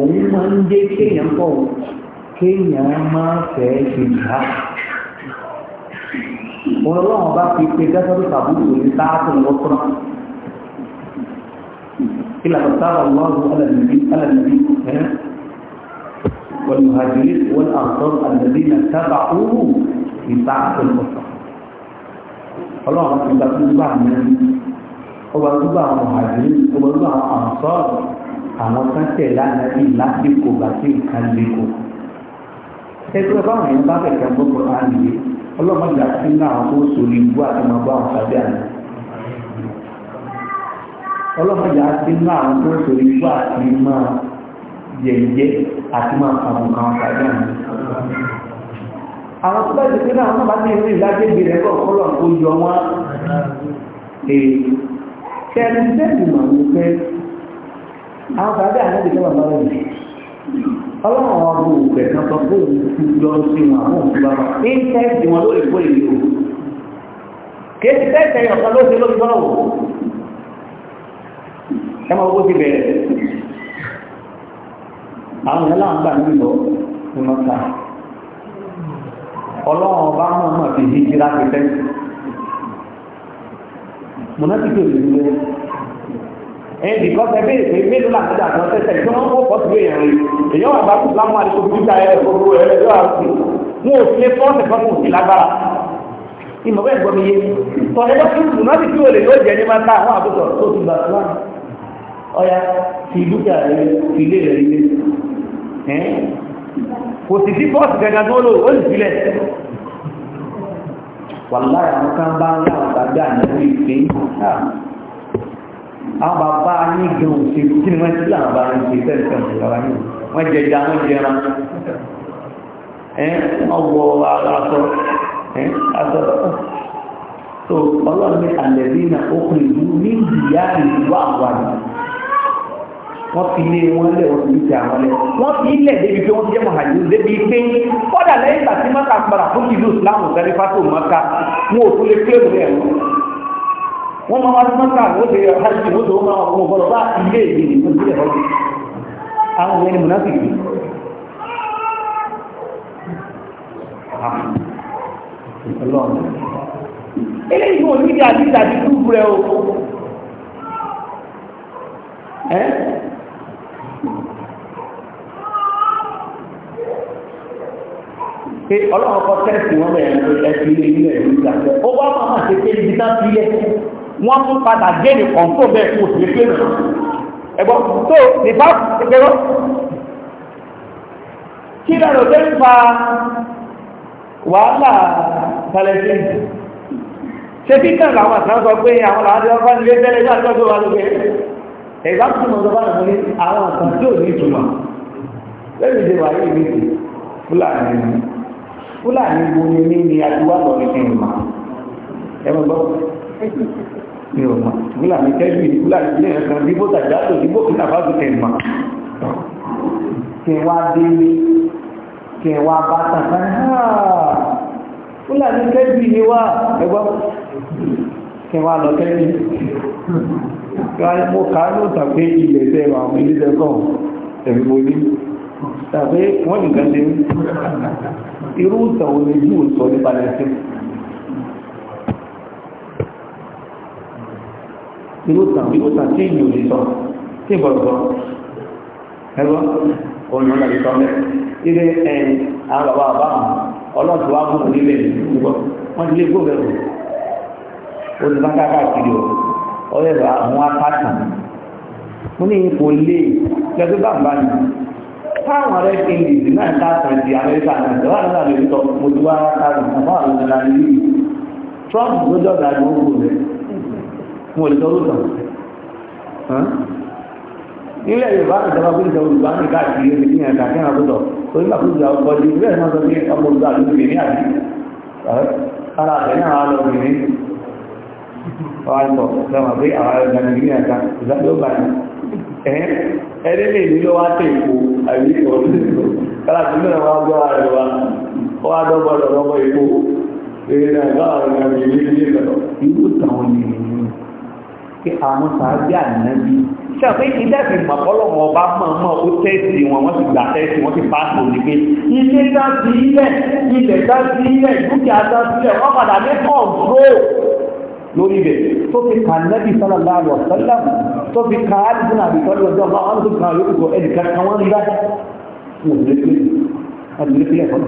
òun máa ń dé kéèyàn pọ̀ kéèyàn máa fẹ́ ṣe ìhà òun ọlọ́run bá fi pé gẹ́gẹ́ tàbí òní sáàtò lọ́tọ́rọ́ kí làbàtà ọlọ́run alàmìbí alàmìbí ẹ̀rẹ́ والمهاجرين والأنصار الذين اتبعوه بسعة الأسرة ọlọ́run ti gba tó gbà ní ọba tó gbà àwọn àdéhùn ọba tó gbà àwọn àǹsọ́ọ̀rù àwọn kan tẹ̀ nabi bíi lásìkò bàtí nǹkan lè kó. ẹgbẹ́ báwọn yẹn bá kẹ̀kẹ́ ń gbọ́kọ̀ á nìyé ọlọ́run ìgbà tí ń náà ó sòrí ibú àti máa bá àwọn sábẹ́ àná. ọlọ́run yẹ̀yẹ́ àti máa fàmù kan tàbí àmì àwọn tó bá jẹ́ pé náà wọ́n bá ní ìrìn lágbègbè rẹ̀ kọ̀ kọ́lọ̀ tó yọ wọ́n kẹrin tẹ́lù mà ní pé àwọn tàbí àmì ìjọba bàbá rẹ̀ ọlọ́run ọgbọ̀n òkè kan sọ pé òun ti lọ sí wọn àwọn òkú bàbá ní tẹ́ẹ̀sì wọn àwọn ìyá láǹgbà ní ìlọ ní mọ́ta ọlọ́run ọba náà mọ̀ sí hijira pẹ̀lẹ́ mọ̀nàtìkì òṣèlú rẹ̀ ẹ̀ bìkọ́ ṣe bí èpè mélòó làwọn ìjà kan tẹ́tẹ́ tí wọ́n kọ́ sí èèyàn rẹ̀ èèyàn wà bá kú láwọn àdìgbò bíbí ayẹ gbogbo ẹ̀ ẹ̀ yóò àti wọn ò fi fọ́ọ̀sì kan kò sí lágbára ìmọ̀ bẹ́ẹ̀ gbọ́ mi yé tọ́lẹ́dọ́ fún mọ̀nàtìkì òlè yóò jẹ́ ní máa ta àwọn àbúrò tó kò sì sí bọ́ọ̀sì gẹ́gẹ́ tó lò ó ìsílẹ̀ wàláyà wọn kan bá ń láwọn gbàgbà nínú ìpé àwọn bàbá yín gan òṣèlú kí ni wọ́n ti láwọn bá ń ṣe tẹ́lifẹ̀ẹ́ ìjọba yìí wọ́n jẹ ìjà wọ́n wọ́n fi lé wọn lẹ̀ wọ́n fi jẹ àwọn lẹ̀ wọ́n fi lẹ̀ débi pé wọ́n ti jẹ́ mọ̀hàjú débi pé kọ́dà lẹ́yìn ìgbà tí mọ́ta padà fún ìlú islam sẹ́ni fásitì mọ́ta wọn ò tún lè pé òun ẹ̀rọ wọ́n máa wá sí mọ́ta àwọn òṣèré ọ̀hájú ìwọ́n tó máa wọ́n bọ́lọ̀ bá ilé ìlú ìlú sílẹ̀ lọ́dún àwọn ọmọ ẹni mùnáfìkì ọlọ́run ah. eléyìí wọn níbi àdídàdí túbú rẹ o pé ọlọ́run kọ tẹ́sì wọn bẹ̀rẹ̀ pé ẹsì ilé ilé ìlú ìgbàgbọ́ ó wá máa máa ṣe pé ibi tá fi ilé wọn tún padà gé ní kọ̀ǹtò bẹ́ẹ̀ kó sì pé nù ẹ̀gbọ́n tó ní bá kékeré kí lọ́dọ̀ tó ń fa wàhálà balẹ̀sẹ̀ ṣe bí kan làwọn àtàwọn sọ pé àwọn làwọn ẹ̀gbá tó mọ̀ tó bá lọ ní àwọn nǹkan tí ò ní ìtumọ̀ lẹ́yìn ìdè wàyí mi ti fúlàní ni fúlàní wo ni mí ni àtiwá lọ ní kí n mà ẹ mọ̀ gbọ́ mi ò mà fúlàní tẹ́jú ìdí fúlàní ilé ẹ̀kan bíbó tàjà tó bíbó kí nàfà tó kí n mà kí n wá délé kí wá bá tàkà fúlàní tẹ́jú ìdí wá ẹgbọ́ kí wá lọ tẹ́jú mo kà á ló tàbí ilẹ̀ tẹ́ wà àwọn ilé tẹ́kọ̀ tẹ̀bí mo ní tàbí wọ́n nìkan ṣe irú ìtàn olè jù sọ nípa lẹ́sẹ̀ irú ìtàn irú ìtàn tí èyí ò lè sọ tí ìbọn sọ ẹgbọ́ òun náà lè sọ mẹ́ ilé ẹ̀yìn àwọn bàbá bàbá ọlọ́dún wa ọ̀rẹ́ rẹ̀ àwọn apákan mú ní ipò lè gẹ́gẹ́ bàbá ní fáwọn ọ̀rẹ́ kí n dìdì náà káàkiri di amẹ́ríkà náà tẹ́wà náà lè tọ́ mo ti wá káàkiri àmọ́ àwọn ọ̀rẹ́ náà ní Trump ló dọ̀gá ní ó kù rẹ̀ mo lè tọ́lú tàn nílẹ̀ Yorùbá ìjọba fún ìjọba Yorùbá ní káàkiri ẹni kí ẹ̀ka kí ẹ̀ka tó torí bá fún ìjọba ọkọ̀ di ilé ẹ̀ka tó ní ọmọ olùdó àdúgbò ní àdúgbò ara àtẹ̀yìn àwọn alọ́gbìn ọwọ́ ń bọ̀ lọ́mọ pé àwọn ará nàìjíríà ká ló bá ní ẹ̀rẹ́ lè ní ló wá tẹ̀ ìpò àbí ọ̀rọ̀ kálá tí mẹ́rin wá gbọ́ ààrẹ wa ó wá dọ́gbọ́ lọ́gbọ́ ìpò eré àgbà àwọn nàìjíríà ní ìlọ irú tàwọn ènìyàn pé àwọn sàábí ànábì ṣàpé ìdẹ́sì mọ̀kọ́lọ́mọ ọba mọ̀ọ́mọ́ ó tẹ́sì wọn wọ́n ti gbà tẹ́sì wọ́n ti pàṣẹ ní pé ilé dá sí ilẹ̀ ilẹ̀ dá sí ilẹ̀ dúkìá dá sí ilẹ̀ wọ́n padà ní kọ̀ọ̀tún lórí ibẹ̀ tó fi kà nẹ́bí sálàlá àlọ́ sálà tó fi kà á dùn àbí tọ́lú ọjọ́ ọba wọn tó kà á yókùtò ẹnì kankan wọn rí báyìí wọn ò lè pè é wọn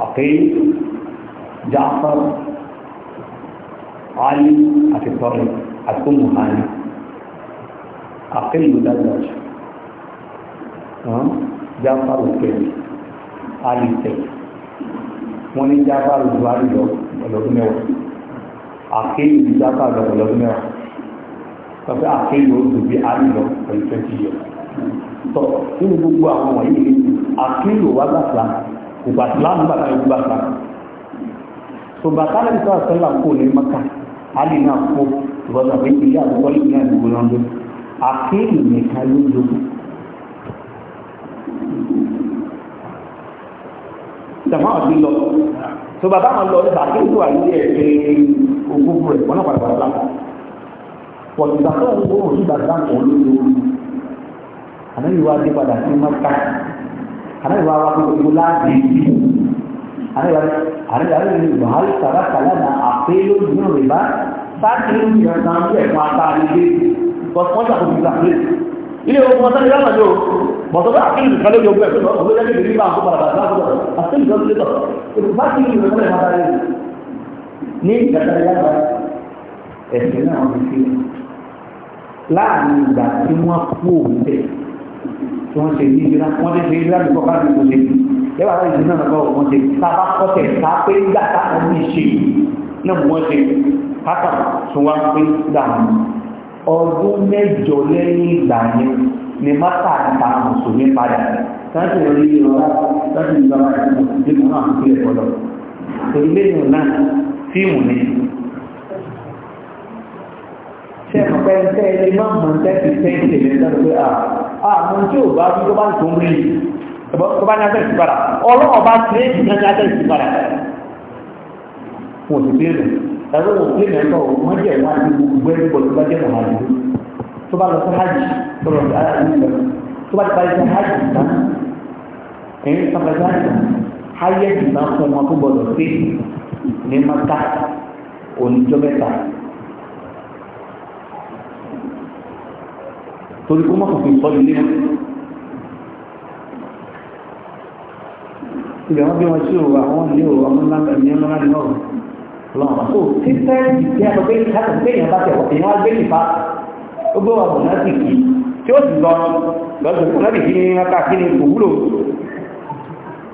عقيل جعفر علي àti tọ́lẹ̀ àti kó muhani àkílù dájọ́jọ́ jáfàrù kẹ́lẹ̀ alì tẹ̀lẹ̀ wọ́n ní jáfàrù buhari lọ ọlọ́dún mẹ́wàá àkílù jáfàrù lọ ọlọ́dún mẹ́wàá tọ́pẹ́ àkílù ó dùn bí alì lọ pẹ̀lú twenty years tọ́ nínú gbogbo àwọn wọ̀nyí àkílù wá gbàgbà ìgbà sílámù bàtà ìgbà sílámù ṣùgbà kálẹ̀ nípa àṣẹlá kò ní maka alì dia kó ìbọ̀dọ̀ pé ilé àdúgbò lè ní àdúgbò náà lé àkéèlì nìkan ló dogun. ìjàmbá àwọn ti lọ tó bàbá àwọn lọ nípa àkéèlì wà nílé ẹ̀kẹ́ ogún rẹ̀ wọ́n náà padà wà àrẹ́wà wa gbogbo láti ìdí àrẹ́wà rẹ̀ wàhálì sàrà kàlà nà àpé lórí náà rẹ̀ bá sáàkì ló ń yàn kan bí ẹ̀fọn ata àlejò bọ́sọ̀ ọjà kò fi gbà pé ilé ìwọ̀n ọ̀sán ìyá ọ̀nà yóò bọ̀sọ̀ bá àkíyèsí kan lórí ogun ẹ̀fọn ọ̀gbẹ́ jẹ́ kébìrì bá àkókò àgbà lágbọ̀dọ̀ àtẹ́lẹ̀ ìjọba lẹ́tọ̀ ìfúnpá sí ìlú ìwọ̀n ẹ̀fọn ata ní tí wọ́n ṣe ní ìdíra wọ́n ti ṣe ìdíra bí kọ́ káàdì kò ṣe bí ẹwà láti ṣe náà lọ́wọ́ wọ́n ṣe tábà kọ́tẹ̀ tá pé nígbà táwọn bí ṣe náà wọ́n ṣe káàkà tún wá pé dàmú ọdún mẹ́jọ lẹ́yìn ìgbà yẹn ni mọ́tà ta mùsùlùmí padà sáńtì orí ìrọ̀lá sáńtì ìjọba ìdíkùn náà ń kílẹ̀ pọ̀lọ̀ ilé ìrìn náà fíìmù ni ṣé ẹ̀kọ́ pẹ́ńtẹ́ ilé máa mọ̀ tẹ́tì tẹ́tì lẹ́sẹ̀ pé à àwọn tí ò bá rí tó bá ń tó ń rí tó bá ní abẹ́ ìsìpadà ọlọ́wọ́ bá ti rí ìyẹn ní abẹ́ ìsìpadà wọn ò sì béèrè ẹ̀rọ wọn ò béèrè ẹ̀kọ́ wọn jẹ́ ìwà àti gbogbo ẹ̀rí bọ̀ tó bá jẹ́ mọ̀ hàjì tó torí kó mọ́kàn fi sọ́lù lé ìgbà wọn bí wọn sí òwò àwọn ilé òwò àwọn ńláńlá ní ọmọ náà lọ́wọ́ lọ́wọ́ kó títẹ́ ìdí àtọ́gbé láti gbé ìyàn bá tẹ̀wọ̀ èèyàn wá gbé nípa ó gbé wà bọ̀ láti kì tí ó sì lọ lọ́sùn fún láti kí ní ká kí ní kò wúlò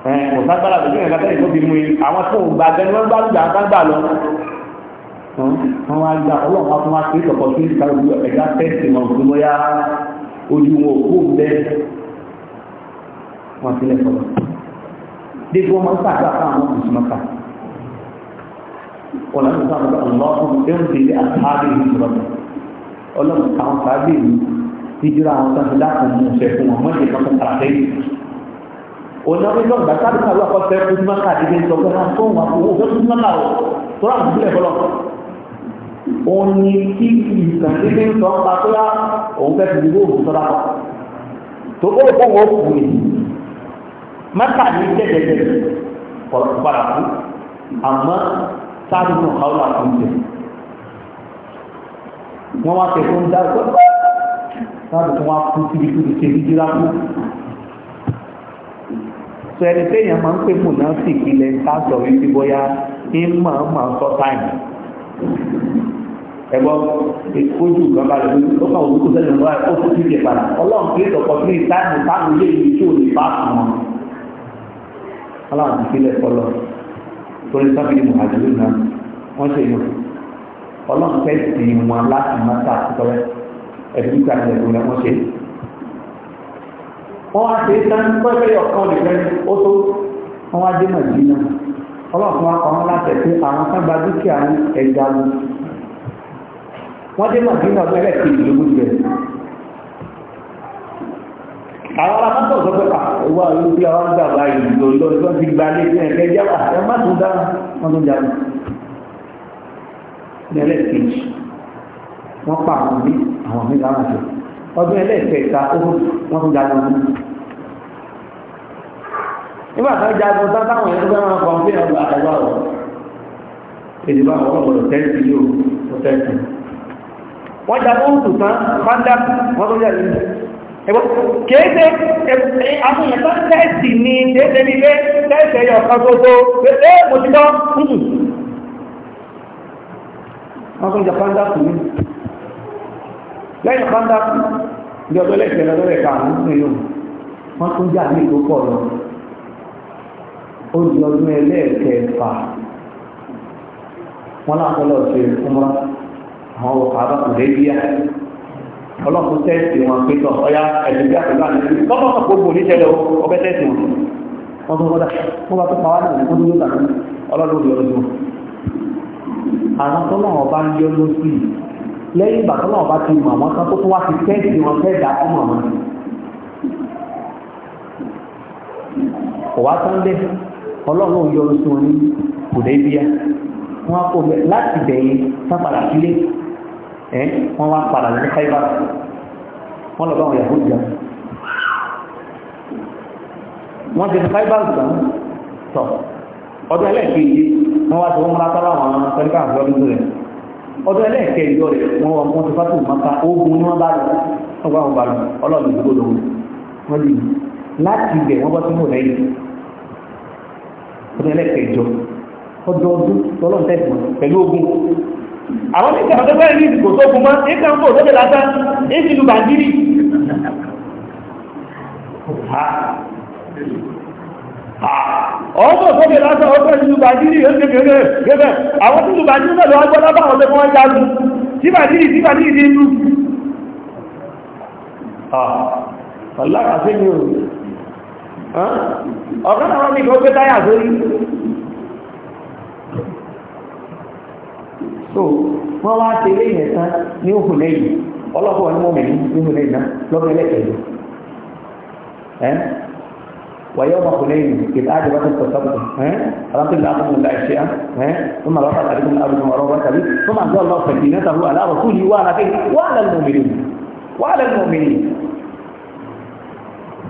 kò sábàlá tó gbé ìyàn bá tẹ̀wọ̀ fi mú àwọn tó gbàgbẹ́ ni wọ́n bá gbà wọ́n wá gbà ọlọ́run wá fún wa pé ìtọ̀kọ̀ sí ìta ojú ẹ̀dá tẹ́sì mọ̀ fún bóyá ojú wọn ò kó bẹ́ẹ̀ wọ́n sílẹ̀ sọ̀rọ̀ débi wọn máa ń sàgbà fún àwọn kùsùn mọ́ta ọ̀làǹdà sábà ọ̀lọ́run ẹ̀ǹdè àtàrí ìjọba ọlọ́run àwọn sábà èyí ìdíra àwọn sábà dákun mú ọ̀sẹ̀ fún wọn mọ́tì kan tó tà lẹ́yìn onáwó ìjọba gbàtà òun ni kí ìtàn títí ń sọ pa tó yá òun fẹ́ fi gbogbo òun sọ́dá pọ̀ tó kó kó wọ́n kù ní mẹ́ta ní jẹ́jẹ́jẹ́ padà kú àmọ́ sáré nù káwọn àkùnjẹ wọ́n wá tẹ̀ fún dá gbọ́dọ̀ láti tún wá kú síbi tó ti ṣe jíjírá kú sọ ẹni téèyàn máa ń pè fún náà sì kí lẹ́ńtà sọ wípé bóyá ń sọ táìmù ẹgbọ́ ìkójú bàbá rẹ̀ ló kà òun kò sẹ́yìn lọ́wọ́ ó fún títì padà ọlọ́run kì í sọ̀kọ́ sí ìtàkùn táwọn ilé ìlú tí ò ní bá fún wọn. aláàbò sílẹ̀ kọlọ torí sábìlì mùhàjúrì náà wọ́n ṣe yọ ọlọ́run fẹ́ sí wọn láti má ta àtúntọ́rẹ́ ẹ̀dùn ìgbà ilẹ̀ ìlú wọ́n ṣe. wọ́n wá ṣe é tán pẹ́ẹ́pẹ́ ọ̀kan nìkan ó tó wọ́n wá dé màjí náà ọlọ́run wá pa wọn láti ẹ̀ wọ́n dé màdínà fẹ́rẹ̀ sí ìlógún jẹ àwọn alákọ̀ọ́ sọ pé àwọn ah, ìlú bí àwọn gbà báyìí lòlò tó ti gba lé sí ẹ̀kẹ́ jẹ́ àṣẹ ah, má tún dáhùn wọ́n tún jáde ní ẹlẹ́ẹ̀kejì wọ́n pa àwọn bí àwọn mi láwọn jẹ ọdún ẹlẹ́ẹ̀kẹta ó wọ́n tún jáde wọn nígbà tó jáde wọn táwọn ẹni tó fẹ́ máa kọ́ fún ẹ̀rọ àtàgbà rẹ̀ wọ́n jà fún tùtàn fáńdà wọ́n tó jà ní ẹgbọ́ kéèké àmúyẹ̀tọ́ tẹ́ẹ̀sì ní tẹ́ẹ̀sẹ̀ nílé tẹ́ẹ̀sẹ̀ yọ kan tó tó pé mo ti lọ wọ́n tó jà fáńdà kù ní lẹ́yìn fáńdà kù ní ọjọ́ lẹ́sẹ̀ lọ́dọ́ rẹ̀ kà ń pè yóò wọ́n tó jà ní ìkókò lọ ó di ọdún ẹlẹ́ẹ̀kẹfà wọ́n àwọn ọ̀pàá kùlébíà ọlọ́pùn tẹ́ẹ̀sì wọn pé tọ́ ọya ẹ̀lẹ́gbẹ́ àpẹẹrẹ àti lọ́pọ̀pọ̀ gbogbo oníṣẹ́lẹ̀ ọbẹ̀ tẹ́ẹ̀sì wọn wọ́n tó kọ́dá wọ́n bá tó pàwọ́ náà nìkan tó tàbí ọlọ́lọ́dún ọdún àwọn tó náà bá ń yọ lóṣù lẹ́yìn ìgbà tó náà bá ti mọ̀ wọ́n kan tó tó wá ti tẹ́ẹ̀sì wọn fẹ́ dà ọmọ wọn ọ̀wá sọ́ndẹ̀ ọlọ́run yọ lóṣù wọn ní kùlébíà wọ́n á kó láti bẹ̀yìn sápadà sílé ẹ́ wọ́n wá padà ní Khaybar wọ́n lọ bá wọn Yahudi jà wọ́n ti ní Khaybar tán tọ̀ ọdún ẹlẹ́ẹ̀kejì wọ́n wá ti wọ́n múra tọ́lá wọn sẹ́ríkà àti ọdún rẹ̀ ọdún ẹlẹ́ẹ̀kẹjọ rẹ̀ wọ́n wọ́n wọ́n ti fásitì mọ́ta ogun ní wọ́n bá lọ wọ́n bá wọn bá lọ ọlọ́run ìdúgbò lòun wọ́n àwọn ní ìkàwọn tó fẹ́ rí ìdìbò tó kún mọ́ ìkà ń bò lókè lásán èsì lu bàjírí ọ̀pọ̀ sókè lásán ọ̀pọ̀ ìlú bàjírí ó ṣe gẹ́gẹ́ gẹ́gẹ́ àwọn tó lu bàjírí náà lọ́wọ́ gbọ́dọ̀ bá àwọn tó wọ́n jágun tí bàjírí tí bàjírí ti lù ọ̀lá àṣẹ́yìn ọ̀gá àwọn mi kò gbé táyà sórí so wọ́n wá ṣe ilé yẹn tán ní òhun lẹ́yìn ọlọ́pọ̀ wọn ní náà lọ́pọ̀ ẹlẹ́kẹ̀ẹ́ ọmọ lẹ́yìn àjọba tó alákùnrin ẹ̀ṣẹ́ wọ́n máa lọ́pàá tàbí kúnlẹ̀ ọ̀rọ̀ wọn tàbí wọ́n máa gbọ́ ọlọ́pàá tàbí tàbí kú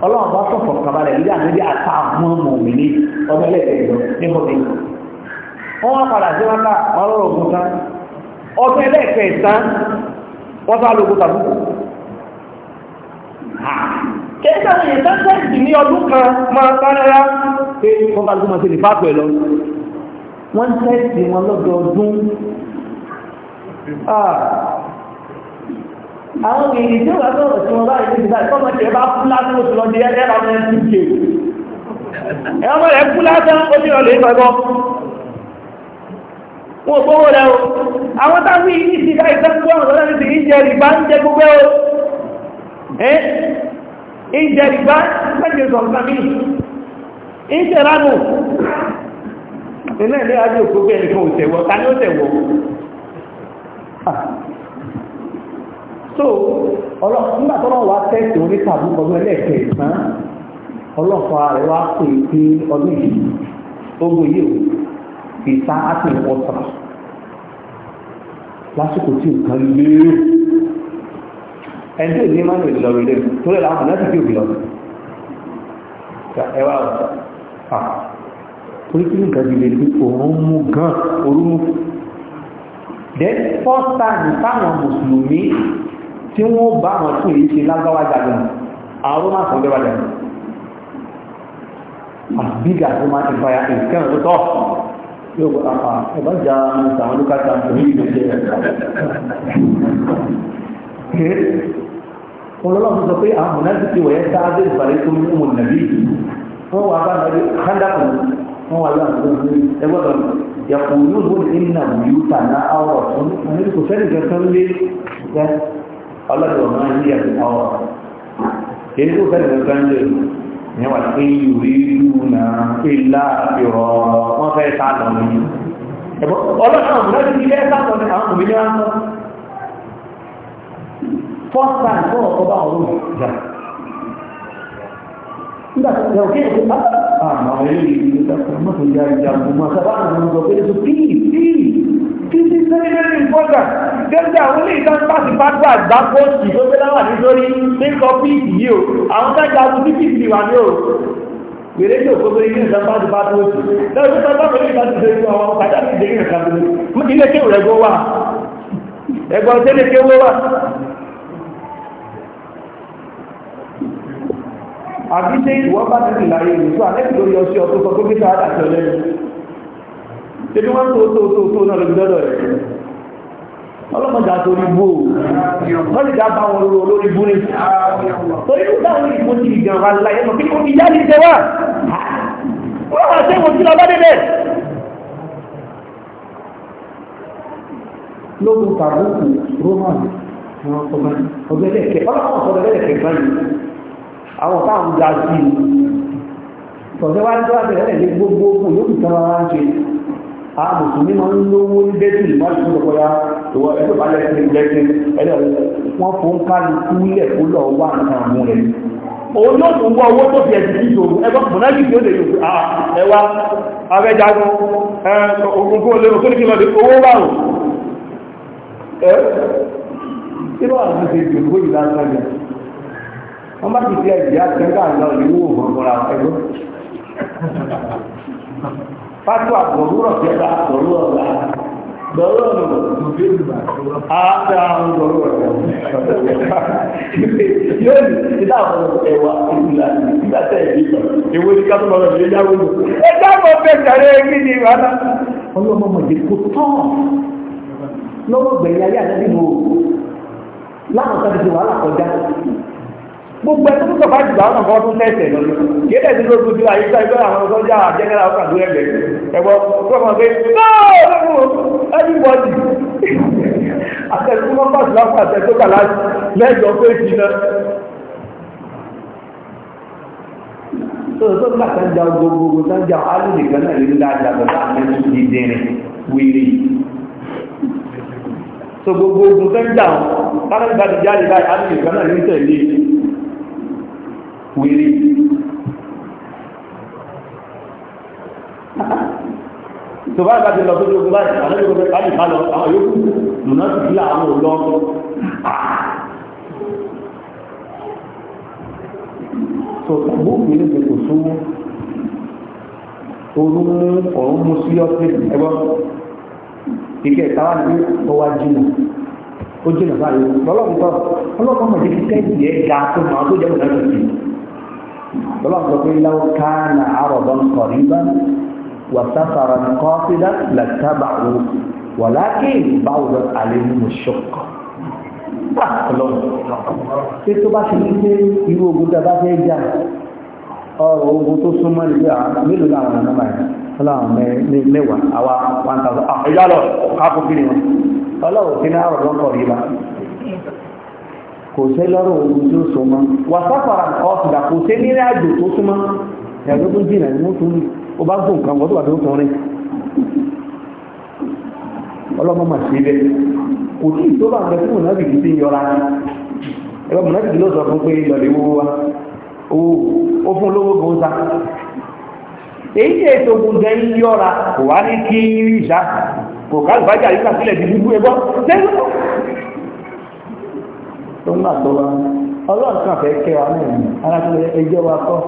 ọlọ́run bá sọ̀fọ̀ mọ̀mìnì ọmọ ẹlẹ́gbẹ̀ẹ́ ọdún ẹlẹ́ẹ̀kẹ́ ìsán wọ́n sá lóògùn tàbùkù kẹta ní ìtẹ́sẹ̀sì ní ọdún kan máa sárára pé wọ́n bá lóògùn àti ìfà pẹ̀lọ wọ́n tẹ́sì wọn lọ́dọọdún àwọn èyí tí wọ́n sọ̀rọ̀ sí wọn báyìí ti dá ìfọ́mọ̀ tí ẹ bá kú lásán oṣù lọ di ẹgbẹ́ ọmọ ẹ̀ ń tún ṣe ẹ̀ ọmọ rẹ̀ wọn gbówó rẹ̀ o àwọn táwọn yìí ti ká ìtẹ́kùn àwọn ọ̀dọ́ ti ń jẹ rìbá ń jẹ gbogbo o ẹ́ ń jẹ rìbá pẹ̀lú ìsọ̀rọ̀ mi ń jẹ ránù ilé ilé ajé òkúgbé ẹnìkan ò ta ni ó tẹ̀wọ̀ so ọlọ́pàá wa tẹ́sì orí tàbí ọdún ẹlẹ́ẹ̀kẹ́ ìsán ọlọ́pàá rẹ̀ wá pè é pé ọdún yìí ogun yìí ìta àti ọ̀tà lásìkò tí nǹkan lé ẹni tó ní máa ń lè lọ rèé tó lè láwọn láti fi òbí lọ ẹwà ọ̀tà torí kí nǹkan ti lè ní òun mú gan orú mú then first time táwọn mùsùlùmí tí wọ́n bá wọn tún èyí ṣe lágbáwá jáde àwọn ọmọ àkọ́jọ́ wájà as big as Roman Empire is kind of tough yóò gbọ́ àpá ẹ̀bá jà àwọn olùkàtà òní ìgbésẹ̀ rẹ̀. Olọ́lọ́ sọ pé àwọn mọ̀nàdì ti wọ̀nyẹ́ sáájú ìbàrẹ́ tó ń mú nàbí. Wọ́n wà bá nàbí kádàkù wọ́n wà láti tó ń mú ẹgbọ́dọ̀. Yàtọ̀ yóò wọ́n ní nà wíwú tà ná àwọ̀ ọ̀tún. Kò sẹ́ni kankan lé ọlọ́dọ̀ máa ń yí àwọ̀. Kì ní wà pé ìwé ìlú náà ilá ìrọ̀ wọ́n fẹ́ sá lọ ní ọlọ́run àwọn ọmọdé ti fẹ́ sá lọ ní àwọn òmìnira ń lọ first time fún ọkọ̀ bá ọ̀rọ̀ ìjà nígbà tí ẹ̀rọ kí ẹ̀kọ́ àwọn ilé ìlú ìjọba mọ́tò ìjà ìjà gbogbo àtàbà àwọn ọmọdé tó kí títí sẹ́yìnlẹ́rì ìfọ́gbà gẹ́gẹ́ àwọn ilé ìtàn pàṣẹ pàṣẹ àgbà pọ́ọ̀sì tó fẹ́lá wà nítorí mékọ́ píìkì yìí o àwọn tájà ọdún títí ìdí wà ní o gbèrè tí òkú tó ilé ìtàn pàṣẹ pàṣẹ pọ́ọ̀sì lọ́wọ́ tó bá fẹ́lẹ́ ìtàn ti sẹ́yìn àwọn kàdá ti dẹ́yìn ìtàn tó ní ilé kéwù rẹ̀ gbọ́ wà ẹgbọ́n tẹ́lẹ̀ kéwù wà. àbí ṣe ìwọ́ bá ti ebi wọ́n tó tó tó tó náà lóbi lọ́dọ̀ rẹ̀ ọlọ́mọdà torí bú o wọ́n lè dábà wọn lò lórí bú ní torí kò dáwọn ìbò ti ìgbà wà láyé lọ kíkọ́ ìyá ní ṣe wà wọ́n wà sí ìwọ̀n sí lọ bá débẹ̀ lóògùn tàbùkù roman ọgbẹ́lẹ̀kẹ́ ọlọ́mọ ọgbẹ́lẹ̀kẹ́ báyìí àwọn táwọn ga sí i tọ̀sẹ̀ wá ní a mùsùlùmí máa ń lówó ní bẹ́tì ìwádìí tó tọ́kọ́ ya ìwọ ẹgbẹ́ balẹ̀ sí ìgbẹ́sìn ẹ̀dẹ̀ wọ́n fún kálukú lẹ̀ kó lọ wà nǹkan mú rẹ̀ òun yóò tún wọ owó tó fi ẹ̀sìn sí ìṣòro ẹgbẹ́ mọ̀nájì tí ó lè yòókù ẹwà afẹ́jagun ogun fún olóòrùn tó ní kí lọ owó báwò ẹ́ tí lọ́wọ́ àti ṣe ìjòkó ìlànà wọ́n bá ti fi ẹ̀jẹ̀ àti ẹgbẹ́ àgbà òní wò wọ́n fọ́ra ẹgbẹ́ fatwa dọ̀rúrọ̀ jẹba dọ̀rúrọ̀ la dọ̀rúrọ̀ lọ àti àwọn dọ̀rúrọ̀ yóò ní ìdá àwọn ẹwà ìlà nígbà tẹ ẹbí kan èwo ní kápẹ́ lọ́rọ̀ ní ẹjá wọlé ẹjá wọn fẹ́ kàrẹ́ ẹbí ni ìrànà ọlọ́mọ mọ̀jẹ kò tán lọ́wọ́ gbẹ̀yìn ayé àti ẹbí mo láwọn sábẹ́ ti wàhálà kọjá gbogbo ẹni tó sọ̀fà jùlọ àwọn ọ̀gá ọdún tẹ̀sẹ̀ lórí kéde ìdílé oṣù tí àyè sọ ìgbẹ́ àwọn sọ́jà jẹ́nẹ́rà ọkà lórí ẹgbẹ́ ẹgbọ́ gbọ́mọ̀ pé náà everybody àtẹ̀sùn mọ́pàṣẹ lápá àtẹ̀sùn kàlá lẹ́jọ́ pé jìnnà tó láì tẹ̀lé wèrè tó bá ìbájẹ́ lọ tó ló gbọ́ báyìí àwọn yóò fẹ́ káàdì bá lọ àwọn yóò kú lùnà sí sílẹ̀ àwọn olọ́ tó tàbí òkú ní kò sówó orú mú ọ̀rún mú sí ọ́sẹ̀ ẹgbọ́n ìkẹ́ ìtawà ní ọwá jìnà ó jìnà báyìí lọ́lọ́pùtọ́ ọlọ́pàá mọ̀ lọ́wọ́ sọ pé láwọn káàna àròdán kọ̀ríbá wà sáfàrà kọ́fídà làtàbàwò wà láàkì báwòrán àlejò mọ̀ṣọ́kọ̀. ṣé tó bá ṣe ní pé irú ogun tó fẹ́ jà ọ̀rọ̀ ogun tó súnmọ́ ah, ah, ní kò sẹ́ lọ́rọ̀ ohun tí ó so mọ́ wà sáfàrà ọ̀sùdà kò sẹ́ nílẹ̀ àjò tó súnmọ́ ẹ̀ẹ́dógún jìnà ní oṣù ní ó bá gùn kan wọ́n tó wà tó tún rìn ọlọ́mọ mà sí ibẹ̀ kò tí ì tó bá gbẹ fún mọ̀nàbìkì sí yọra ẹgbẹ́ mọ̀nàbìkì ló sọ fún pé lọ́lẹ̀ owó wa ó fún lówó gan sa èyí tí ètò ogun jẹ́ ń yọra kò wá ní kí ìṣá kò ká ìbájà yíká sílẹ̀ tó ń gbà tó wá ọlọ́run kan fẹ́ kẹ́ wa náà ní alákùnrin ẹjọ́ wa kọ́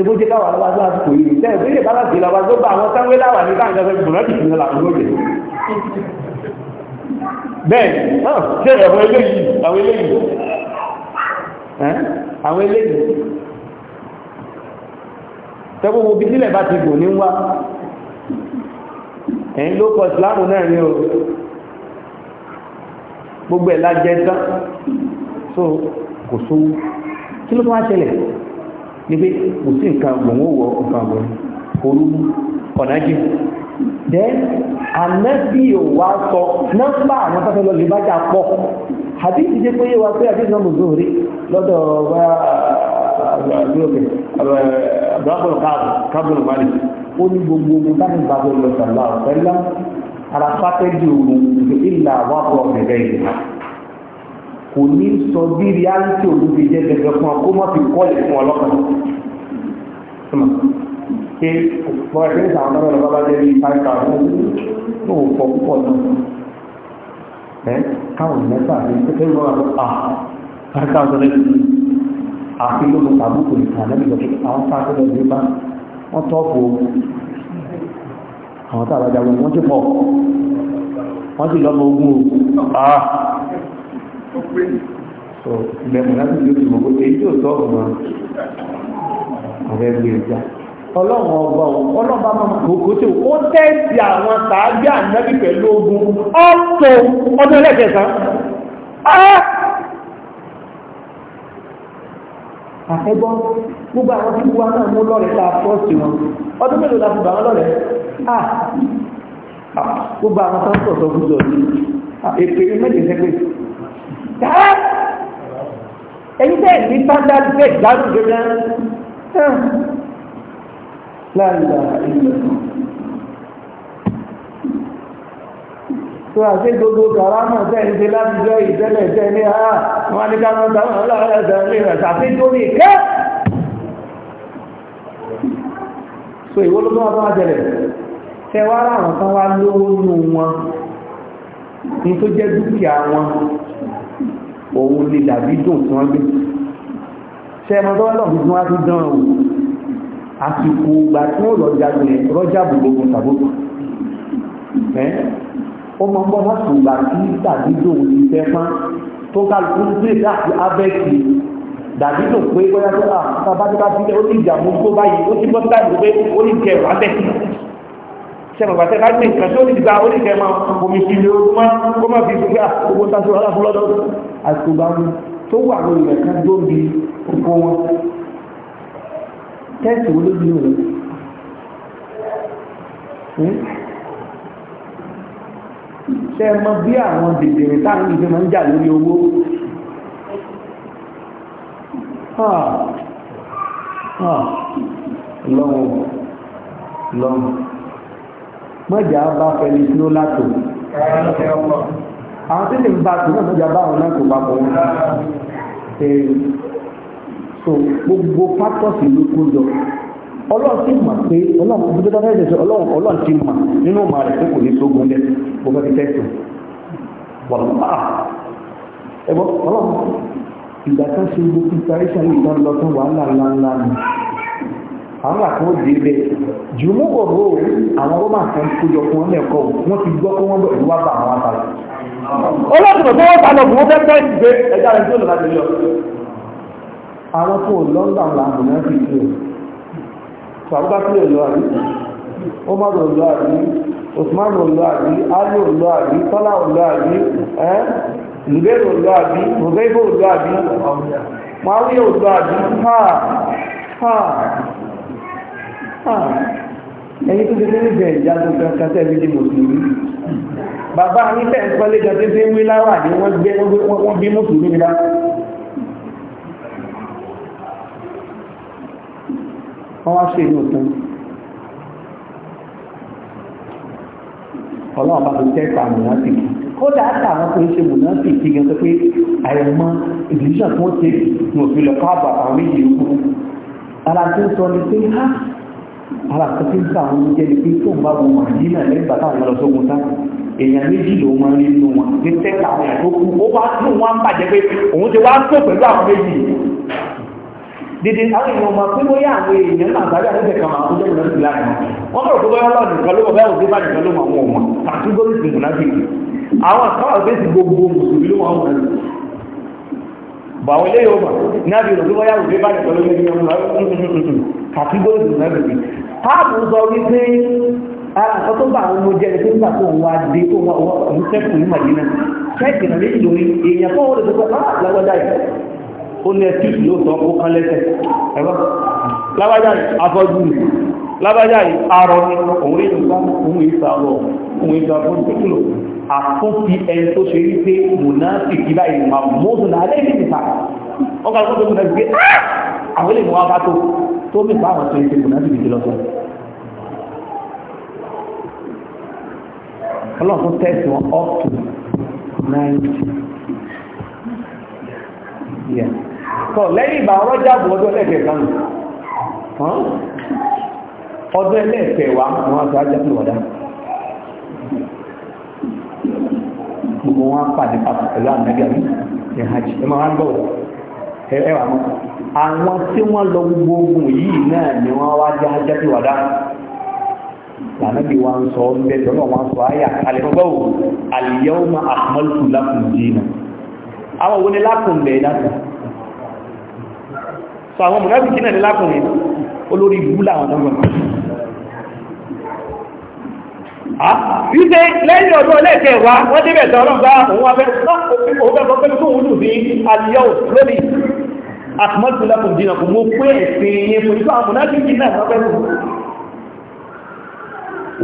ebó jẹ́ káwa lọ́wọ́ tó àsìkò yìí lẹ́yìn tó yẹ bára gbìlà wa tó bá àwọn sáwé láwà ní báyìí lọ́sẹ̀ gbọ̀nà tìtì ní làwọn lóye bẹ́ẹ̀ ṣe ẹ̀fọ́ eléyìí àwọn eléyìí àwọn eléyìí tẹ́kọ̀ wo bí sílẹ̀ bá ti gùn ní wá ẹ̀yìn ló kọ ìsìláàmù náà ní o gbogbo ẹ̀ lájẹ́ tán so kò sówó kí ló tó wá ṣẹlẹ̀ ni pé kò sí nǹkan gbòǹwò wọ nǹkan gbòǹwò olú ọ̀nà then ànábì ò wá sọ nọ́mbà àwọn tó fẹ́ lọ lè bá jà pọ̀ àbí ti jẹ́ pé yé wa pé àbí ìsìnkú ọmọ òzòrí lọ́dọ̀ wa àgbẹ̀rẹ̀ àbúrákọ̀ọ́ káàbùrù máa lè ó ní gbogbo ogun táwọn ìbáwọ̀ lọ sàlá ọ̀fẹ́ lá ara pátẹ́jì ogun ìlà wà pọ̀ ọ̀gẹ̀gẹ̀ ìlú kò ní sọ bí reality òun ti jẹ́ gẹ́gẹ́ fún ọ kó má fi kọ́ ìfún ọlọ́kan ṣe bọ́ ẹgbẹ́ ìsàwọn náà lọ́wọ́ bá jẹ́ bí five thousand tó ò fọ púpọ̀ náà ẹ káwọn mẹ́fà ní pẹ́pẹ́ ìwọ́n àti à five thousand eight àfi ló àwọn tá lọ sí bá wọ́n tọ́pù àwọn tá wọ́n ti pọ̀ wọ́n ti lọ́mọ ogun o so ìbẹ̀mọ̀ láti ló ti mọ̀ pé èyí yóò tọ́ ọ̀gbọ̀n ọ̀rẹ́ gbé ẹja ọlọ́run ọba ọlọ́ba máa gbogbo tí ó tẹ́sí àwọn tàbí ànábì pẹ̀lú ogun ọ̀tọ̀ ọdún ẹlẹ́kẹ̀ẹ́sán ah! àfẹ́gbọ́n gbogbo àwọn tí wọ́n náà mú lọ́rẹ̀ ta fọ́ọ̀sì wọn ọdún mélòó la fi bà wọ́n lọ́rẹ̀ ah! ah gbogbo àwọn sáńtọ̀ sọ fún jọ ah! èpè mẹ́jẹ̀ sẹ́gbẹ̀ẹ́ dáa ẹ̀yin tẹ́ ní standard bed gbádùn gẹ́gẹ́ láàrín ìlú tó àti gbogbo kàrámà tẹ́ ń ṣe láti jọ ìtẹ́lẹ̀ tẹ́ ní ara ah, wọn ní ká máa dáwọn aláàrẹ ìtẹ́lẹ̀ rẹ̀ tàbí tó ní ìkẹ́ so ìwó ló bá wọn jẹlẹ̀ tẹ wá ráwọn kan wá lówó nù wọn ní tó jẹ́ dúkìá wọn òun lè dàbí dùn tí wọ́n gbé ṣe ẹmọ tó lọ́pù tí wọ́n á ti dán o àsìkò ìgbà tí wọ́n lọ́jà gbẹ̀ rọ́jà gbogbo tàbókù ẹ́ ó mọ́ bọ́ lọ́pù ìgbà tí dàbí dùn ti fẹ́ pán tó kálukú gbé láti abẹ́kì dàbí dùn pé bóyá tó ah, bá tó bá fi ó ní ìjà mú tó báyìí ó ti bọ́ sáà sẹ́nu bàtẹ́ ká ní nǹkan tó ní ti gba oníkẹ́ máa omi sí ilé ogun máa kó má fi gbé owó taṣọ aláfọlọ́dọ́ àti gbogbo àwọn tó wà lórí rẹ̀ ká dó bi oko wọn tẹ́sì wo ló di òun ṣe é mọ bí àwọn bèbèrè táwọn ìgbé máa ń jà lórí owó lọ́wọ́ lọ́wọ́ mọ́jà bá fẹni tí ó látò àwọn tí lè ń bá tó mọ́jà bá àwọn náà papọ̀ so gbogbo pátọ́sì ló kó jọ ọlọ́run ti mọ̀ pé ọlọ́run ti mọ̀ nínú ọmọ rẹ̀ pé kò ní sógun lẹ́ gbogbo ti tẹ́sùn wọ̀lọ́pàá ẹgbọ́n ọlọ́run ìgbà kan ṣe gbogbo preparation ìdánilọ́tún wàhálà ńláńlá ni àwọn àti wọn dé bẹ jùmọ̀ ọ̀rọ̀ àwọn rọ́bà kan kójọ fún ọmọ ẹ̀kọ́ wọn ti gbọ́ pé wọ́n bọ̀ ìlú wa bá àwọn àtàlẹ̀. ọlọ́dún tó wọ́n ta lọ fún wọn fẹ́ tẹ́sí pé ẹja rẹ̀ tí ó lọ láti lọ. àwọn tó ń lọ ń gbà wọn àbùnà ti tú ẹ̀. tó àbúgbà sí ẹ̀ lọ àbí Omar ò lọ àbí Usman ò lọ àbí Ali ò lọ àbí Tọ́lá ò lọ àbí ẹ́ Zubairu ò lọ àbí Rubeibo ò lọ àbí Mawia ò lọ àbí ha ha Ah, ẹ̀yìn tó ti fi ní bẹ̀rẹ̀ ìjágun kankan tẹ́lẹ̀ ní mùsùlùmí bàbá ní fẹ́ ìpọ́lé jọ tí fi ń wí láwà ní wọ́n gbé wọ́n bí mùsùlùmí nílá wọ́n wá ṣe inú tán ọlọ́run bá ti tẹ́ta mùnáfìkì kódà àtàwọn tó ń ṣe mùnáfìkì gan tó pé ń ṣe ní òfin lọ ara kẹtí ń ta àwọn oúnjẹ ni pé tó ń bá wọn wà ní ilẹ̀ lẹ́gbà táwọn lọ sógun tán èèyàn méjì ló máa ń nínú wọn ní tẹ́ka àwọn èèyàn tó kú ó wá tún wọn bàjẹ́ pé òun ti wá tó pẹ̀lú àwọn méjì dìde àwọn èèyàn máa pé bóyá àwọn èèyàn náà sáré àtẹ́tẹ̀ kan máa kójọ́ ìlú ìlà rẹ̀ wọ́n bẹ̀rẹ̀ bàwọn ilé yóò mọ̀ náà bí olùdókòwò yàwó lé báyìí pẹ̀lú ní ìyẹn lọ kàtígórì náà bèbè páàpù sọ wípé ara nǹkan tó bá àwọn ọmọ jẹ́ ẹni tó ń gbà tó ń wá dé tó wá òun sẹ́kù ní màdínà sẹ́ẹ̀kì náà méjì lórí èèyàn fún òun lọ́sọ̀tọ̀ ah lágbájá yìí ó ní ẹtí ló sọ ó kán lẹ́sẹ̀ ẹ̀rọ lágbájá àtúnfi ẹni tó ṣe rí pé mùnáfìkì báyìí mà mọ́sùn náà lẹ́yìn nípa wọ́n kà lọ́dún náà gbé ah! àwọn ilé ìwọ̀n abátó tó mí pa àwọn tó ń ṣe mùnáfìkì jùlọ sọ. ọlọ́run tún tẹ́sí wọn up to ninety years. sọ lẹ́yìn ìgbà ọ̀rọ̀ jáàbù ọdún ẹlẹ́ẹ̀kẹ́ kan ọdún ẹlẹ́ẹ̀kẹ́ wa ni wọ́n ti á jáàbù wọ̀dá. gbogbo wọn pàdé papọ̀ pẹ̀lú ànábì àbí ní hajj ẹ máa ń bọ̀wọ̀ ẹ wà mọ́ àwọn tí wọ́n lọ gbogbo ogun yìí náà ni wọ́n wá jẹ́ hajj tí wàdá lànàbí wa ń sọ ń bẹ lọ́nà wọn sọ ayé àkàlẹ́gbọ́ wò al-yawma akmaltu lakum àwọn òun ni lákùn bẹ̀ dáta sọ àwọn mùnàbí jìnà ni lákùn olórí búlà àwọn ọmọ wípé ah, lẹ́yìn ọdún ọlẹ́ẹ̀kẹ́ wa wọ́n débẹ̀ tọ́ ọlọ́run bá òun abẹ́ ah, òun bẹ́ bọ́pẹ́ tó wúlù ní àdìyà òlóbi àtúmọ́tò lápùn dínà kò mú pé ẹ̀sìn yẹn fún ìfọ́ àmúná kí kí náà bọ́pẹ́ fún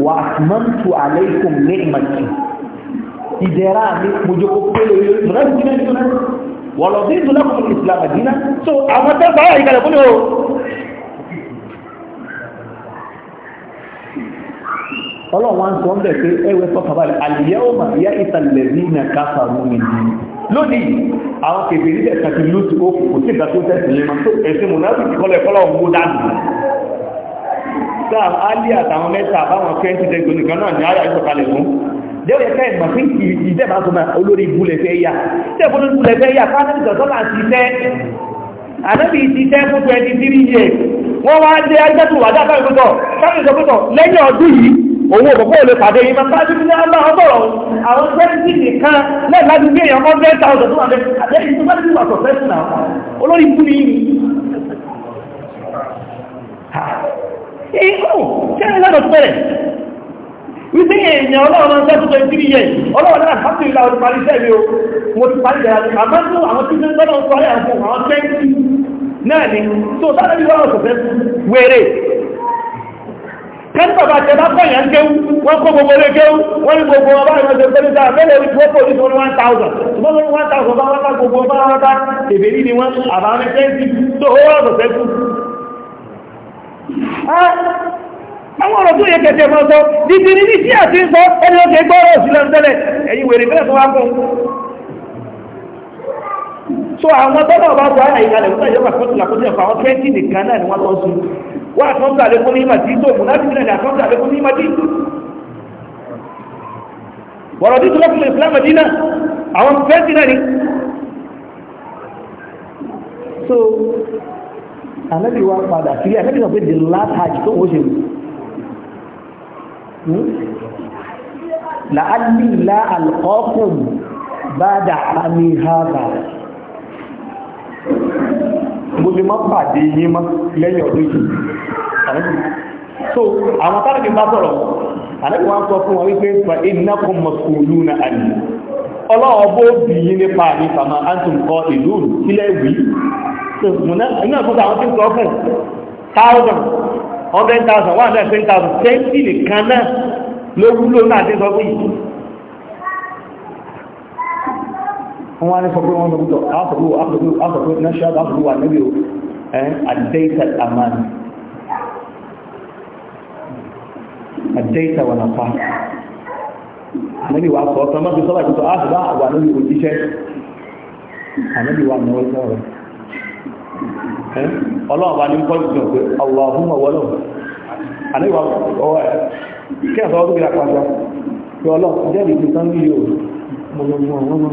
wa àtúmọ́tò àlẹ́kùn ní ìmọ̀tì ìdẹ̀ra mi mojú kó pé lórí múná kí náà wọ̀lọ́dún ìtòlápùn ìsìlámà dínà so àwọn tẹ́ ọlọ́run wá ń sọ ń bẹ̀ pé ẹwẹ́ sọ kàbáyé àlìyáwó mà yá ìtàlẹ̀ ní ìnà káfà múmi ní lónìí àwọn kèfè nílẹ̀ kàti lóòtù ó kò sí ìgbà tó tẹ̀sí lé máa tó ẹ̀sìn mọ̀ láti kọ́lẹ̀ kọ́lọ̀ mú dánù sáà alí àtàwọn mẹ́ta àbáwọn fẹ́ǹsì tẹ́gbẹ̀ nìkan náà ní àyà ìsọ̀kalẹ̀ fún jẹ́wọ́ ẹ̀ka ìgbà sí ìjẹ́bà tó máa olórí ibùlẹ̀ fẹ́ yà tẹ́gbọ́n ibùlẹ̀ fẹ́ yà fásitì sọ̀tọ́là ti tẹ́ ànábì ti tẹ́ fún 23 years wọ́n wá dé agbẹ́tùwádà fẹ́ ìgbẹ́tọ̀ lẹ́yìn ọdún yìí owó òbòbò lè pàdé yìí máa sáájú ní àbá ọgbọ̀rọ̀ àwọn twenty nìkan lẹ́yìn láti gbé èèyàn one hundred thousand two hundred àdéhùn tó bá ti wà professional olórí ikú ni yìí. ìhùn kẹ́rin lọ́dọ̀ tó bẹ̀rẹ̀ wípé èèyàn ọlọ́run máa ń sẹ́kù tó ìdírí yẹn ọlọ́run náà fásitì ìlà òtù parí sẹ́ẹ̀mí o mo ti parí ìdára àmọ́ tó àwọn tí ó ń gbọ́dọ̀ ń sọ ayé àwọn twenty náà ni tó sáré bí wọ́n sọ̀fẹ́ wéré kẹ́ńtàbà tẹ bá kọ̀yàn ń kéwú wọ́n kó gbogbo lé kéwú wọ́n ní gbogbo ọba ìrọ̀jẹ̀ pẹ̀lúta mẹ́lẹ̀ orí wọ́n pòlì tó ní 1000 ṣùgbọ́n ní 1000 bá wọ́n bá gbogbo bá wọ́n bá tèbè ní wọn àbáwọn àwọn ọ̀rọ̀ tó yẹ kẹ̀kẹ́ mọ́ sọ títí ní ní tí a ti ń sọ ẹni ọ̀sẹ̀ gbọ́rọ̀ sílẹ̀ ń ẹ̀yìn wèrè bẹ́ẹ̀ tó wá so àwọn tọ́lọ̀ wọ́n àtúntà lékún ní ìmàdí tó mú láti nílẹ̀ àtúntà lékún ní ìmàdí wọ̀rọ̀ títí lọ́kùnrin Islam Medina àwọn fẹ́ǹsì náà ni so anabi wa padà sílé anabi sọ pé the last hajj tó wọ́n ṣe mú hmm? la'allila alqakum bada ami haba mo lè má pàdé yín mọ́ lẹ́yìn ọdún yìí so àwọn tálàbí bá sọ̀rọ̀ àlẹ́kùn wá sọ fún wọn wípé fa innakum mas'uluna àní ọlọ́wọ́ bó bì yín nípa mi fàmà antum kọ ìlú sílẹ̀ wí so iná fún àwọn tí ń sọ fún thousand hundred thousand one hundred twenty thousand twenty nìkan náà náà ti sọ fún yìí wọ́n wá ní sọ pé wọ́n sọ púpọ̀ áfọ̀kú áfọ̀kú áfọ̀kú náà ṣe áfọ̀kú wà níbi o àdéhìtà àmàni àdéhìtà wà nàfà níbi wà sọ ọ̀tọ̀ mọ́bí sọ́bà ìpùtọ̀ áfọ̀bá wà níbi òjíṣẹ́ àníbi wà náà sọ̀rọ̀ ọlọ́ọ̀bá ní pọ́lù pé ọlọ́ọ̀hún ọwọ́lọ́ àníwà ọwọ́ ẹ̀ kí ẹ̀sọ́ ọdún ìlàpàá sọ pé ọlọ́ọ̀ jẹ́ ìgbìtán nílé o mọ̀mọ̀mọ̀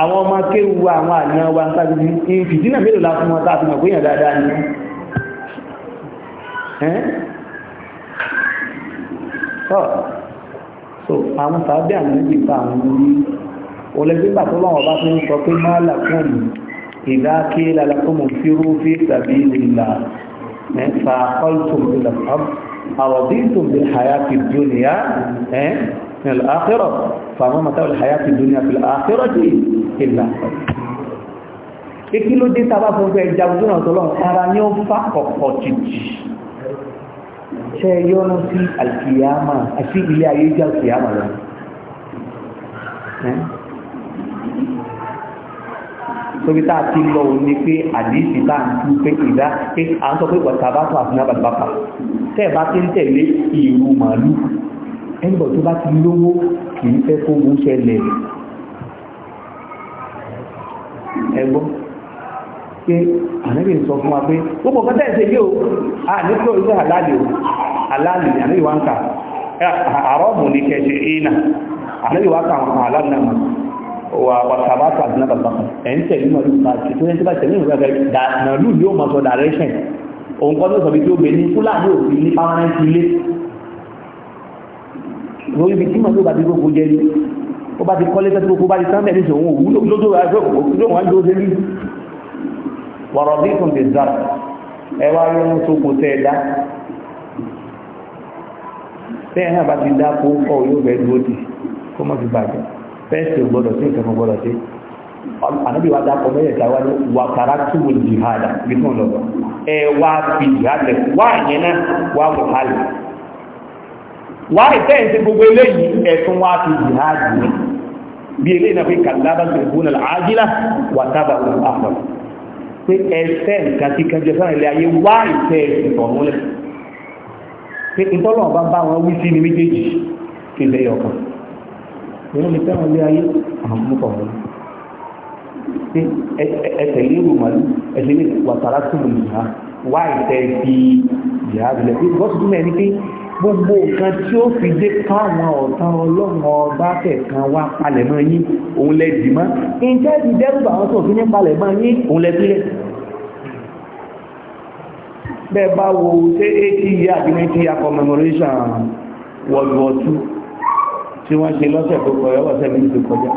àwọn ọmọ kéwu àwọn àníyàn wa sáàbí ní fìdínà mélòó la fún wọn tá a mọ̀ pé èèyàn dáadáa ni so so àwọn sáàbí àwọn níbi ìta àwọn orí olẹ́gbẹ́gbà tó lọ́wọ́ bá fi ń sọ pé máa làkún ìdáké lalakomo fíró fi tàbí ìlà mẹ́fà kọ́lùtùm ìlà àwọ̀dí ìtùm من الآخرة فما متاع الحياة الدنيا في الآخرة إلا Èkí ló dé tàbá fún fẹ́ ìjàmùsùn ọ̀tọ́lọ́ ara ní ó fà ọ̀pọ̀ jìjì. si yọ́nú sí alkiyama àti ilé ayé jẹ́ alkiyama lọ? Tóbi táà ti lọ ní pé àdíṣì táà ń tú pé ìdá pé à ń sọ pé wọ̀tàbátọ̀ àfihàn bàbàbà. Tẹ́ẹ̀ bá ti ń tẹ̀lé ìrù màálù ẹnìbọ̀ tó bá ti lówó kì í fẹ́ kó wú ṣẹlẹ̀ ẹgbọ́ pé ànábì sọ fún wa pé gbogbo kan tẹ́ẹ̀sẹ̀ yìí o a ní kí orí àláàlì o àláàlì ní ànábì wá ń kà àrọ́bù ní kẹsẹ̀ ìnà ànábì wá kà àwọn àláàlì náà wà wàtàbà tó àdínà bàbá ẹ̀ ń tẹ̀lé mọ̀ nípa tí tó yẹn tí bá tẹ̀lé mọ̀ nípa nàlú ni ó mọ̀ sọ direction òun kọ́ tó sọ bí tí ó gbé ní fúlàní òfin ní permanent ilé ìwọ̀n ibi tí màlúù bá ti gbogbo jẹ ní ó bá ti kọ́lé tẹ́tí gbogbo bá ti sáńbẹ̀ ní ìṣòwò òwú lójó wọn ló dé ní wọ̀rọ̀ bí kùn ti zà ẹ wá rí ohun tó kò tẹ́ ẹ dá tẹ́ ẹ náà bá ti dá kó kọ́ yóò bẹ́ẹ̀ dúró tì kó mọ́ fi bàjẹ́ fẹ́ẹ̀sì gbọ́dọ̀ sí nǹkan gbọ́dọ̀ sí ànábì wa dákọ̀ mẹ́rẹ̀ tàwa ní wàkàrà tó wọ jihada bí kùn lọ́dọ̀ ẹ wá fi jihada wá yẹn náà wá wọ̀ hálẹ̀ wáyé tẹ́ǹsì gbogbo eléyìí ẹ̀sùn wá ti jihadi ní bí ilé ìnàfí kàlábà tìrìbùnà àjílá wà tábà àpọ̀ pé ẹ̀sẹ̀ nǹkan tí kẹjọ sára ilé ayé wáyé tẹ́ǹsì ọ̀múlẹ̀ pé ìtọ́lọ̀ bá bá wọn wí sí ní méjèèjì kí ilé ọkàn nínú mi tẹ́wọ̀n ilé ayé àwọn mọ́kọ̀ wọn pé ẹsẹ̀ lérò màlú gbogbo nǹkan tí ó fi dé káwọn ọ̀tàn ọlọ́run ọba kẹ̀kan wá palẹ̀mọ́ yín òun lẹ dì mọ́ ìjẹ́ ti dẹ́rùbà àwọn tó fi ní palẹ̀mọ́ yín òun lẹ sílẹ̀ bẹ́ẹ̀ bá wo ṣé eighty year àti ninety year commemoration world war two tí wọ́n ṣe lọ́sẹ̀ tó kọjá lọ́sẹ̀ méjì tó kọjá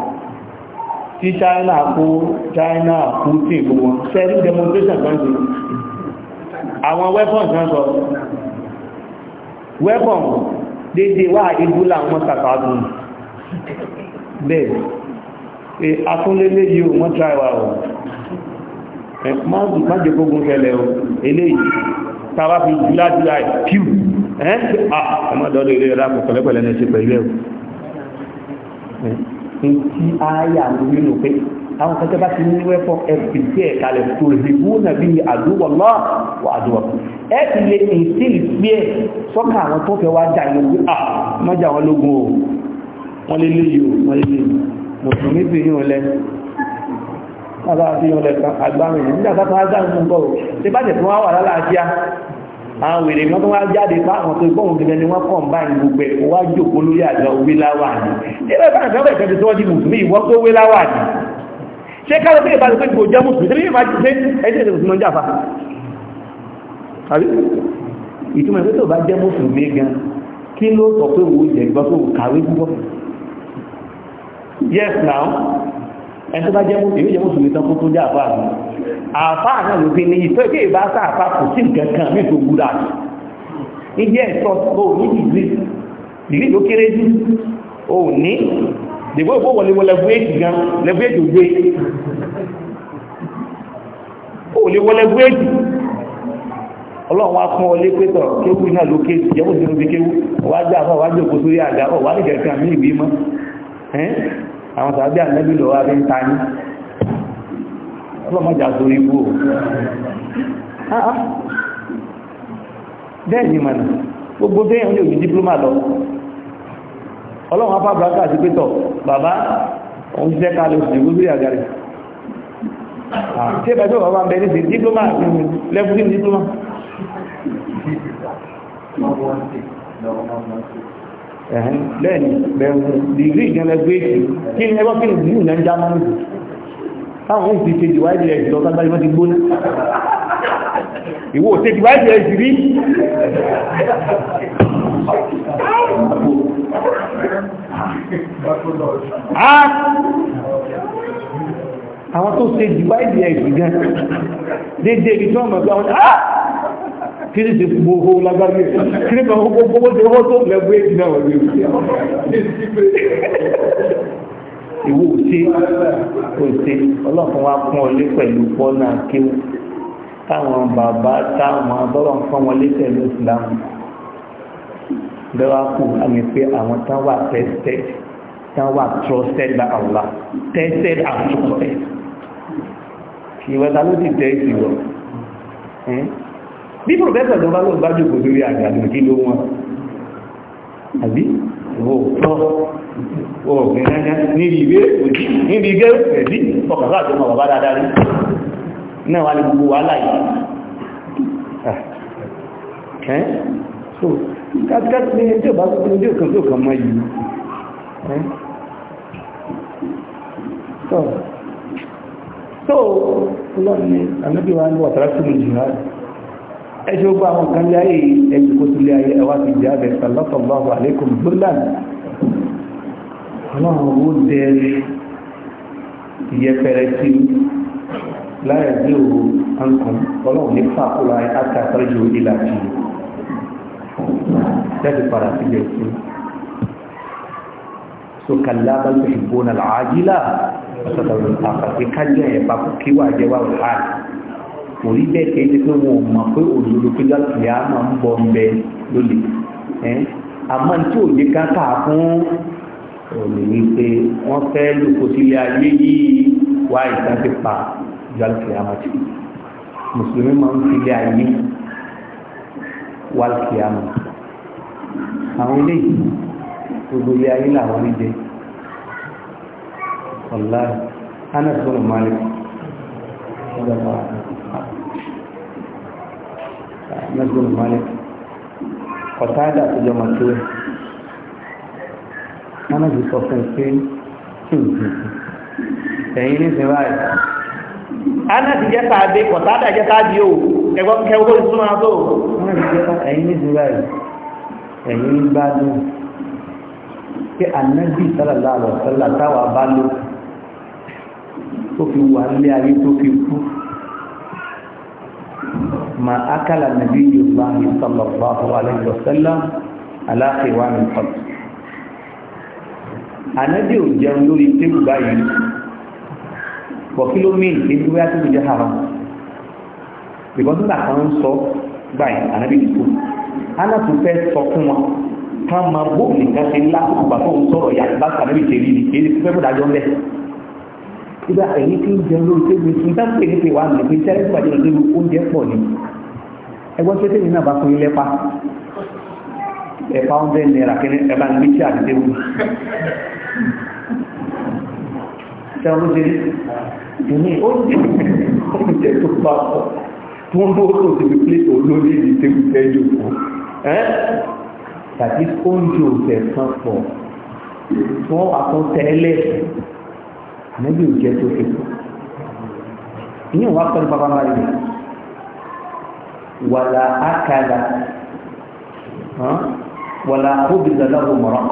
tí China kó China kú tí ìgbò wọn sẹ́rí demonstration kan ṣe àwọn weapons kan sọ welcome dédé wà ìdúlà wọn kàkàdù bẹ́ẹ̀ atúnlélé yìí wọ́n try wà ọ̀ májè kógún fẹ́lẹ̀ ọ̀ eléyìí tàbá fi jùlá jùlá píù ẹ́ se ilé o lápò pẹ̀lẹ́pẹ̀lẹ́ ní ṣe pẹ̀lú ẹ̀ àwọn kan tẹ́ bá ti ní wẹ́pọ̀ ẹ̀bì tí ẹ̀ kalẹ̀ tó ìdìbò nàbí àdúgbò náà wà àdúgbò ẹ̀ ti lè ní sí ìpín ẹ̀ sọ́kà àwọn tó fẹ́ wá jà ní ogun ah, à mọ́jà wọn lógun o wọ́n lé lé yìí o wọ́n lé lé mùsùlùmí fi yín lẹ bàbá fi yín lẹ agbárin nígbà tó wá jáde fún bọ́ọ̀ tí bá tẹ̀ fún wa wà lálàáfíà àwọn wèrè kan tó wá jáde fáwọn tó gbọ́n gẹ́gẹ́ ni wọ́n kàn báyìí gbogbo ẹ̀ wá jòkó lórí àjọ wíláwà ní ẹgbẹ́ bá ń fẹ́ bẹ̀rẹ̀ tẹ́tẹ́ wọ́n di mùsùlùmí ìwọ́n tó wíláwà ní ṣe káàkiri pé ìbáṣepé kò jẹ́ mùsùlùmí tẹ́bí ìbá jẹ́ ẹjẹ́ ìṣẹ́ mùsùlùmí jàfà àbí ìtumọ̀ ìpé tó bá jẹ́ mùsùlùmí gan kí ló sọ pé wo jẹ́ gbọ́ tó kàwé gbọ́ yes now ẹni tó bá jẹ́ mùsùlùmí tán kó tó jẹ́ àfà àmì àfà náà ló fi ní ìfẹ́ pé ìbá sá àfà kò sí nǹkan kan mí tó gbúra dèbò ìfò wọlé wọ lẹ́gbẹ́ èjì gan lẹ́gbẹ́ èjì ògbé ó lè wọ lẹ́gbẹ́ èjì ọlọ́run wá fún ọ lé pétọ̀ kéwù náà ló ké ìjẹ́wò sínú ti kéwù wá gbé àwọn wájú òkú sórí àga ọ̀ wá nìkẹ́ kan ní ìwé mọ́ àwọn sàbí ànábì lọ́wọ́ abẹ́ ń ta ní ọlọ́mọjà sórí ibú o bẹ́ẹ̀ ni mọ̀nà gbogbo bẹ́ẹ̀ ń lè òjì lọ ọlọ́run afá bàbá àti pétọ̀ bàbá òun jẹ́ ká lọ sí ìwúrí àgàrí tí ẹgbẹ́ bàbá bẹ̀rẹ̀ sí diploma lẹ́gbùsí diploma lẹ́yìn bẹ̀rù dìgírí ìjọba ẹgbẹ́ èsì kí ni ẹgbọ́ ni ìlú ìlú ìjọba máa ń lò táwọn òun ti ṣe ìwádìí rẹ̀ ìjọba kágbárí wọ́n ti ìwò òṣèlú ìwádìí ìjìrí Ah! àwọn tó ṣe dìwáìdì ẹ̀sùn gan dédé ibi tí wọ́n mọ̀ pé àwọn ah kiri ti gbogbo lágbàgbé kiri ma gbogbo gbogbo tí wọ́n tó lẹ́gbẹ́ èdè náà wọ́n lè ìwò òṣè òṣè ọlọ́pàá wa kún ọlé pẹ̀lú pọ́nà kéwù táwọn bàbá táwọn abọ́lọ́ ń pọ́n wọlé pẹ̀lú ìsìlámù bẹ́wàá kù àmì pé àwọn tán wà tested tán wà trusted by Allah tested and trusted ìwẹ̀ta ló ti tẹ́ ìsìwọ̀ hmm? bí pòfẹ́sọ̀ tó bá lọ bá jòkó lórí àgbàdo kí ló wọn àbí òótọ́ òògùn gẹ́gẹ́ níbi ìwé òjì níbi ìgẹ́ ẹ̀dí ọkàkà àti ọmọ bàbá dáadáa rí náà wà ní gbogbo wàhálà yìí ah so kátikáti ní ẹjọ́ bá tó ní ọkàn tó kàn mọ́ yìí so lọ́nà anábí wa ní wàtàrà tó ní jihad ẹjọ́ gbá àwọn kan láyé ẹjọ́ kó tó lé ayé ẹwà ti jẹ́ abẹ́ sallallahu alaikum burlan ọlọ́run ó dẹ́rẹ́ ìyẹ́pẹ̀rẹ̀ sí tẹ́lẹ̀ padà sí ilé sí so kàlá bá tó ṣùgbó na làájílá ọ̀sọ̀tọ̀rọ̀ àpàtì kájẹ́ ẹ̀bá kíwà jẹ́wà òhàn orí bẹ́ẹ̀ kẹ́ ẹ́ pé wọn mọ̀ pé òdòdó pé lọ́kìlẹ̀ á máa ń bọ̀ ń bẹ lólè àmọ́ tí òde ká kà fún òní ní pé wọ́n fẹ́ lóko sílé ayé yìí wá ìta ti pa lọ́kìlẹ̀ á máa ti mùsùlùmí máa ń sílé ayé wá lọ́kìlẹ̀ á máa àwọn ilé gbogbo ilé ayé làwọn ní jẹ ọ̀la anas bọ́lọ̀ malik ọ̀dọ̀pá anas bọ́lọ̀ malik ọ̀táàdà tó jọ màtó ẹ̀ anas sọ fún pé ẹ̀yìn ní sinmi báyìí anas jẹ́ sáadé ọ̀táàdà jẹ́ sáadé o ẹ̀gbọ́n kẹwọ́ ìsúná tó anas jẹ́ sáadé ẹ̀yìn ní sinmi báyìí ẹ̀yìn ń gbádùn kí anábì sálàlá àlọ́ sálà táwa bá lò tó fi wà nílé ayé tó fi kú ma akala nàbí yorùbá ní sallallahu alaihi wasallam aláfẹwà ní pọt anábì ò jẹun lórí tébù báyìí pọ̀ kí ló mìíràn kí ló yá tó fi jẹ́ haram ìbọn kan ń sọ báyìí anábì kú aláàtò fẹ́ sọ fún wọn kán máa bó nìkan ṣe lásìkò bá tó ń sọ̀rọ̀ yà bá sàbẹ̀bì ṣe rí ni èyí ti fẹ́ bọ́dájọ́ ń bẹ̀. ibà ẹ̀yìn tí ń jẹun lórí tẹ́gbẹ̀ẹ́ tí ń bá pè ní pé wà ní pé tẹ́lẹ̀ tó bàjẹ́ lórí oúnjẹ pọ̀ ni ẹgbọ́n tó tẹ́lẹ̀ náà bá fún ilé pa ẹ̀pá oúnjẹ náírà kí ẹ bá ń gbé tí àdìdé wù. sẹ́wọ́n ló dé ìní oúnjẹ tó bá pọ̀ tó ń bó tó ti fi pléètò olórí ìdí tẹ́gbẹ̀ẹ́ tàbí oúnjẹ òfẹ kan pọ̀ fún àtúntẹlẹ ànábì òjẹ tó fi kọ ìyẹn wà pẹ̀lú bàbá máa yẹ wàlà àkàlà wàlà àbóbìlà lọ́wọ́ mọ̀rọ́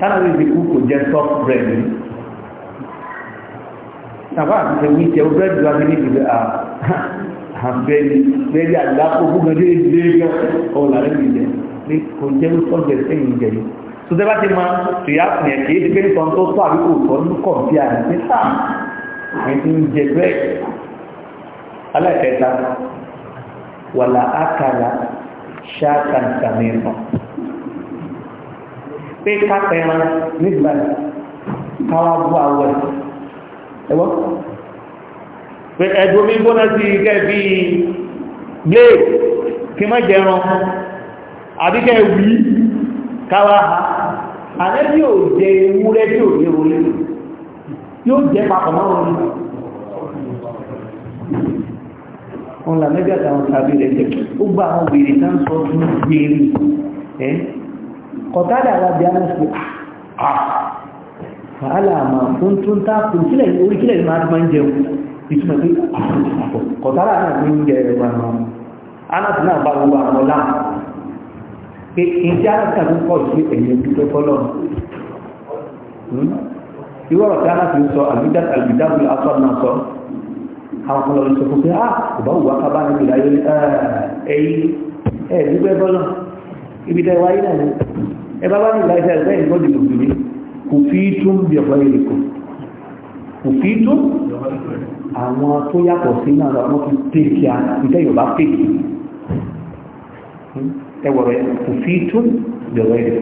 tánàbí ìfikú kò jẹ soft bread ni tàbá àti ìwé ìjẹun bread wà ní ìdílé àà àfẹ́ni lẹ́yìn àdáko fún ọdún ilé gan ọ̀hún làrẹ́ mi jẹ pé kò jẹ́ ló sọ́jọ́ ẹ̀sẹ̀yìn jẹ yìí tó tẹ́ bá ti máa tìyà fún ẹ̀ kìí pé nǹkan tó tó àbíkò tó ń kọ̀ bí àrùn pé sáà ẹ̀ ti ń jẹ bẹ́ẹ̀ alákẹta wàlà ákàlà ṣáàkàǹtàmì ẹ̀fọn pé kápẹ́ran nígbà káwá bú àwọ̀ ẹ̀wọ́ pé ẹ̀dùn mi gbóná sí ikẹ́ bí i blake kí mọ́ jẹran àbíkẹ́ wí káwà ààrẹ tí ó jẹ ewúrẹ́ tí ó jẹ olè yóò jẹ papọ̀ mọ́rún ní wọn là mẹ́bí àtàwọn tàbí rẹ̀ jẹ́ ó gba àwọn obìnrin tán sọ fún gbèrè ẹ́ kọ̀tádà alábi aláṣẹ àà wàhálà àmà fún tá kò sílẹ̀ orí kílẹ̀ máa ń jẹun ìtumọ̀ pé àwọn ìsàpọ̀ kọ̀tàrà náà ní oúnjẹ ẹ̀rọ àwọn anáàtì náà bá gbogbo àwọn ọlá pé ìdí anáàtì náà ń kọ̀ sí ẹ̀yìn dúpẹ́ fọ́lọ́ hmm? irú ọ̀rọ̀ tí anáàtì ń sọ àgbìdáàbò asọ́ náà sọ àwọn kan lọ́ọ́ sọ fún pé ah kò bá wùwá ká bá níbi láyé eh, ẹ̀yìn ẹ̀ dúpẹ́ fọ́lọ́ ibi tẹ́ wáyé náà ni ẹ bá bá níbi láyé ẹ̀ bẹ́ẹ̀ di mùsùlùmí kò fi tún bí ọ̀pọ̀ yìí kò fi tún àwọn tó yàtọ̀ sí náà lọ wọ́n fi pè kí a ìtẹ́ yorùbá pè kí ẹwọ̀ rẹ̀ kò fi tún bẹ̀rẹ̀ rẹ̀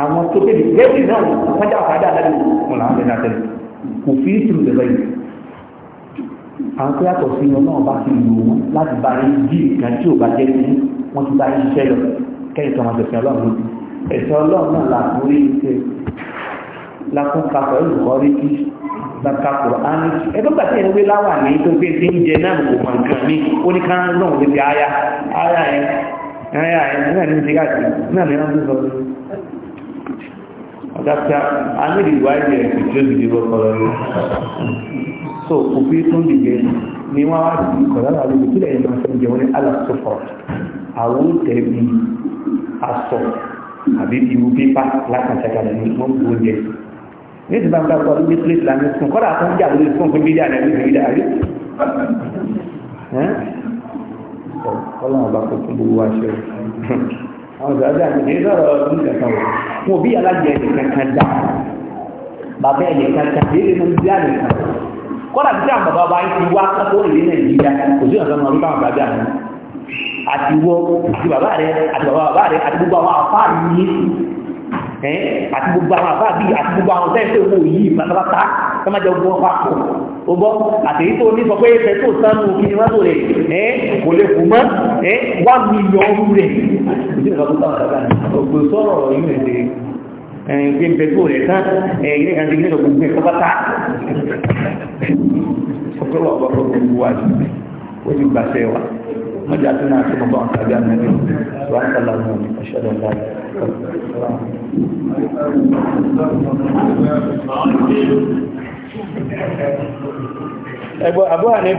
àwọn tó pè kí gẹ́gẹ́ náà wọ́n já fàdá lẹ́nu wọn làwọn bẹ̀rẹ̀ àtẹ̀lẹ̀ kò fi tún bẹ̀rẹ̀ rẹ̀ àwọn tó yàtọ̀ sí wọn náà bá ti lò wọn láti bá rí bí ìgbà tí ò bá jẹ́ sí wọ́n ti bá rí iṣẹ́ lọ kẹ́yìn tó máa bẹ̀rẹ̀ ọlọ́run ẹ̀sẹ̀ bàtà kùránì ẹgbẹ́ gbàtí ẹ̀ ń wé láwà ní tó gbé tí ń jẹ náà kò mọ̀ nǹkan ní oníká náà lè fi aya aya ẹ̀ aya ẹ̀ náà ní ti káàkiri náà ní wọ́n sọ ọ̀dáfíà a ní ìlú ayé ẹ̀ tó tó dìde wọ́n kọ́lọ́ ní so òfin tó ń dìde ni wọ́n wá sí kọ̀lá lára lóbi kílẹ̀ yẹn máa fẹ́ jẹ wọ́n ní alàsọ́fọ̀ àwọn tẹ̀bi asọ̀ àbí ìwú pépà látàtàkàlẹ̀ ní wọ́n gbóúnjẹ ní ti bá ń bá sọ ní ìpínlẹ̀ ìsìlámù sùn kọ́dà tó ń jà lórí fún fún bídíà náà lórí bídíà rí kọ́lọ́n ọba kò tún gbogbo aṣọ àwọn ìgbàlódé àti ìdílé sọ̀rọ̀ ní kankan wò fún òbí alájẹ ẹ̀dẹ̀ kankan dà bàbá ẹ̀dẹ̀ kankan déédéé ló ń bí àmì kan kọ́dà tí àwọn bàbá wa ti wá kókó ìdí nàìjíríà kò sí ọ̀sán ọdún báwọn bàbá àná àti wọ àti bàbá rẹ àti bàbá rẹ àti gbogbo àwọn àfáà àti gbogbo àwọn àbá bíi àti gbogbo àwọn tẹ́sí owó yìí pátápátá sọ́májọ gbogbo ọkọ̀ àpò ogbọ́ àtèyí tó ní sọ pé ẹsẹ̀ tó sánú kí ni wọ́n tó rẹ̀ ẹ́ kò lè kù mọ́ ẹ́ wá mílíọ̀nù rẹ̀ ògbò sọ̀rọ̀ yìí rẹ̀ ẹ̀yìn pé bẹ̀ tó rẹ̀ tán ẹ̀yìn kan ti gbé lọ gbogbo ẹ̀kọ́ pátá ọ̀pọ̀lọpọ̀ ọ̀pọ̀lọpọ̀ gbogbo wa ó ti gbàṣẹ wa wọ́n jà tó náà tó mọ̀ bá wọn tàbí àmì ẹgbọ́ àbúhà ní